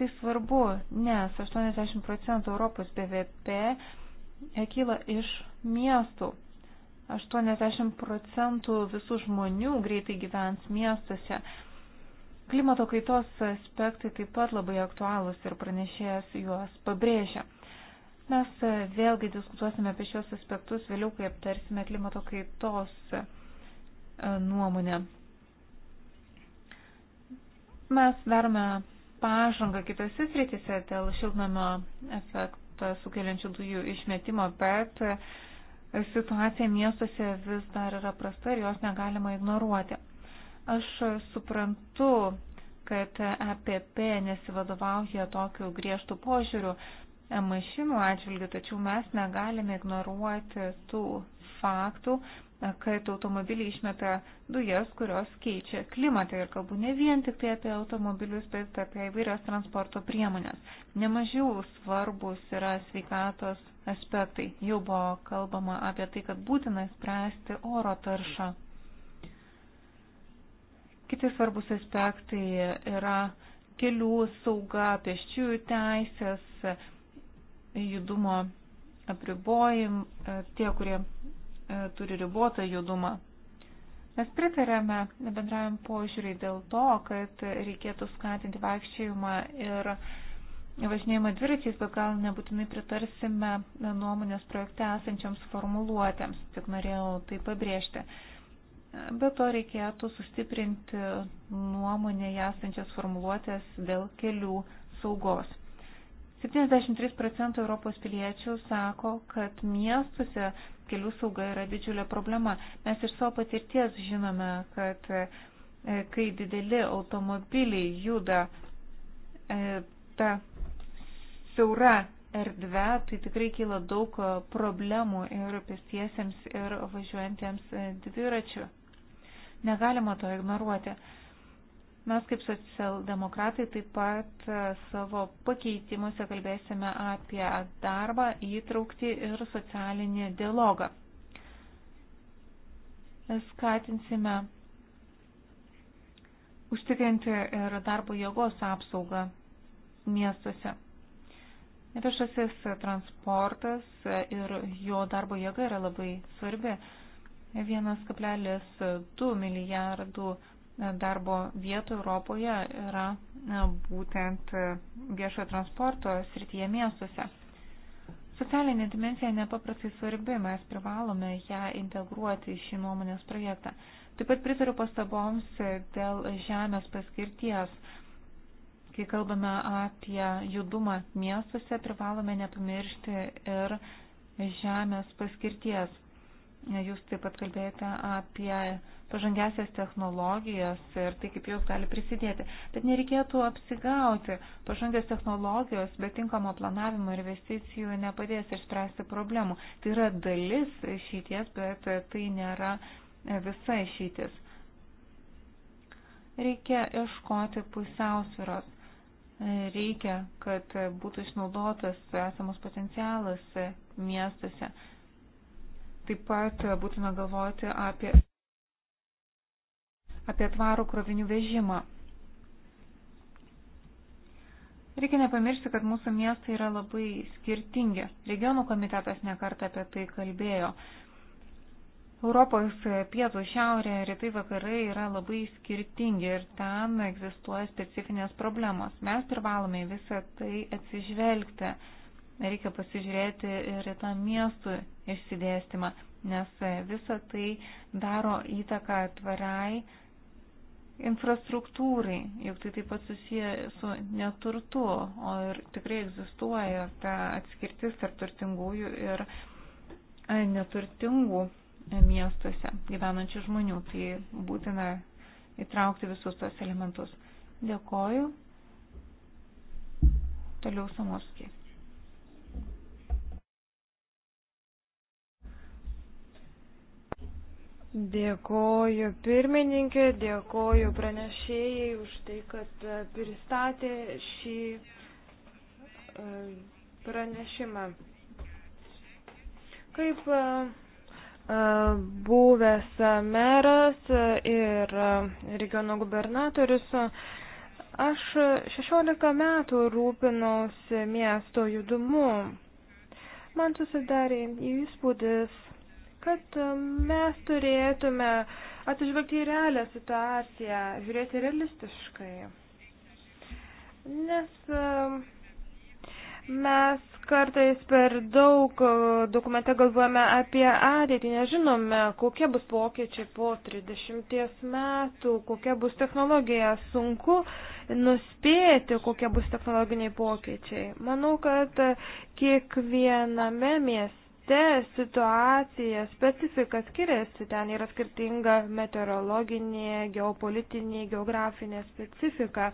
Speaker 2: Tai svarbu, nes 80 procentų Europos BVP e, kyla iš miestų. 80 procentų visų žmonių greitai gyvens miestuose Klimato kaitos aspektai taip pat labai aktualūs ir pranešėjas juos pabrėžia. Mes e, vėlgi diskutuosime apie šios aspektus vėliau, kai aptarsime klimato kaitos e, nuomonę. Mes darome pažangą kitose sritise dėl šiltnamio efektą sukeliančių dujų išmetimo, bet e, situacija miestuose vis dar yra prasta ir jos negalima ignoruoti. Aš suprantu, kad APP e nesivadovauja tokiu griežtų požiūrių mašinų atžvilgių, tačiau mes negalime ignoruoti tų faktų, kad automobiliai išmeta dujas, kurios keičia klimatą. Ir kalbu ne vien tik tai apie automobilius, bet apie įvairias transporto priemonės. Nemažiau svarbus yra sveikatos aspektai. Jau buvo kalbama apie tai, kad būtina spręsti oro taršą. Kiti svarbus aspektai yra kelių sauga, pėsčiųjų teisės, judumo apribojim, e, tie, kurie e, turi ribotą judumą. Mes pritarėme bendravim požiūrį dėl to, kad reikėtų skatinti vaikščiojimą ir važinėjimą dviračiais, bet gal nebūtinai pritarsime nuomonės projekte esančiams formuluotėms, tik norėjau tai pabrėžti. Be to reikėtų sustiprinti nuomonėje esančias formuluotės dėl kelių saugos. 73 procentų Europos piliečių sako, kad miestuose kelių sauga yra didžiulė problema. Mes iš savo patirties žinome, kad e, kai dideli automobiliai juda e, ta siaura erdve, tai tikrai kyla daug e, problemų ir pėstiesiems, ir važiuojantiems dviračiu. Negalima to ignoruoti. Mes kaip socialdemokratai taip pat e, savo pakeitimuose kalbėsime apie darbą, įtraukti ir socialinį dialogą. Skatinsime užtikrinti ir darbo jėgos apsaugą miestuose. Viešasis transportas ir jo darbo jėga yra labai svarbi. 1,2 milijardų darbo vietų Europoje yra e, būtent e, viešojo transporto srityje miestuose. Socialinė dimensija nepaprastai svarbi, mes privalome ją integruoti į šį nuomonės projektą. Taip pat pritariu pastaboms e, dėl žemės paskirties. Kai kalbame apie judumą miestuose, privalome nepamiršti ir žemės paskirties Jūs taip pat kalbėjote apie pažangesias technologijas ir tai, kaip jos gali prisidėti. Bet nereikėtų apsigauti. Pažangės technologijos be tinkamo planavimo ir investicijų nepadės išspręsti problemų. Tai yra dalis išyties, bet tai nėra visa išytis. Reikia ieškoti pusiausviros. Reikia, kad būtų išnaudotas esamos potencialas miestuose Taip pat e, būtina galvoti apie, apie tvarų krovinių vežimą. Reikia nepamiršti, kad mūsų miestai yra labai skirtingi. Regionų komitetas nekart apie tai kalbėjo. Europos pietų, šiaurė, rytai, vakarai yra labai skirtingi ir ten egzistuoja specifinės problemos. Mes privalome visą tai atsižvelgti reikia pasižiūrėti ir į tą miestų išsidėstymą, nes visa tai daro įtaką tvarai infrastruktūrai, juk tai taip pat susiję su neturtu, o ir tikrai egzistuoja ta atskirtis tarp turtingųjų ir e, neturtingų miestuose gyvenančių žmonių. Tai būtina įtraukti visus tos elementus. Dėkoju. Toliau Samovskis.
Speaker 4: Dėkoju pirmininkė, dėkoju pranešėjai už tai, kad e, pristatė šį e, pranešimą. Kaip e, buvęs meras ir regiono gubernatorius, aš 16 metų rūpinausi miesto judumu. Man susidarė įspūdis, kad e, mes turėtume atsižvelgti į realią situaciją, žiūrėti realistiškai. Nes e, mes kartais per daug e, dokumente galvojame apie ateitį, nežinome, kokie bus pokyčiai po 30 metų, kokia bus technologija, sunku nuspėti, kokie bus technologiniai pokyčiai. Manau, kad kiekviename mieste Egipte situacija, specifika skiriasi, ten yra skirtinga meteorologinė, geopolitinė, geografinė specifika.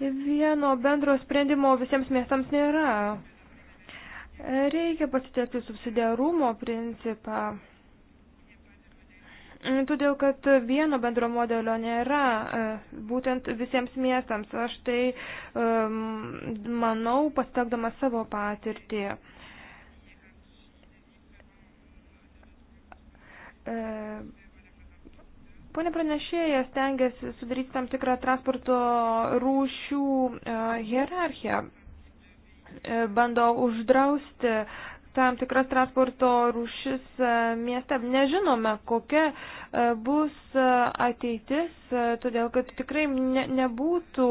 Speaker 4: Vieno bendro sprendimo visiems miestams nėra. Reikia pasitelkti subsidiarumo principą, todėl kad vieno bendro modelio nėra e, būtent visiems miestams. Aš tai um, manau, pasitelkdama savo patirtį. E, Pone pranešėjas tengiasi sudaryti tam tikrą transporto rūšių e, hierarchiją, e, bando uždrausti tam tikras transporto rūšis mieste. Nežinome, kokia bus ateitis, todėl kad tikrai ne, nebūtų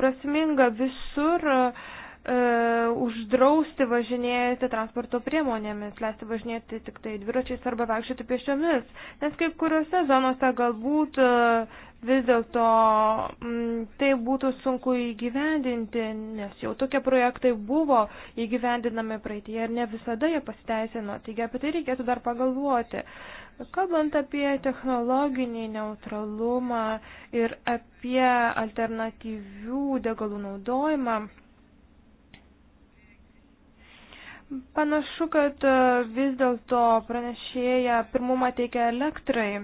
Speaker 4: prasminga visur uh, E, uždrausti važinėti transporto priemonėmis, leisti važinėti tik tai dviračiais arba vaikščioti pėsčiomis, nes kai kuriuose zonose galbūt e, vis dėlto tai būtų sunku įgyvendinti, nes jau tokie projektai buvo įgyvendinami praeitie ir ne visada jie pasiteisino, taigi apie tai reikėtų dar pagalvoti. Kalbant apie technologinį neutralumą ir apie alternatyvių degalų naudojimą, Panašu, kad e, vis dėlto pranešėja pirmumą teikia elektrai,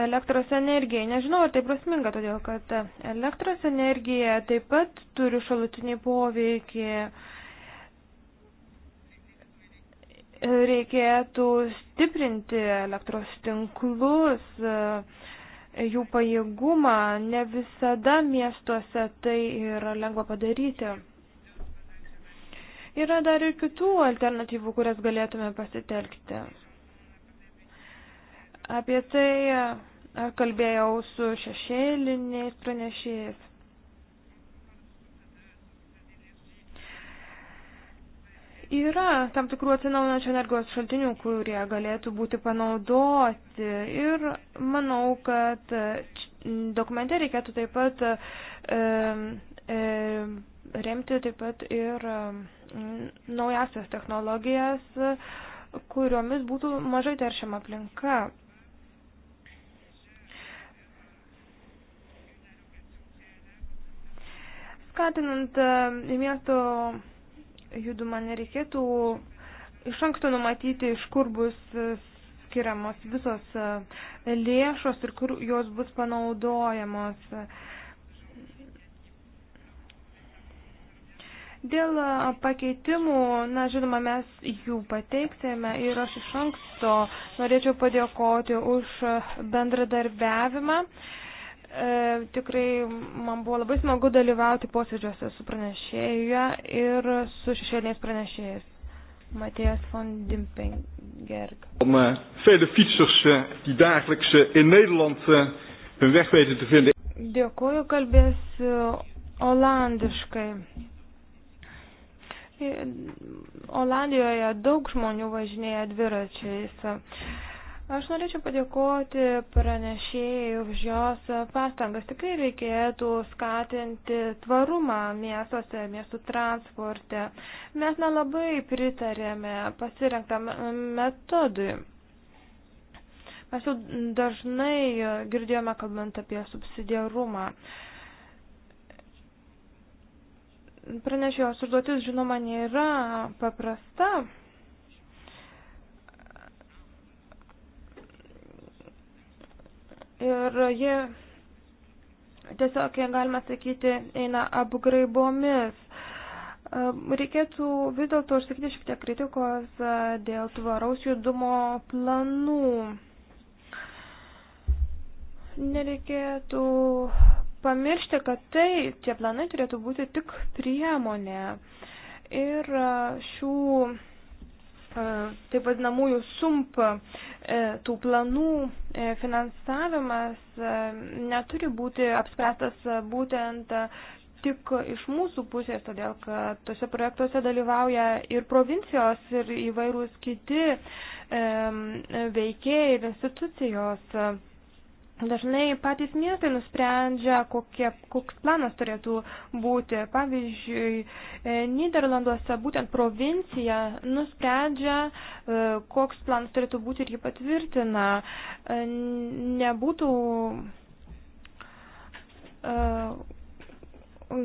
Speaker 4: elektros energijai. Nežinau, ar tai prasminga, todėl kad elektros energija taip pat turi šalutinį poveikį. Reikėtų stiprinti elektros tinklus, e, jų pajėgumą. Ne visada miestuose tai yra lengva padaryti. Yra dar ir kitų alternatyvų, kurias galėtume pasitelkti. Apie tai kalbėjau su šešėliniais pranešėjais. yra tam tikrų atsinaujinančių energijos šaltinių, kurie galėtų būti panaudoti ir manau, kad e, dokumente reikėtų taip pat e, e, remti taip pat ir um, naujasias technologijas, kuriomis būtų mažai teršiama aplinka. Skatinant um, miesto judumą nereikėtų iš anksto numatyti, iš kur bus uh, skiriamos visos uh, lėšos ir kur jos bus panaudojamos. Dėl pakeitimų, na, žinoma, mes jų pateiksime ir aš iš anksto norėčiau padėkoti už bendradarbiavimą. E, tikrai man buvo labai smagu dalyvauti posėdžiuose su pranešėja ir su šešėliniais pranešėjais. Matthias van Dimpengerk.
Speaker 3: Van uh, eh, vele fietsers uh, die dagelijks uh, in Nederland uh, hun weg weten te vinden.
Speaker 4: Dėkuoju, kalbės uh, olandiškai. Olandijoje daug žmonių važinėja dviračiais. Aš norėčiau padėkoti pranešėjai už jos pastangas. Tikrai reikėtų skatinti tvarumą miestuose, miestų transporte. Mes nelabai pritarėme pasirinktam metodui. Mes jau dažnai girdėjome kalbant apie subsidiarumą. Uh, pranešėjos užduotis, žinoma, nėra paprasta. Ir jie tiesiog, galima sakyti, eina apgraibomis. Reikėtų vis dėlto užsakyti šiek tiek kritikos dėl tvaraus judumo planų. Nereikėtų pamiršti, kad tai, tie planai turėtų būti tik priemonė. Ir e, šių e, taip vadinamųjų sump e, tų planų finansavimas neturi būti apspręstas būtent tik iš mūsų pusės, todėl kad tose projektuose dalyvauja ir provincijos, ir įvairūs kiti veikėjai ir institucijos. Dažnai patys miestai nusprendžia, kokie, koks planas turėtų būti. Pavyzdžiui, e, Niderlanduose būtent provincija nusprendžia, e, koks planas turėtų būti ir jį patvirtina. E, nebūtų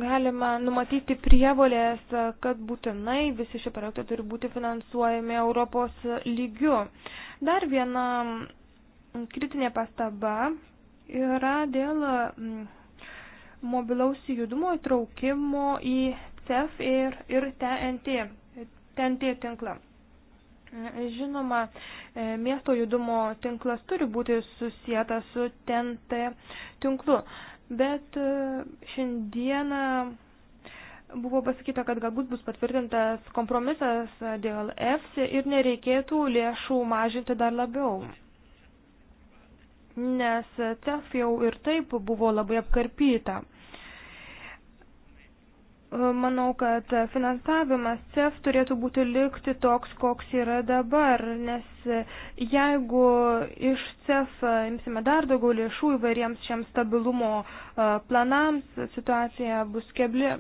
Speaker 4: galima numatyti prievolės, kad būtinai visi šie projektai turi būti finansuojami Europos lygiu. Dar viena kritinė pastaba yra dėl mm, mobilaus judumo įtraukimo į CEF ir, ir TNT, TNT tinklą. Žinoma, e, miesto judumo tinklas turi būti susijęs su TNT tinklu, bet e, šiandieną buvo pasakyta, kad galbūt bus patvirtintas kompromisas dėl EFSI ir nereikėtų lėšų mažinti dar labiau nes CEF jau ir taip buvo labai apkarpyta. Manau, kad finansavimas CEF turėtų būti likti toks, koks yra dabar, nes jeigu iš CEF imsime dar daugiau lėšų įvairiems šiam stabilumo planams, situacija bus kebli.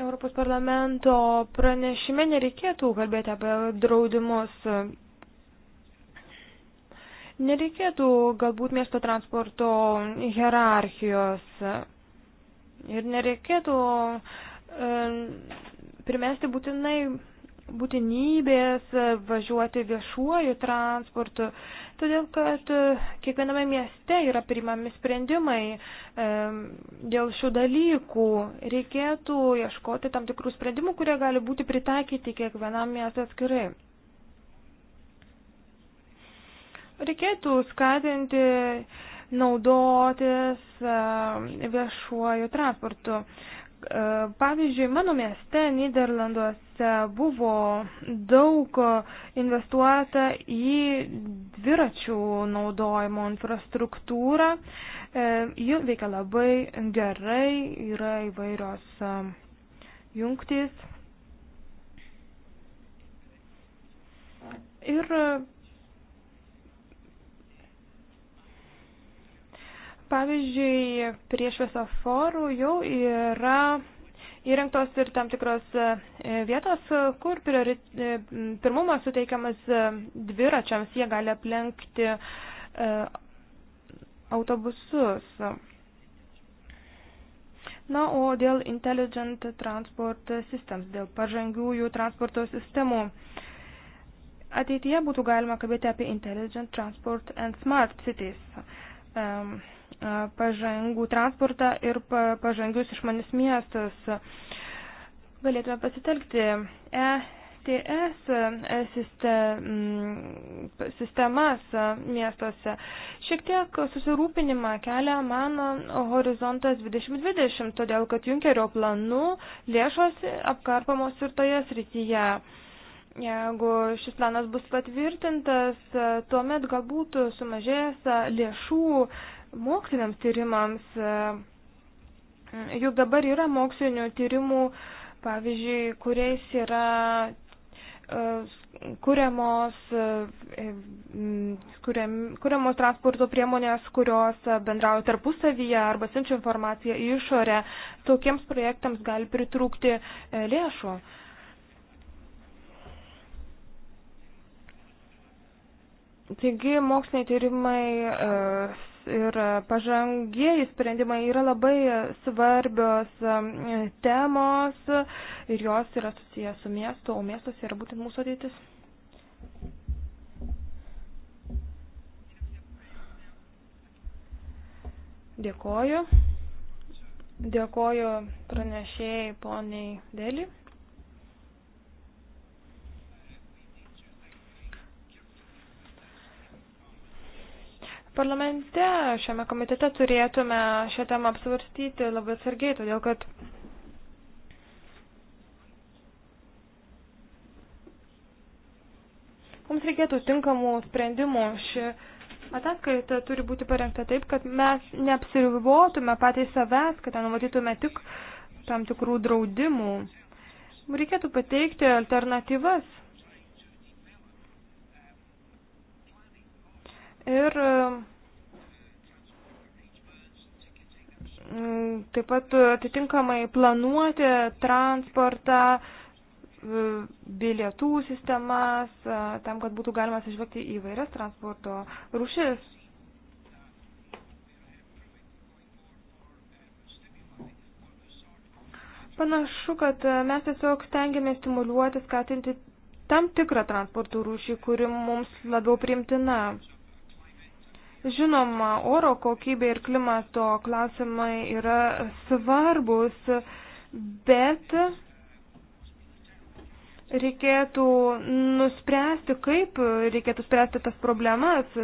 Speaker 4: Europos parlamento pranešime nereikėtų kalbėti apie draudimus Nereikėtų galbūt miesto transporto hierarchijos ir nereikėtų e, primesti būtinai būtinybės važiuoti viešuoju transportu, todėl kad e, kiekviename mieste yra priimami sprendimai e, dėl šių dalykų. Reikėtų ieškoti tam tikrų sprendimų, kurie gali būti pritaikyti kiekvienam miestui atskirai. reikėtų skatinti naudotis ehm, viešuoju transportu. Ehm, pavyzdžiui, mano mieste Niderlanduose buvo daug investuota į dviračių naudojimo infrastruktūrą. Ehm, ji veikia labai gerai, yra įvairios jungtys. Ir Pavyzdžiui, prie šviesoforų jau yra įrengtos ir tam tikros e, vietos, kur e, pirmumas suteikiamas e, dviračiams, jie gali aplenkti autobusus. Na, o dėl Intelligent Transport Systems, dėl pažangiųjų transporto sistemų. Ateityje būtų galima kalbėti apie Intelligent Transport and Smart Cities. Uh, pažangų transportą ir pažangius išmanius miestus. Galėtume pasitelkti ETS e, sistemas e, miestuose. Šiek tiek susirūpinimą kelia mano horizontas 2020, todėl kad Junkerio planų lėšos apkarpamos ir toje srityje. Jeigu šis planas bus patvirtintas, tuomet galbūt sumažės lėšų moksliniams tyrimams. Juk dabar yra mokslinių tyrimų, pavyzdžiui, kuriais yra e, kuriamos, e, kuriam, kuriamos transporto priemonės, kurios bendrauja tarpusavyje arba siunčia informaciją į išorę. Tokiems projektams gali pritrūkti e, lėšų. Taigi moksliniai tyrimai e, ir pažangieji sprendimai yra labai svarbios e, temos ir jos yra susijęs su miestu, o miestas yra būtent mūsų ateitis. Dėkoju. Dėkoju pranešėjai poniai Dėlį. parlamente, šiame komitete turėtume šią temą apsvarstyti labai atsargiai, todėl kad mums reikėtų tinkamų sprendimų. Ši ataskaita turi būti parengta taip, kad mes neapsirivotume patys savęs, kad numatytume tik tam tikrų draudimų. Reikėtų pateikti alternatyvas Ir mm, taip pat atitinkamai planuoti transportą, e, bilietų sistemas, e, tam, kad būtų galima atsižvelgti į vairias transporto rušis. Panašu, kad mes tiesiog stengiamės stimuliuoti, skatinti tam tikrą transporto rūšį, kuri mums labiau primtina. Žinoma, oro kokybė ir klimato klausimai yra svarbus, bet reikėtų nuspręsti, kaip reikėtų spręsti tas problemas,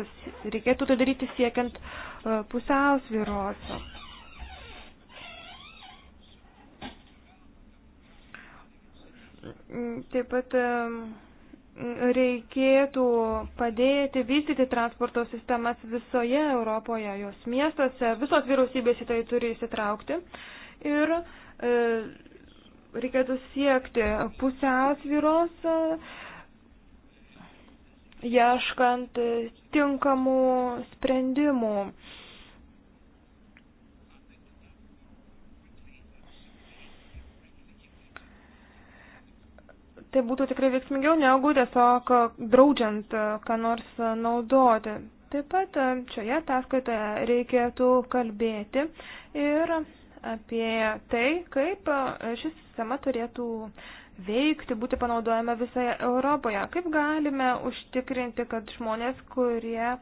Speaker 4: reikėtų tai daryti siekiant e, pusiausvyros. Taip pat e, reikėtų padėti vystyti transporto sistemas visoje Europoje, jos miestuose, visos vyriausybės į tai turi įsitraukti ir e, reikėtų siekti pusiausvyros, e, ieškant tinkamų sprendimų. E, tai būtų tikrai veiksmingiau negu tiesiog draudžiant e, ką nors e, naudoti. Taip pat e, šioje ataskaitoje reikėtų kalbėti ir apie tai, kaip ši sistema turėtų veikti, būti panaudojama visoje Europoje. Kaip galime užtikrinti, kad žmonės, kurie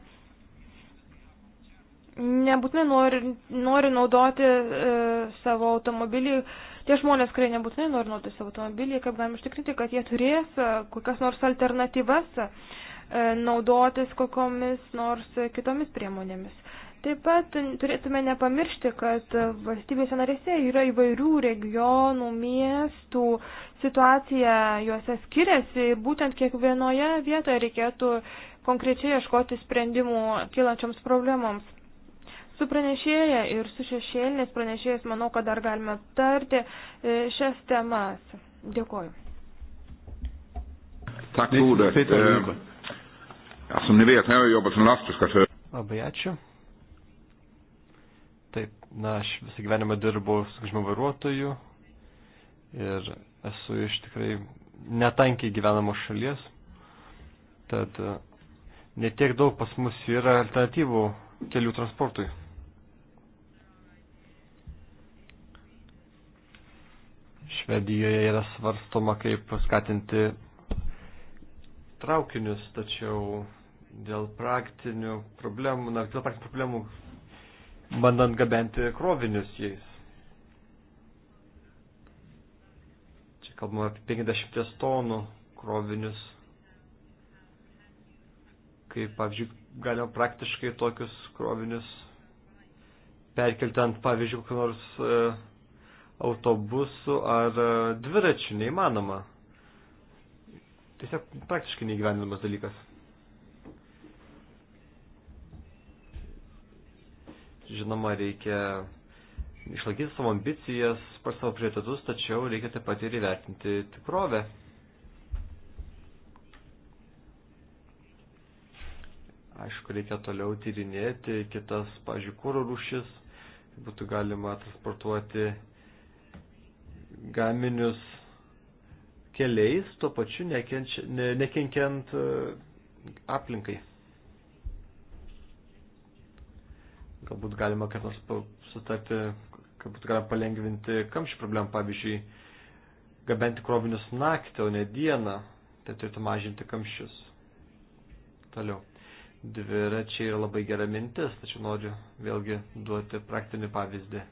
Speaker 4: nebūtinai nori, nori naudoti e, savo automobilį, e, tie žmonės, kurie nebūtinai nori nuotis automobilį, kaip galime ištikrinti, kad jie turės e, kokias nors alternatyvas e, naudotis kokomis nors kitomis priemonėmis. Taip pat turėtume nepamiršti, kad valstybėse narėse yra įvairių regionų, miestų, situacija juose skiriasi ir būtent kiekvienoje vietoje reikėtų konkrečiai ieškoti sprendimų kilančioms problemoms. Su pranešėja ir su šešėlinės pranešėjas manau, kad dar galime aptarti e, šias temas. Dėkoju.
Speaker 1: Tack för ordet. Eh, ja, som ni vet har jag jobbat som lastbilschaufför.
Speaker 3: Labai ačiū. Taip, na, aš visą gyvenimą dirbau sunkvežimio vairuotoju ir esu iš tikrai netankiai gyvenamos šalies. Tad e, netiek daug pas mus yra alternatyvų kelių transportui. Švedijoje yra svarstoma, kaip skatinti traukinius, tačiau dėl praktinių problemų, na, dėl praktinių problemų, bandant gabenti krovinius jais. Čia kalbame apie 50 tonų krovinius. Kaip, pavyzdžiui, galima praktiškai tokius krovinius perkelti ant, pavyzdžiui, kokio nors e, autobusu ar e, dviračiu neįmanoma. Tiesiog praktiškai neįgyvendinamas dalykas. Žinoma, reikia išlaikyti savo ambicijas, per savo prioritetus, tačiau reikia taip pat ir įvertinti tikrovę. Aišku, reikia toliau tyrinėti kitas, pažiūrėjau, kūro rūšis, būtų galima transportuoti gaminius keliais, tuo pačiu nekenkiant e, aplinkai. Galbūt galima kartais sutarti, kad būtų galima palengvinti kamščių problemą, pavyzdžiui, gabenti krovinius naktį, o ne dieną, tai turėtų mažinti kamščius. Toliau. Dviračiai yra labai gera mintis, tačiau noriu vėlgi duoti praktinį pavyzdį.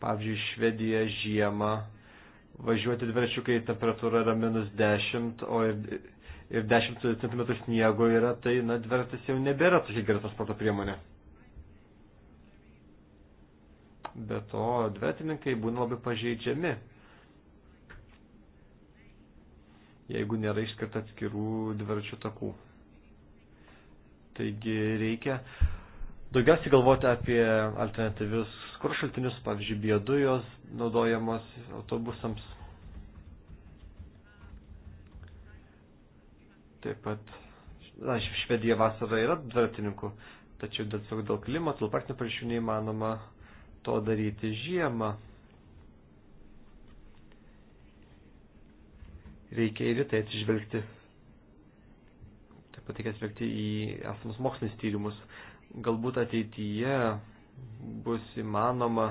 Speaker 3: Pavyzdžiui, Švedija žiemą važiuoti dviračiu, kai temperatūra yra minus 10, o ir, ir 10 cm sniego yra, tai, na, dviratis jau nebėra tokia gera transporto priemonė. Be to, dviratininkai būna labai pažeidžiami. jeigu nėra išskirta atskirų dviračių takų. Taigi reikia daugiausiai galvoti apie alternatyvius kur šaltinius, pavyzdžiui, biodujos naudojamos autobusams. Taip pat, na, Švedija vasarą yra dviratininkų, tačiau dėl savo dėl klimato, dėl partinių priešių neįmanoma to daryti žiemą. Reikia ir tai atsižvelgti. Taip pat reikia atsižvelgti į esamus mokslinis tyrimus. Galbūt ateityje bus įmanoma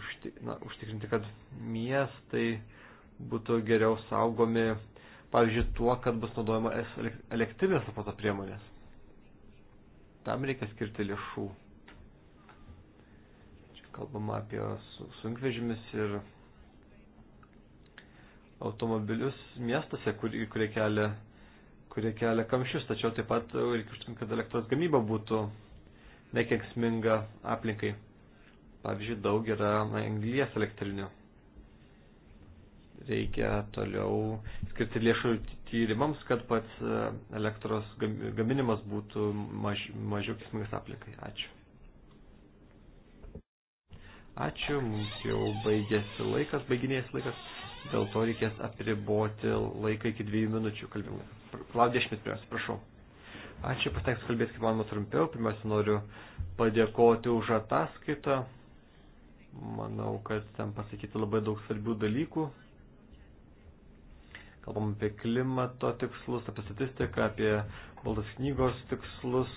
Speaker 3: užti, na, užtikrinti, kad miestai būtų geriau saugomi, pavyzdžiui, tuo, kad bus naudojama elektrinės transporto priemonės. Tam reikia skirti lėšų. Čia kalbama apie sunkvežimis ir automobilius miestuose, kurie kur kelia kurie kelia kamščius, tačiau taip pat reikia užtikrinti, kad elektros gamyba būtų nekenksminga aplinkai. Pavyzdžiui, daug yra anglies elektrinių. Reikia toliau skirti lėšų tyrimams, kad pats e, elektros gaminimas būtų maž, mažiau kenksmingas aplinkai. Ačiū. Ačiū, mums jau baigėsi laikas, baiginėjęs laikas, dėl to reikės apriboti laiką iki dviejų minučių kalbimui. Klaudija Šmit, pirmiausia, prašau. Ačiū, pasiteks kalbėti kaip manoma trumpiau. Pirmiausia, noriu padėkoti už ataskaitą. Manau, kad ten pasakyti labai daug svarbių dalykų. Kalbam apie klimato tikslus, apie statistiką, apie baldas knygos tikslus,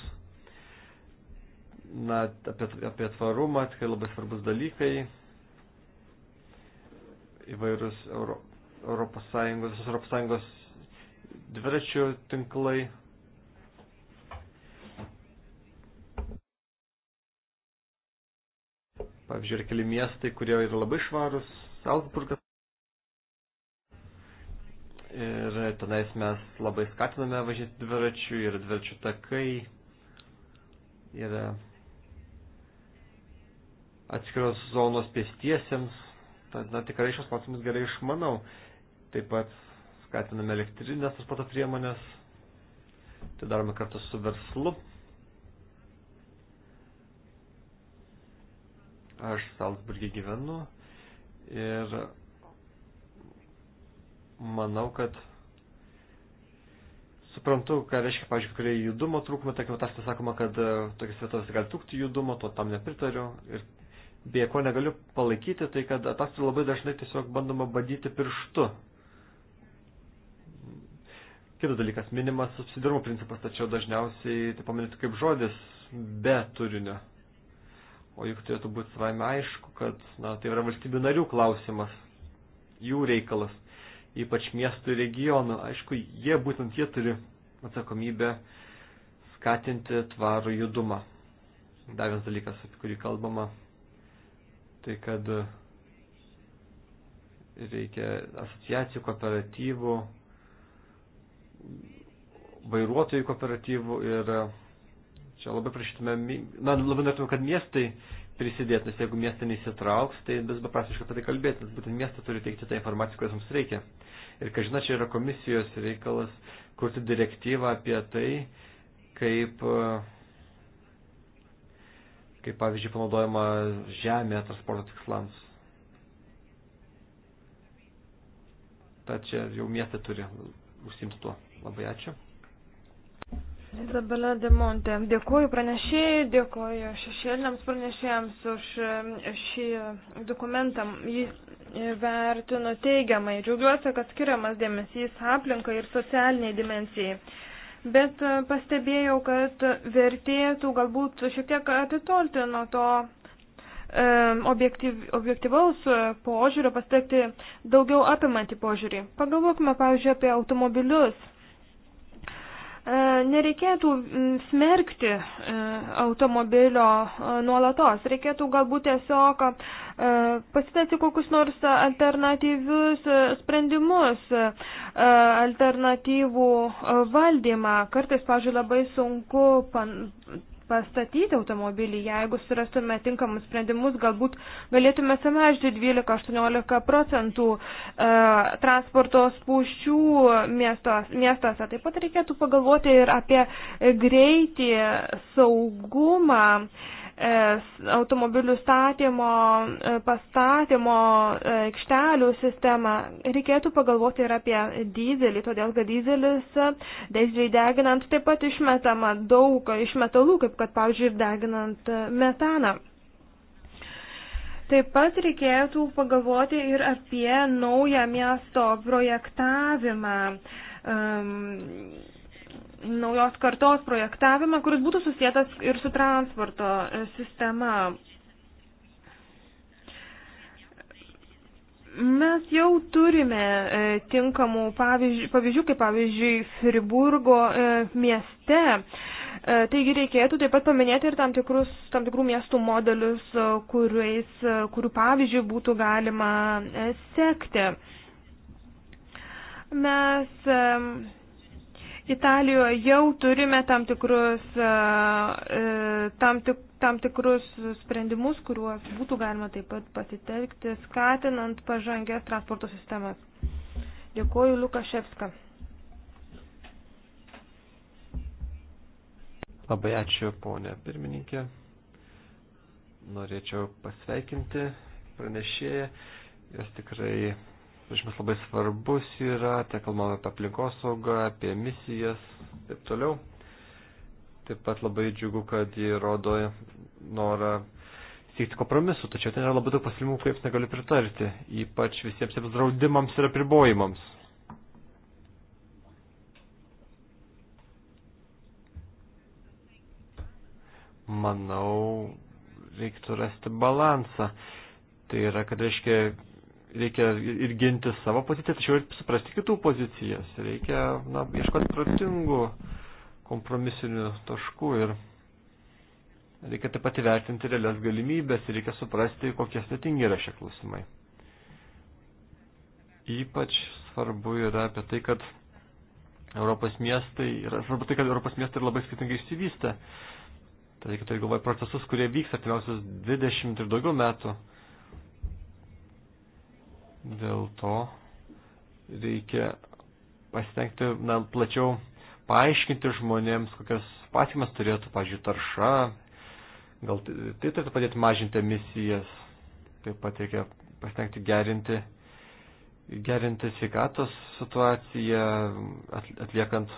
Speaker 3: na, apie, apie tvarumą, tikrai labai svarbus dalykai. Įvairūs Euro, Europos Sąjungos, visos Europos Sąjungos dviračių tinklai. Pavyzdžiui, yra keli miestai, kurie yra labai švarus, Salzburgas. Ir tenais mes labai skatiname važiuoti dviračių, yra dviračių takai, yra atskiros zonos pėstiesiems. Tad, na, tikrai šios klausimus gerai išmanau. Taip pat skatiname elektrinės transporto priemonės, tai darome kartu su verslu. Aš Salzburgė gyvenu ir manau, kad suprantu, ką reiškia, pavyzdžiui, kurie judumo trūkumą, tarkim, tas sakoma, kad e, tokias vietovės gali trūkti judumo, to tam nepritariu. Ir beje, ko negaliu palaikyti, tai kad ataskaitų labai dažnai tiesiog bandoma badyti pirštu. Kitas dalykas, minimas subsidarumo principas, tačiau dažniausiai tai paminėtų kaip žodis be turinio. O juk turėtų būti savaime aišku, kad na, tai yra valstybių narių klausimas, jų reikalas, ypač miestų ir regionų. Aišku, jie būtent jie turi atsakomybę skatinti tvarų judumą. Dar vienas dalykas, apie kurį kalbama, tai kad reikia asociacijų, kooperatyvų, vairuotojų kooperatyvų ir e, čia labai prašytume, na, labai norėtume, kad miestai prisidėtų, nes jeigu miestai neįsitrauks, tai bus beprasmiška apie tai kalbėti, nes būtent miestai turi teikti tą informaciją, kurios mums reikia. Ir, ką žinai, čia yra komisijos reikalas kurti direktyvą apie tai, kaip, e, kaip pavyzdžiui, panaudojama žemė transporto tikslams. Tad čia jau miestai turi užsimti tuo. Labai ačiū.
Speaker 4: Izabela Demonte, dėkuoju pranešėjai, dėkuoju šešėliniams pranešėjams už šį dokumentą. Jį vertinu teigiamai. Džiaugiuosi, kad skiriamas dėmesys aplinkai ir socialiniai dimencijai. Bet e, pastebėjau, kad vertėtų galbūt šiek tiek atitolti nuo to objektyv, objektyvaus požiūrio, pastekti daugiau apimantį požiūrį. Pagalvokime, pavyzdžiui, apie automobilius E, nereikėtų smerkti e, automobilio e, nuolatos, reikėtų galbūt tiesiog pasitėti kokius nors alternatyvius sprendimus, alternatyvų valdymą. Kartais, pažiūrėjau, labai sunku pan pastatyti automobilį. Jeigu surastume tinkamus sprendimus, galbūt galėtume sumažinti 12-18 procentų e, transporto spūščių miestos, miestuose. Taip pat reikėtų pagalvoti ir apie greitį, saugumą. E, E, automobilių statymo, e, pastatymo e, aikštelių sistemą. Reikėtų pagalvoti ir apie dizelį, todėl kad dizelis, dizelį deginant taip pat išmetama daug iš metalų, kaip kad, pavyzdžiui, ir deginant metaną. Taip pat reikėtų pagalvoti ir apie naują miesto projektavimą. Um, naujos kartos projektavimą, kuris būtų susijęs ir su transporto e, sistema. Mes jau turime e, tinkamų pavyzdžių, pavyzdžių kaip pavyzdžiui Friburgo e, mieste. Taigi reikėtų taip pat paminėti ir tam, tikrus, tam tikrų miestų modelius, kuriais, kurių pavyzdžių būtų galima sekti. Mes Italijoje jau turime tam tikrus, e, tam, tik, tam tikrus sprendimus, kuriuos būtų galima taip pat pasitelkti, skatinant pažangės transporto sistemas. Dėkuoju Lukaševska.
Speaker 3: Labai ačiū, ponė pirmininkė. Norėčiau pasveikinti pranešėją. Jos tikrai Žymis labai svarbus yra, te kalbame apie aplinkosaugą, apie misijas, taip toliau. Taip pat labai džiugu, kad jie rodo norą siekti kompromisu, tačiau ten yra labai daug pasilimų, kaip negaliu pritarti, ypač visiems draudimams ir apribojimams. Manau, reiktų rasti balansą. Tai yra, kad reiškia reikia ir ginti savo poziciją, tačiau ir suprasti kitų pozicijas. Reikia na, ieškoti protingų kompromisinių taškų ir reikia taip pat įvertinti realias galimybės ir reikia suprasti, kokie sudėtingi yra šie klausimai. Ypač svarbu yra apie tai, kad Europos miestai yra, svarbu tai, kad Europos miestai yra labai skirtingai išsivystę. Tai reikia turėti galvoje procesus, kurie vyks artimiausius 20 ir daugiau metų. Dėl to reikia pasitengti na, plačiau paaiškinti žmonėms, kokias pasimas turėtų, pažiūrėjau, tarša, gal tai turėtų padėti mažinti emisijas, taip pat reikia pasitengti gerinti, gerinti sveikatos situaciją, atliekant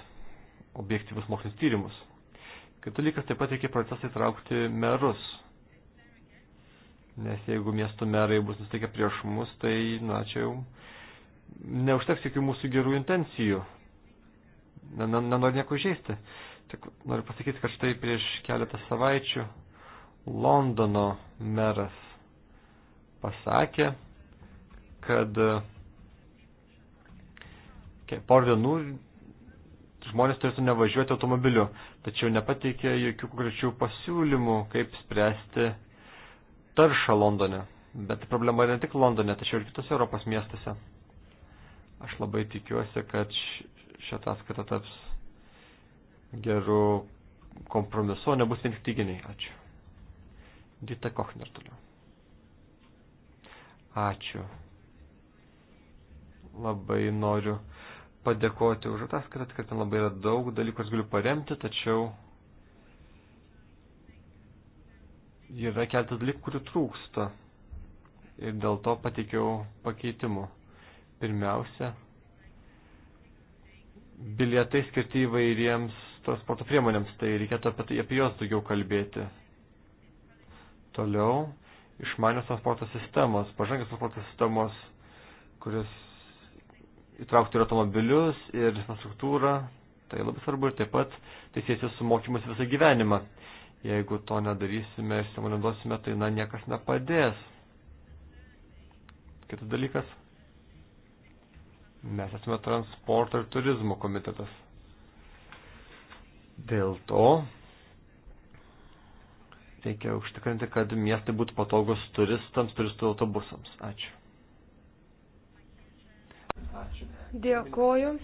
Speaker 3: objektyvus mokslinis tyrimus. Kitas dalykas, taip pat reikia procesą įtraukti merus, nes jeigu miestų merai bus nusteikę prieš mus, tai, na, čia jau neužteks jokių mūsų gerų intencijų. Nenoriu nieko žaisti. Tik noriu pasakyti, kad štai prieš keletą savaičių Londono meras pasakė, kad por dienų žmonės turėtų nevažiuoti automobiliu, tačiau nepateikė jokių konkrečių pasiūlymų, kaip spręsti taršą Londone. Bet problema yra ne tik Londone, tačiau ir kitose Europos miestuose. Aš labai tikiuosi, kad šią ataskaitą taps gerų kompromisu, nebus vien tik tyginiai. Ačiū. Dita Kochner toliau. Ačiū. Labai noriu padėkoti už ataskaitą, kad ten labai yra daug dalykų, kuriuos galiu paremti, tačiau yra keltas dalykų, kurių trūksta. Ir dėl to pateikiau pakeitimų. Pirmiausia, bilietai skirti įvairiems transporto priemonėms, tai reikėtų apie, tai, apie juos daugiau kalbėti. Toliau, išmanios transporto sistemos, pažangios transporto sistemos, kuris įtraukti ir automobilius, ir infrastruktūrą, tai labai svarbu ir taip pat tai siejasi su mokymus visą gyvenimą. Jeigu to nedarysime ir stimuliuosime, tai na, niekas nepadės. Kitas dalykas. Mes esame transporto ir turizmo komitetas. Dėl to reikia užtikrinti, kad miestai būtų patogus turistams, turistų autobusams. Ačiū.
Speaker 4: Ačiū. Dėkoju.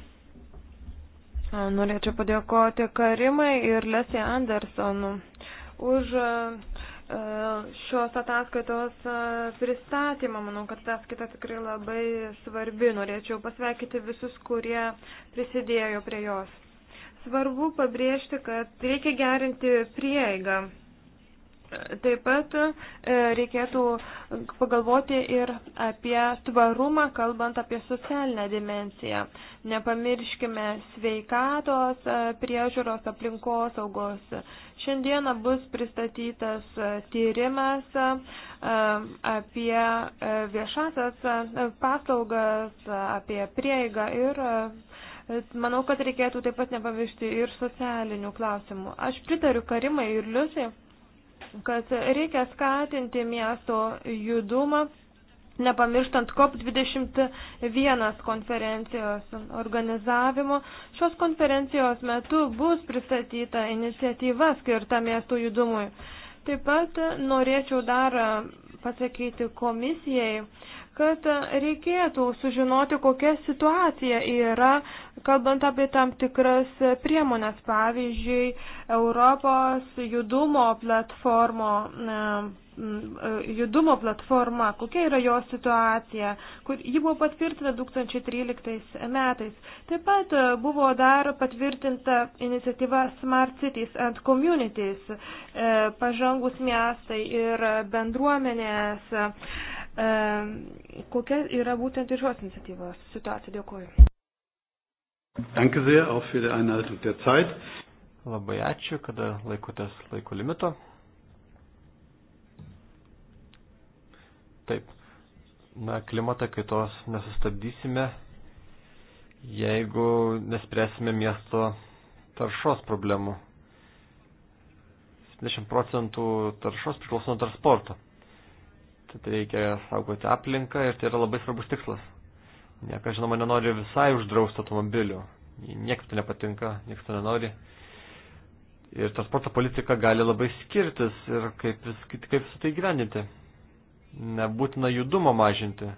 Speaker 4: Norėčiau padėkoti Karimai ir Lesie Andersonu už e, e, šios ataskaitos e, pristatymą. Manau, kad ataskaita tikrai labai svarbi. Norėčiau pasveikyti visus, kurie prisidėjo prie jos. Svarbu pabrėžti, kad reikia gerinti prieigą Taip pat e, reikėtų pagalvoti ir apie tvarumą, kalbant apie socialinę dimenciją. Nepamirškime sveikatos, e, priežiūros, aplinkosaugos. Šiandieną bus pristatytas e, tyrimas apie viešasias paslaugas, apie prieigą ir manau, kad reikėtų taip pat nepamiršti ir socialinių klausimų. Aš pritariu Karimai ir Liusiai kad reikia skatinti miesto judumą, nepamirštant COP21 konferencijos organizavimo. Šios konferencijos metu bus pristatyta iniciatyva skirta miestų judumui. Taip pat norėčiau dar pasakyti komisijai, kad reikėtų sužinoti, kokia situacija yra, kalbant apie tam tikras priemonės, pavyzdžiui, Europos judumo platformo e, e, judumo platforma, kokia yra jo situacija, kur ji buvo patvirtinta 2013 metais. Taip pat buvo dar patvirtinta iniciatyva Smart Cities and Communities, e, pažangus miestai ir bendruomenės Kokia yra būtent ir šios iniciatyvos situacija? Dėkuoju.
Speaker 3: Danke sehr auch für die Einhaltung der Zeit. Labai ačiū, kada laikotės laiko limito. Taip, na, klimatą kaitos nesustabdysime, jeigu nespręsime miesto taršos problemų. 70 procentų taršos priklauso nuo transporto. Tad reikia saugoti aplinką ir tai yra labai svarbus tikslas. Niekas, žinoma, nenori visai uždrausti automobilių. Niekas to nepatinka, niekas to nenori. Ir transporto politika gali labai skirtis ir kaip, vis, kaip su tai gyveninti. Nebūtina judumo mažinti.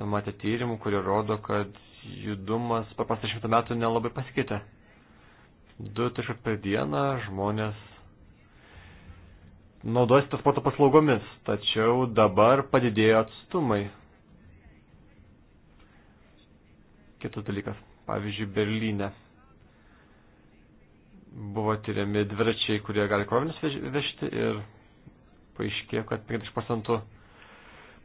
Speaker 3: Samatė tyrimų, kurie rodo, kad judumas per pasą šimtą metų nelabai pasikeitė. Du taškai per dieną žmonės naudojasi transporto paslaugomis, tačiau dabar padidėjo atstumai. Kitas dalykas, pavyzdžiui, Berlyne buvo tyriami dviračiai, kurie gali krovinius vežti ir paaiškėjo, kad 50 procentų,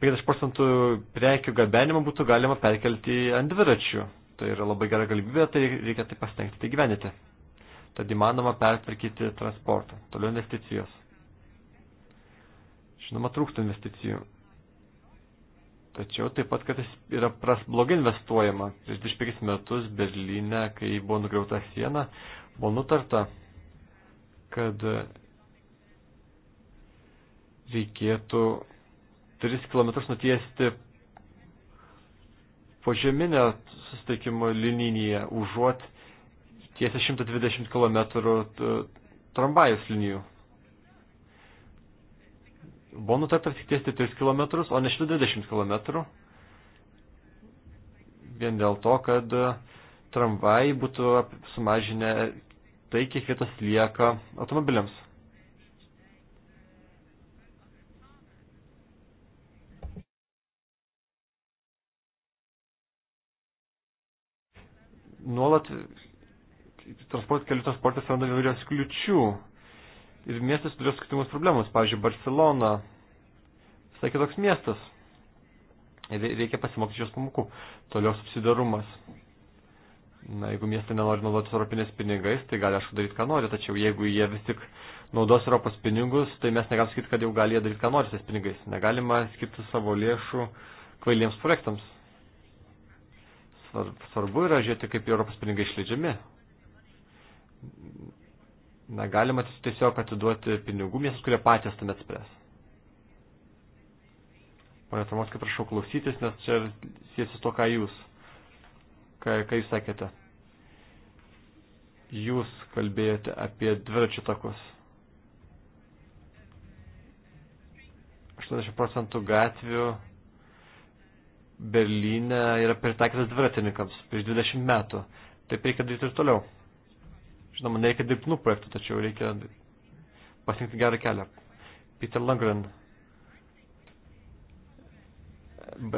Speaker 3: 50 procentų prekių gabenimo būtų galima perkelti ant dviračių. Tai yra labai gera galimybė, tai reikia tai pasitengti tai gyvenyti. Tad įmanoma pertvarkyti transportą. Toliau investicijos. Žinoma, trūksta investicijų. Tačiau taip pat, kad yra pras blogai investuojama. Prieš 25 metus Berlyne, kai buvo nugriauta siena, buvo nutarta, kad reikėtų 3 km nutiesti požeminę susitikimo liniją, užuot tiesią 120 km tramvajus linijų. Buvo nutarta tik tiesti 3 km, o ne 120 km. Vien dėl to, kad e, tramvai būtų sumažinę tai, kiek vietos lieka automobiliams. Nuolat transport, kelių transportas randa įvairios kliučių ir miestas turėjo skirtingus problemus. Pavyzdžiui, Barcelona, visai kitoks miestas. Reikia pasimokyti šios pamokų. Toliau subsidarumas. Na, jeigu miestai nenori naudotis europinės pinigais, tai gali aišku daryti, ką nori, tačiau jeigu jie vis tik naudos Europos pinigus, tai mes negalim sakyti, kad jau gali jie daryti, ką nori tais pinigais. Negalima skirti savo lėšų kvailiems projektams. Svarbu yra žiūrėti, kaip Europos pinigai išleidžiami Na, galima tiesiog atiduoti pinigų miestus, kurie patys tuomet spręs. Pane Tomaskai, prašau klausytis, nes čia siesi to, ką jūs, ką, ką jūs sakėte. Jūs kalbėjote apie dviračių takus. 80 procentų gatvių Berlyne yra pritaikytas dviratininkams prieš 20 metų. Taip reikia daryti ir toliau. Žinoma, nereikia dirbtinų projektų, tačiau reikia pasirinkti gerą kelią. Peter Langren.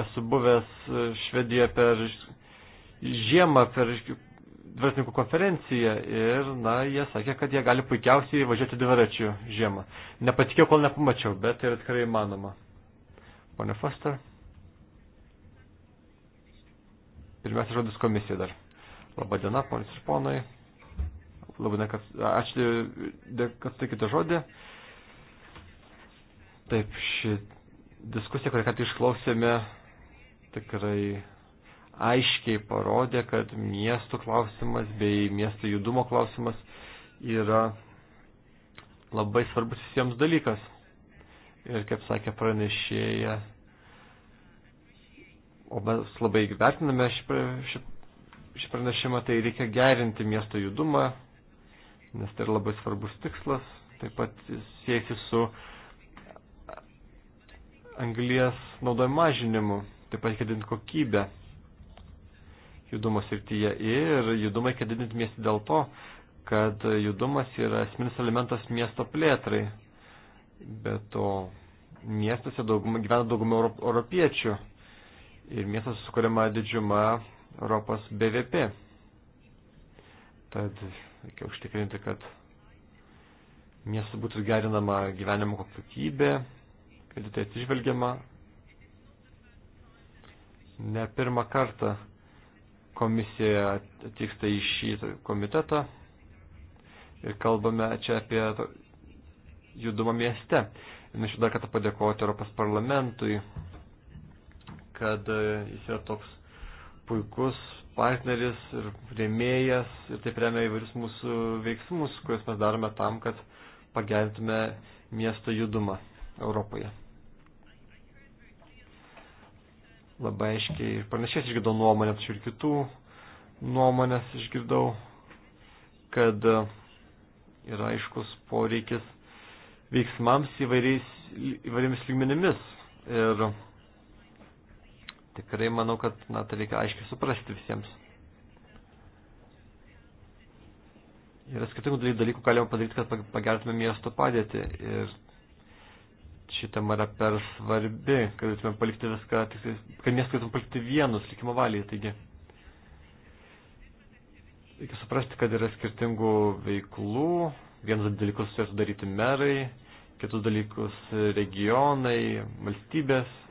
Speaker 3: Esu buvęs Švedijoje per žiemą, per dviratininkų konferenciją ir, na, jie sakė, kad jie gali puikiausiai važiuoti dviračių žiemą. Nepatikėjau, kol nepamačiau, bet tai yra tikrai įmanoma. Pone Foster. Pirmiausia, žodis komisija dar. Labadiena, ponis ir ponai. Labai nekas, ačiū, kad sakėte žodį. Taip, ši diskusija, kurią ką išklausėme, tikrai aiškiai parodė, kad miestų klausimas bei miesto judumo klausimas yra labai svarbus visiems dalykas. Ir kaip sakė pranešėja, o mes labai vertiname šį, šį, šį pranešimą, tai reikia gerinti miesto judumą, nes tai yra labai svarbus tikslas, taip pat sieki su anglijas naudojimo mažinimu, taip pat reikia didinti kokybę judumo srityje ir judumą reikia didinti miestį dėl to, kad judumas yra esminis elementas miesto plėtrai. Be to, miestuose dauguma, gyvena dauguma europiečių ir miestas sukuriama didžiuma Europos BVP. Tad Reikia užtikrinti, kad miestų būtų gerinama gyvenimo kokybė, kad tai atsižvelgiama. Ne pirmą kartą komisija atvyksta į šį komitetą ir kalbame čia apie judumą mieste. Norėčiau dar kartą padėkoti Europos parlamentui, kad e, jis yra toks puikus partneris ir rėmėjas ir taip remia įvairius mūsų veiksmus, kuriuos mes darome tam, kad pagerintume miesto judumą Europoje. Labai aiškiai ir panašiai išgirdau nuomonę, tačiau ir kitų nuomonės išgirdau, kad yra aiškus poreikis veiksmams įvairiais, įvairiamis lygmenimis. Ir tikrai manau, kad na, tai reikia aiškiai suprasti visiems. Yra skirtingų dalykų galima padaryti, kad pagertume miesto padėtį. Ir šitam yra per svarbi, kad galėtume palikti viską, tai, kad miestą galėtume palikti vienus likimo valiai. Taigi, reikia suprasti, kad yra skirtingų veiklų. Vienus dalykus turėtų daryti merai, kitus dalykus regionai, valstybės